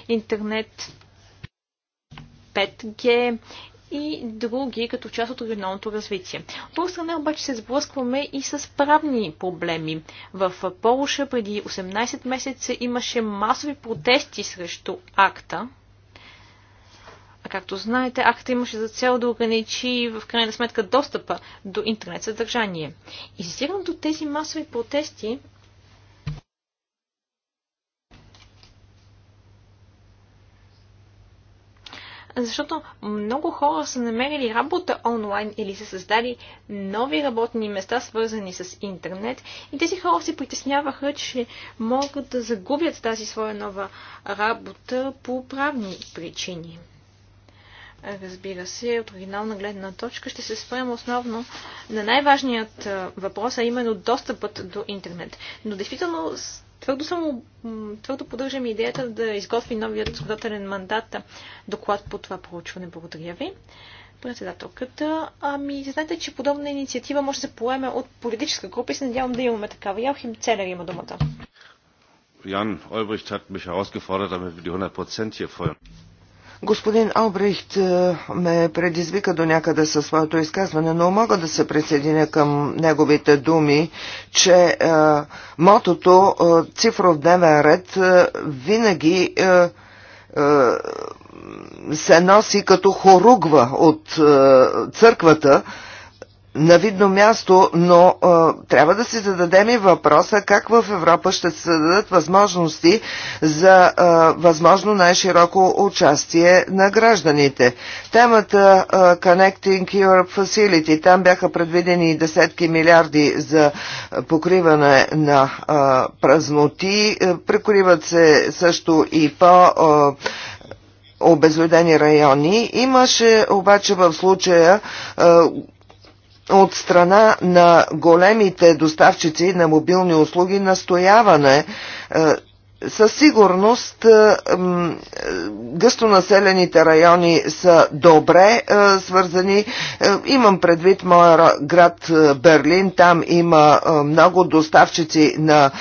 A: интернет, 5G и други, като част от регионалното развитие. От друга страна обаче се сблъскваме и с правни проблеми. В Полша преди 18 месеца имаше масови протести срещу акта, а както знаете, акта имаше за цел да ограничи в крайна сметка достъпа до интернет съдържание. И до тези масови протести, защото много хора са намерили работа онлайн или са създали нови работни места, свързани с интернет. И тези хора се притесняваха, че могат да загубят тази своя нова работа по правни причини разбира се, от оригинална гледна точка, ще се спрем основно на най-важният въпрос, а именно достъпът до интернет. Но действително твърдо, съм, твърдо поддържам идеята да изготви новият законодателен мандат доклад по това проучване. Благодаря ви. Председателката, ами знаете, че подобна инициатива може да се поеме от политическа група и се надявам да имаме такава. Ялхим Целер има думата.
B: Jan Olbricht hat mich herausgefordert, damit wir die
A: 100% hier voll. Е
B: Господин Албрехт е, ме предизвика до някъде със своето изказване, но мога да се присъединя към неговите думи, че е, мотото е, цифров дневен ред е, винаги е, е, се носи като хоругва от е, църквата, на видно място, но а, трябва да си зададем и въпроса как в Европа ще се дадат възможности за а, възможно най-широко участие на гражданите. Темата а, Connecting Europe Facility, там бяха предвидени десетки милиарди за покриване на а, празноти, е, прикриват се също и по а, обезлюдени райони. Имаше обаче в случая а, от страна на големите доставчици на мобилни услуги настояване е, със сигурност е, е, гъстонаселените райони са добре е, свързани. Имам предвид моя град Берлин. Там има много доставчици на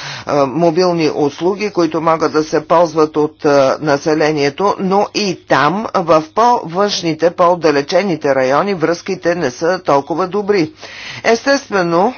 B: мобилни услуги, които могат да се ползват от населението, но и там, в по-външните, по-отдалечените райони, връзките не са толкова добри. Естествено,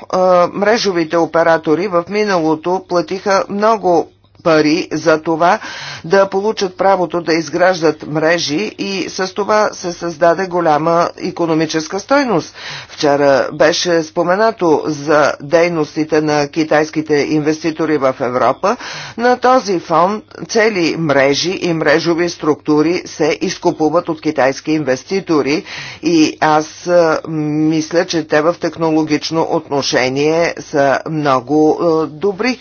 B: мрежовите оператори в миналото платиха много пари за това да получат правото да изграждат мрежи и с това се създаде голяма економическа стойност. Вчера беше споменато за дейностите на китайските инвеститори в Европа. На този фон цели мрежи и мрежови структури се изкупуват от китайски инвеститори и аз мисля, че те в технологично отношение са много добри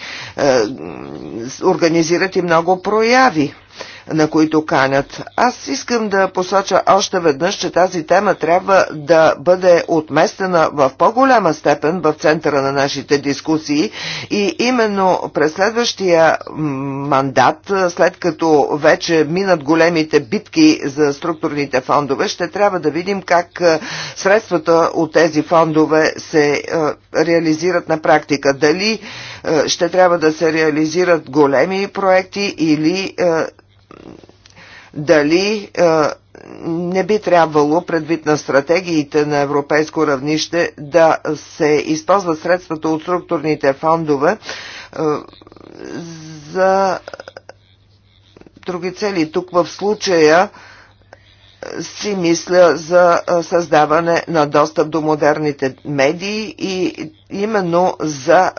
B: организират и много прояви на които канят. Аз искам да посоча още веднъж, че тази тема трябва да бъде отместена в по-голяма степен в центъра на нашите дискусии и именно през следващия мандат, след като вече минат големите битки за структурните фондове, ще трябва да видим как е, средствата от тези фондове се е, реализират на практика. Дали е, е, ще трябва да се реализират големи проекти или е, дали е, не би трябвало, предвид на стратегиите на европейско равнище, да се използват средствата от структурните фондове за други цели. Тук в случая си мисля за създаване на достъп до модерните медии и именно за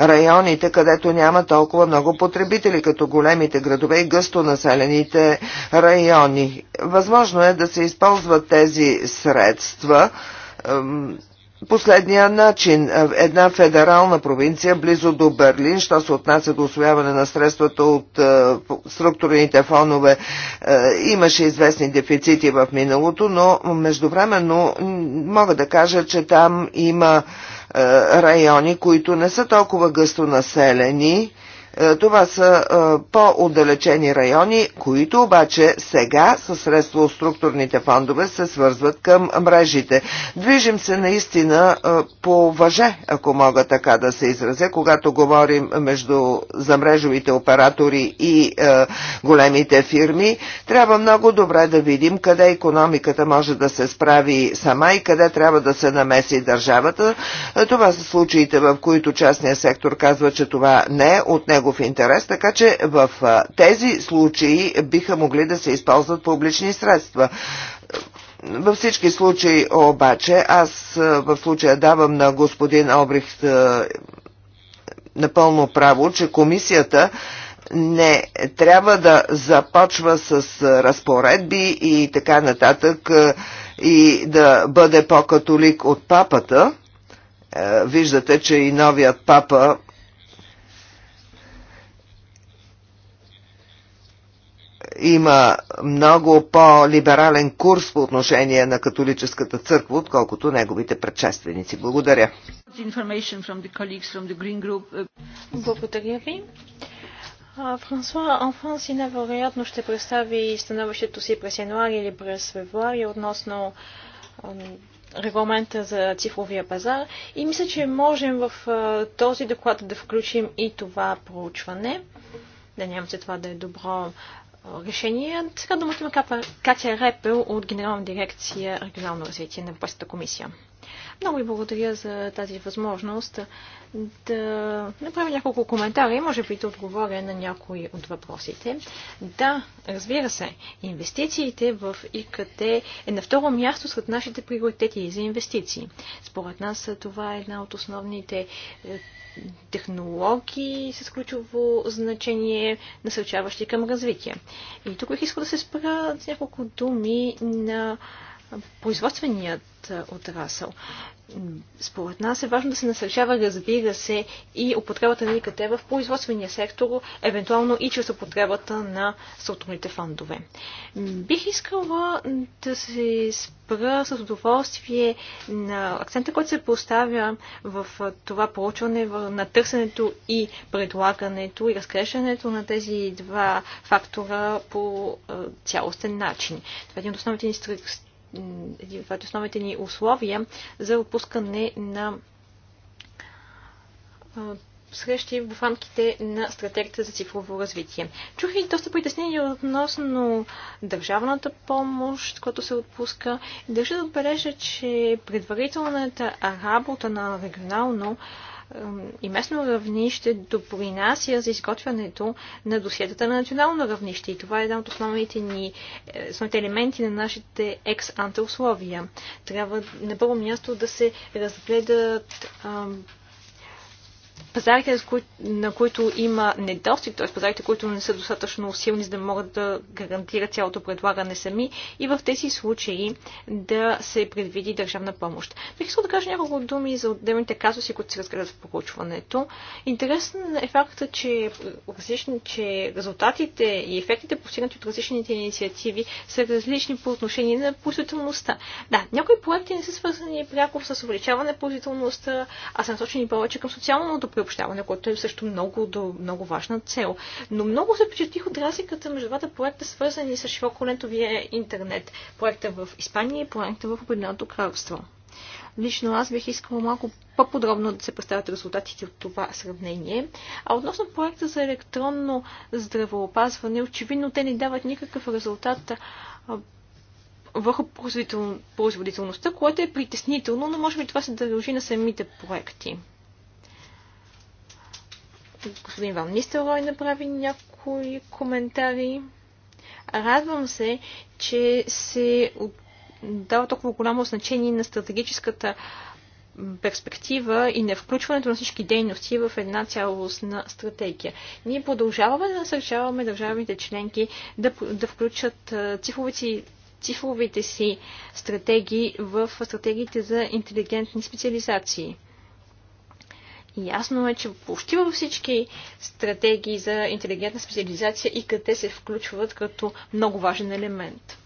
B: районите, където няма толкова много потребители, като големите градове и гъсто населените райони. Възможно е да се използват тези средства последния начин. Една федерална провинция близо до Берлин, що се отнася до освояване на средствата от е, структурните фонове, е, имаше известни дефицити в миналото, но междувременно мога да кажа, че там има е, райони, които не са толкова гъсто населени, е, това са е, по-отдалечени райони, които обаче сега със средство от структурните фондове се свързват към мрежите. Движим се наистина е, по въже, ако мога така да се изразя, когато говорим между замрежовите оператори и големите фирми. Трябва много добре да видим къде економиката може да се справи сама и къде трябва да се намеси държавата. Това са случаите, в които частният сектор казва, че това не е от него негов интерес, така че в тези случаи биха могли да се използват публични средства. Във всички случаи обаче, аз в случая давам на господин Обрихт напълно право, че комисията не трябва да започва с разпоредби и така нататък и да бъде по-католик от папата. Е, виждате, че и новият папа има много по-либерален курс по отношение на католическата църква, отколкото неговите предшественици. Благодаря.
A: Благодаря ви. Франсуа Анфанс и невероятно ще представи становището си през януари или през февруари относно регламента за цифровия пазар и мисля, че можем в този доклад да включим и това проучване. Да нямам се това да е добро решения. Сега думата има Катя Репел от Генерална дирекция регионално развитие на Европейската комисия. Много ви благодаря за тази възможност да направя няколко коментара и може би да отговоря на някои от въпросите. Да, разбира се, инвестициите в ИКТ е на второ място сред нашите приоритети за инвестиции. Според нас това е една от основните технологии с ключово значение, насърчаващи към развитие. И тук бих искал да се спра с няколко думи на производственият отрасъл. Според нас е важно да се насърчава, разбира се, и употребата на ИКТ в производствения сектор, евентуално и чрез употребата на структурните фондове. Бих искала да се спра с удоволствие на акцента, който се поставя в това проучване на търсенето и предлагането и разкрещането на тези два фактора по цялостен начин. Това е един от основните ни един от е основните ни условия за опускане на срещи в рамките на стратегията за цифрово развитие. Чух и доста притеснения относно държавната помощ, която се отпуска. Държа да отбележа, че предварителната работа на регионално и местно равнище допринася за изготвянето на досиетата на национално равнище. И това е един от основните ни е, основните елементи на нашите екс-анте условия. Трябва на първо място да се разгледат пазарите, на които има недостиг, т.е. пазарите, които не са достатъчно силни, за да могат да гарантират цялото предлагане сами и в тези случаи да се предвиди държавна помощ. Бих искал да кажа няколко думи за отделните казуси, които се разгледат в проучването. Интересен е факта, че, различни, че резултатите и ефектите, постигнати от различните инициативи, са различни по отношение на производителността. Да, някои проекти не са свързани пряко с увеличаване на производителността, а са насочени повече към социалното приобщаване, което е също много, много важна цел. Но много се впечатлих от разликата между двата проекта, свързани с широколентовия интернет. Проекта в Испания и проекта в Обединеното кралство. Лично аз бих искала малко по-подробно да се представят резултатите от това сравнение. А относно проекта за електронно здравеопазване, очевидно те не дават никакъв резултат върху производителността, което е притеснително, но може би това се дължи на самите проекти. Господин Ван Нистелрой направи някои коментари. Радвам се, че се дава толкова голямо значение на стратегическата перспектива и на включването на всички дейности в една цялостна стратегия. Ние продължаваме да насърчаваме държавните членки да, да включат цифровите, цифровите си стратегии в стратегиите за интелигентни специализации. Ясно е, че почти във всички стратегии за интелигентна специализация и къде се включват като много важен елемент.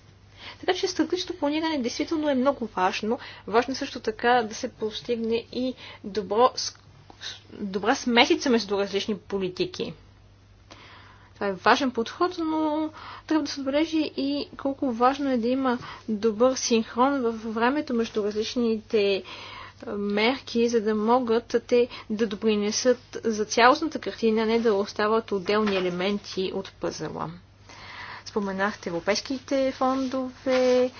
A: Така че стратегичното планиране действително е много важно. Важно е също така да се постигне и добро, добра смесица между различни политики. Това е важен подход, но трябва да се отбележи и колко важно е да има добър синхрон във времето между различните мерки, за да могат те да допринесат за цялостната картина, а не да остават отделни елементи от пъзела. Споменахте европейските фондове,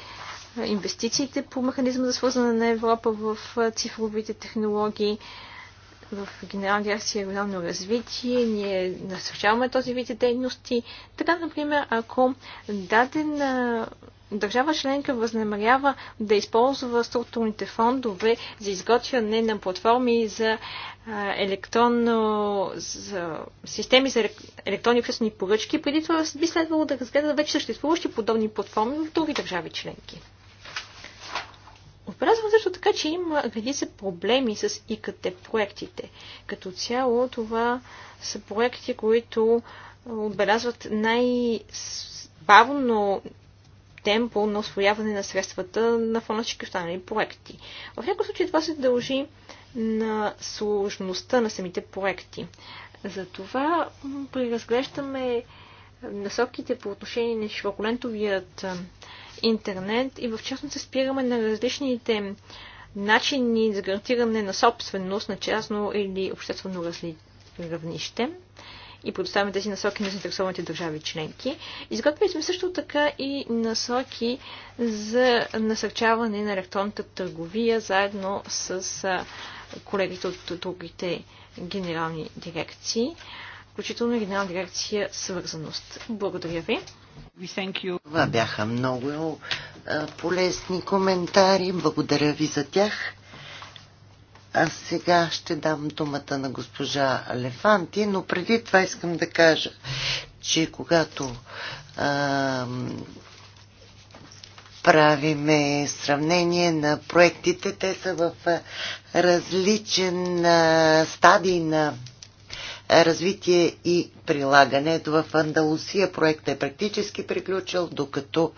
A: инвестициите по механизма за свързане на Европа в цифровите технологии в Генерална дирекция регионално развитие, ние насърчаваме този вид дейности. Така, например, ако даден държава членка възнамерява да използва структурните фондове за изготвяне на платформи за електронно, за системи за електронни обществени поръчки, преди това би следвало да разгледа вече съществуващи подобни платформи в други държави членки. Отбелязвам също така, че има редица проблеми с ИКТ проектите. Като цяло това са проекти, които отбелязват най-бавно темпо на освояване на средствата на фона всички останали проекти. В някои случай това се дължи на сложността на самите проекти. Затова приразглеждаме насоките по отношение на широколентовият интернет и в частност се спираме на различните начини за гарантиране на собственост на частно или обществено разли... равнище и предоставяме тези насоки на заинтересованите държави членки. Изготвили сме също така и насоки за насърчаване на електронната търговия заедно с колегите от другите генерални дирекции, включително генерална дирекция свързаност. Благодаря ви. Това
C: бяха много полезни коментари. Благодаря ви за тях. Аз сега ще дам думата на госпожа Лефанти, но преди това искам да кажа, че когато а, правиме сравнение на проектите, те са в различен стадий на развитие и прилагане. Ето в Андалусия проектът е практически приключил, докато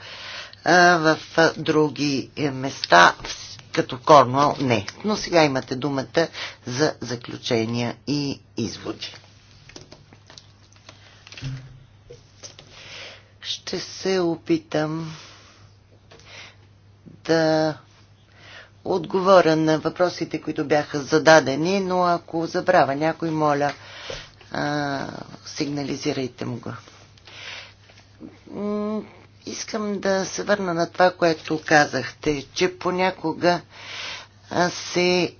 C: в други места като Корнуал не. Но сега имате думата за заключения и изводи. Ще се опитам да отговоря на въпросите, които бяха зададени, но ако забравя някой, моля, а, сигнализирайте му го. Искам да се върна на това, което казахте, че понякога се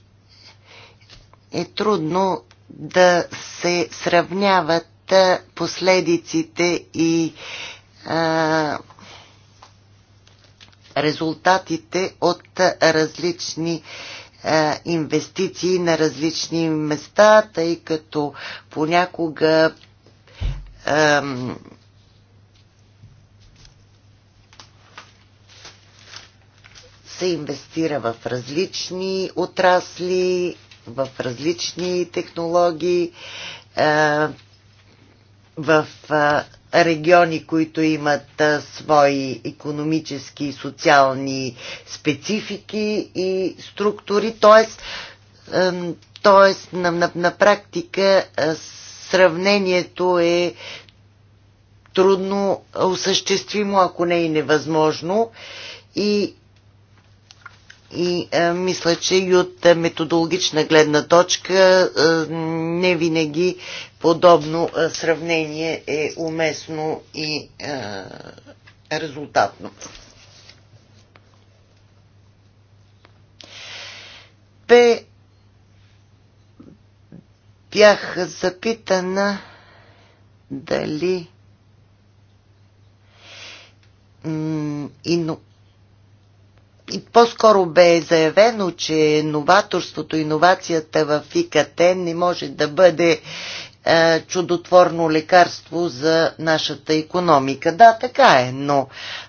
C: е трудно да се сравняват последиците и а, резултатите от различни а, инвестиции на различни места, тъй като понякога се инвестира в различни отрасли, в различни технологии, е, в е, региони, които имат е, свои економически и социални специфики и структури, т.е. т.е. На, на, на практика сравнението е трудно осъществимо, ако не и невъзможно. И и а, е, мисля, че и от е, методологична гледна точка а, е, не винаги подобно а, сравнение е уместно и а, резултатно. П. бях запитана дали ино, по-скоро бе заявено, че новаторството, иновацията в ИКТ не може да бъде е, чудотворно лекарство за нашата економика. Да, така е, но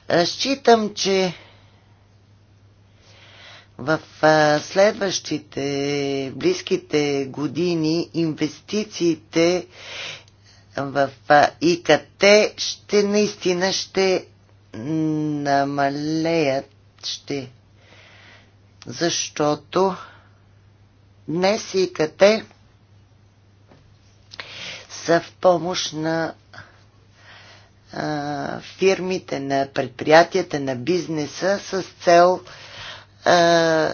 C: е, считам, че в е, следващите, близките години инвестициите в е, ИКТ ще наистина ще намалеят ще. Защото днес и ИКТ са в помощ на а, фирмите, на предприятията, на бизнеса с цел а,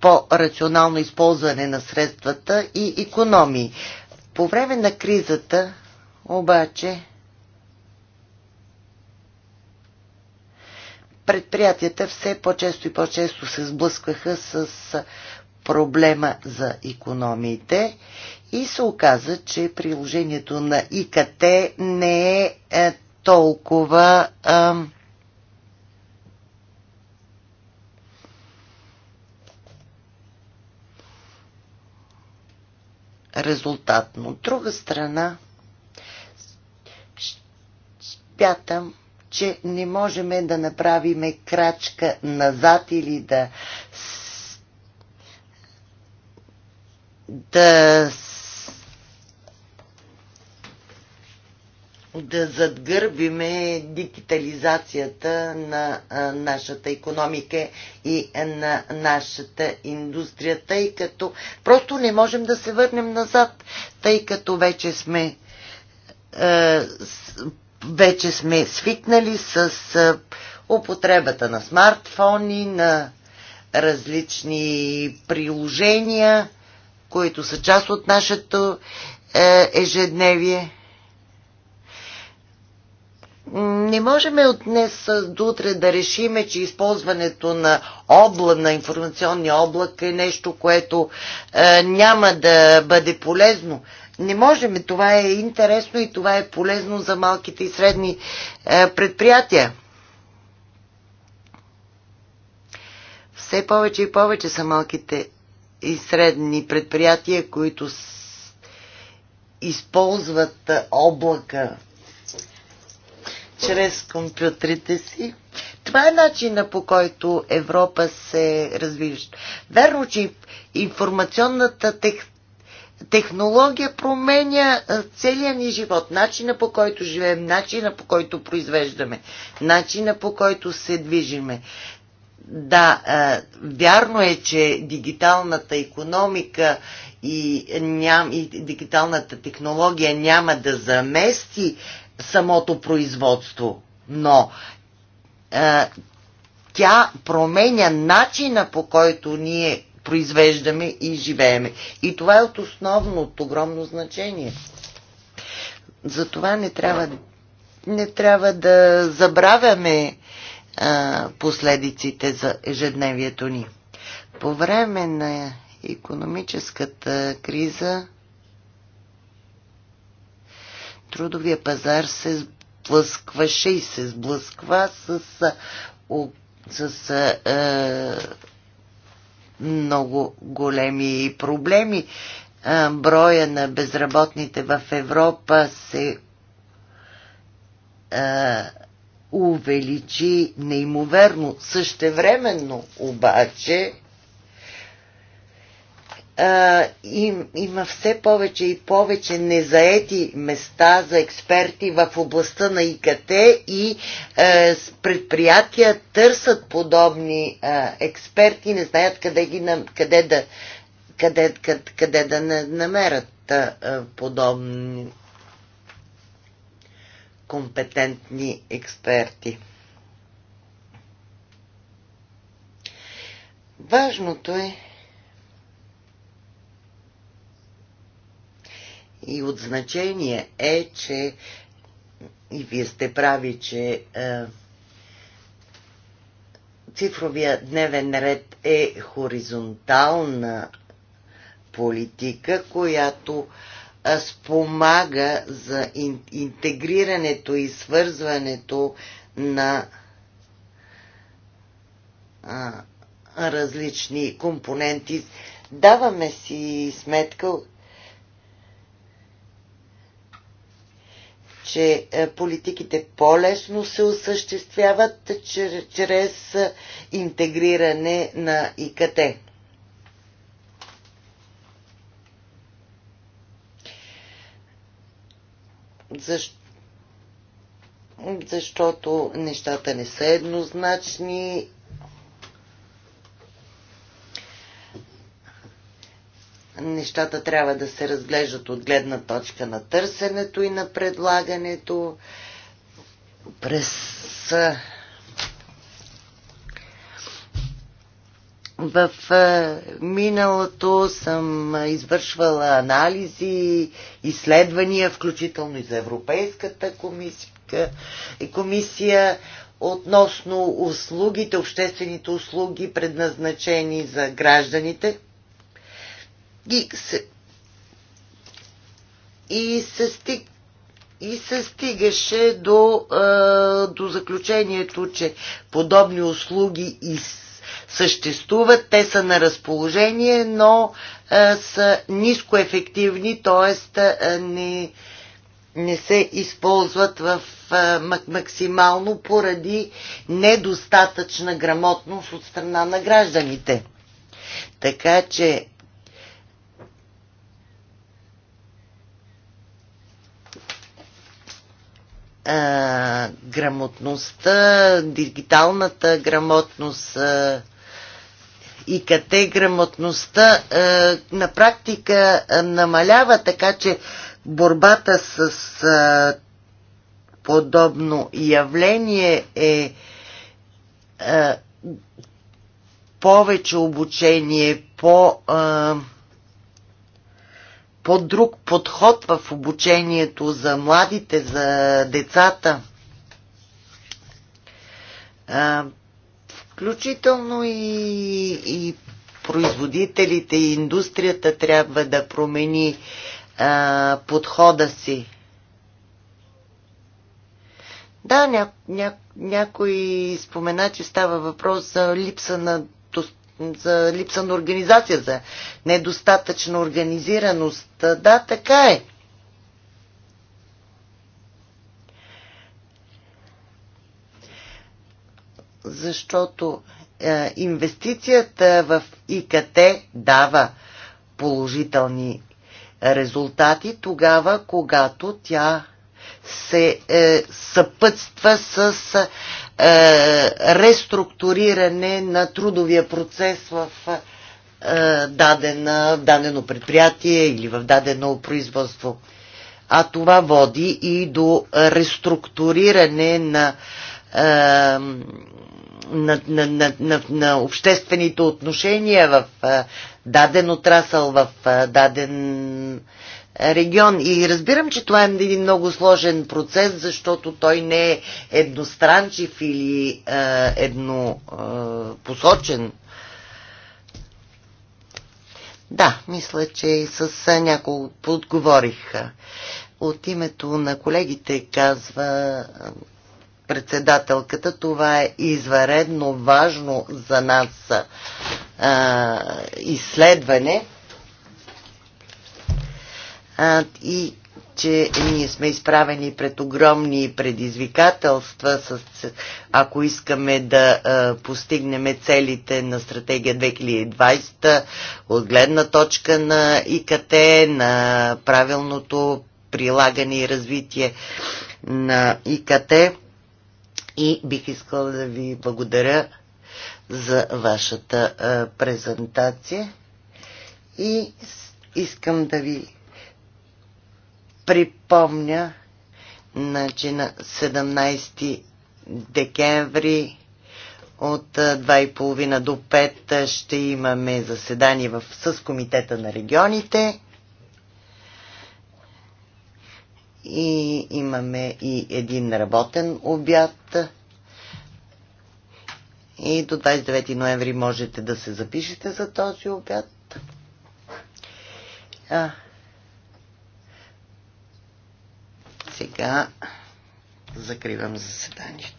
C: по-рационално използване на средствата и економии. По време на кризата обаче предприятията все по-често и по-често се сблъскваха с проблема за економиите и се оказа, че приложението на ИКТ не е, толкова а, резултатно. От друга страна, спятам, че не можем да направиме крачка назад или да да да задгърбиме дигитализацията на а, нашата економика и на нашата индустрия, тъй като просто не можем да се върнем назад, тъй като вече сме а, вече сме свикнали с употребата на смартфони, на различни приложения, които са част от нашето е, ежедневие. Не можем от днес до утре да решиме, че използването на обла, на информационния облак е нещо, което е, няма да бъде полезно. Не можем. Това е интересно и това е полезно за малките и средни е, предприятия. Все повече и повече са малките и средни предприятия, които използват е, облака чрез компютрите си. Това е начина по който Европа се развива. Верно, че информационната тех, технология променя целия ни живот, начина по който живеем, начина по който произвеждаме, начина по който се движиме. Да, вярно е, че дигиталната економика и, ням, и дигиталната технология няма да замести самото производство, но тя променя начина по който ние произвеждаме и живееме. И това е от основно, от огромно значение. Затова не трябва, не трябва да забравяме а, последиците за ежедневието ни. По време на економическата криза трудовия пазар се сблъскваше и се сблъсква с, с, с е, много големи проблеми. Броя на безработните в Европа се увеличи неимоверно. Същевременно обаче им, има все повече и повече незаети места за експерти в областта на ИКТ и а, е, предприятия търсят подобни а, е, експерти, не знаят къде, ги, къде, да, къде, къде, къде да намерят а, е, подобни компетентни експерти. Важното е, И от значение е, че и вие сте прави, че е, цифровия дневен ред е хоризонтална политика, която е, спомага за интегрирането и свързването на е, различни компоненти. Даваме си сметка че е, политиките по-лесно се осъществяват чрез е, интегриране на ИКТ. Защо? защото нещата не са еднозначни нещата трябва да се разглеждат от гледна точка на търсенето и на предлагането през в миналото съм извършвала анализи, изследвания, включително и за Европейската комисия, комисия относно услугите, обществените услуги, предназначени за гражданите – ги се, и се стиг и се стигаше до, е, до заключението, че подобни услуги и съществуват, те са на разположение, но е, са нискоефективни, т.е. не, не се използват в е, максимално поради недостатъчна грамотност от страна на гражданите. Така че а, грамотността, дигиталната грамотност, а, ИКТ грамотността а, на практика а, намалява, така че борбата с а, подобно явление е а, повече обучение по а, по-друг подход в обучението за младите, за децата. Включително и, и производителите и индустрията трябва да промени а, подхода си. Да, ня, ня, някой спомена, че става въпрос за липса на за липса на организация, за недостатъчна организираност. Да, така е. Защото е, инвестицията в ИКТ дава положителни резултати тогава, когато тя се е, съпътства с е, реструктуриране на трудовия процес в е, дадена, дадено предприятие или в дадено производство. А това води и до реструктуриране на е, на, на, на, на, на обществените отношения в е, даден отрасъл, в е, даден регион. И разбирам, че това е един много сложен процес, защото той не е едностранчив или е, еднопосочен. Е, да, мисля, че и с е, няколко подговорих. От името на колегите казва е, председателката, това е изваредно важно за нас а, изследване а, и че ние сме изправени пред огромни предизвикателства, с, ако искаме да а, постигнем целите на стратегия 2020 от гледна точка на ИКТ, на правилното прилагане и развитие на ИКТ. И бих искала да ви благодаря за вашата а, презентация. И искам да ви припомня, значи на 17 декември от 2.30 до 5 ще имаме заседание в, с Комитета на регионите. И имаме и един работен обяд. И до 29 ноември можете да се запишете за този обяд. А, Сега закривам заседанието.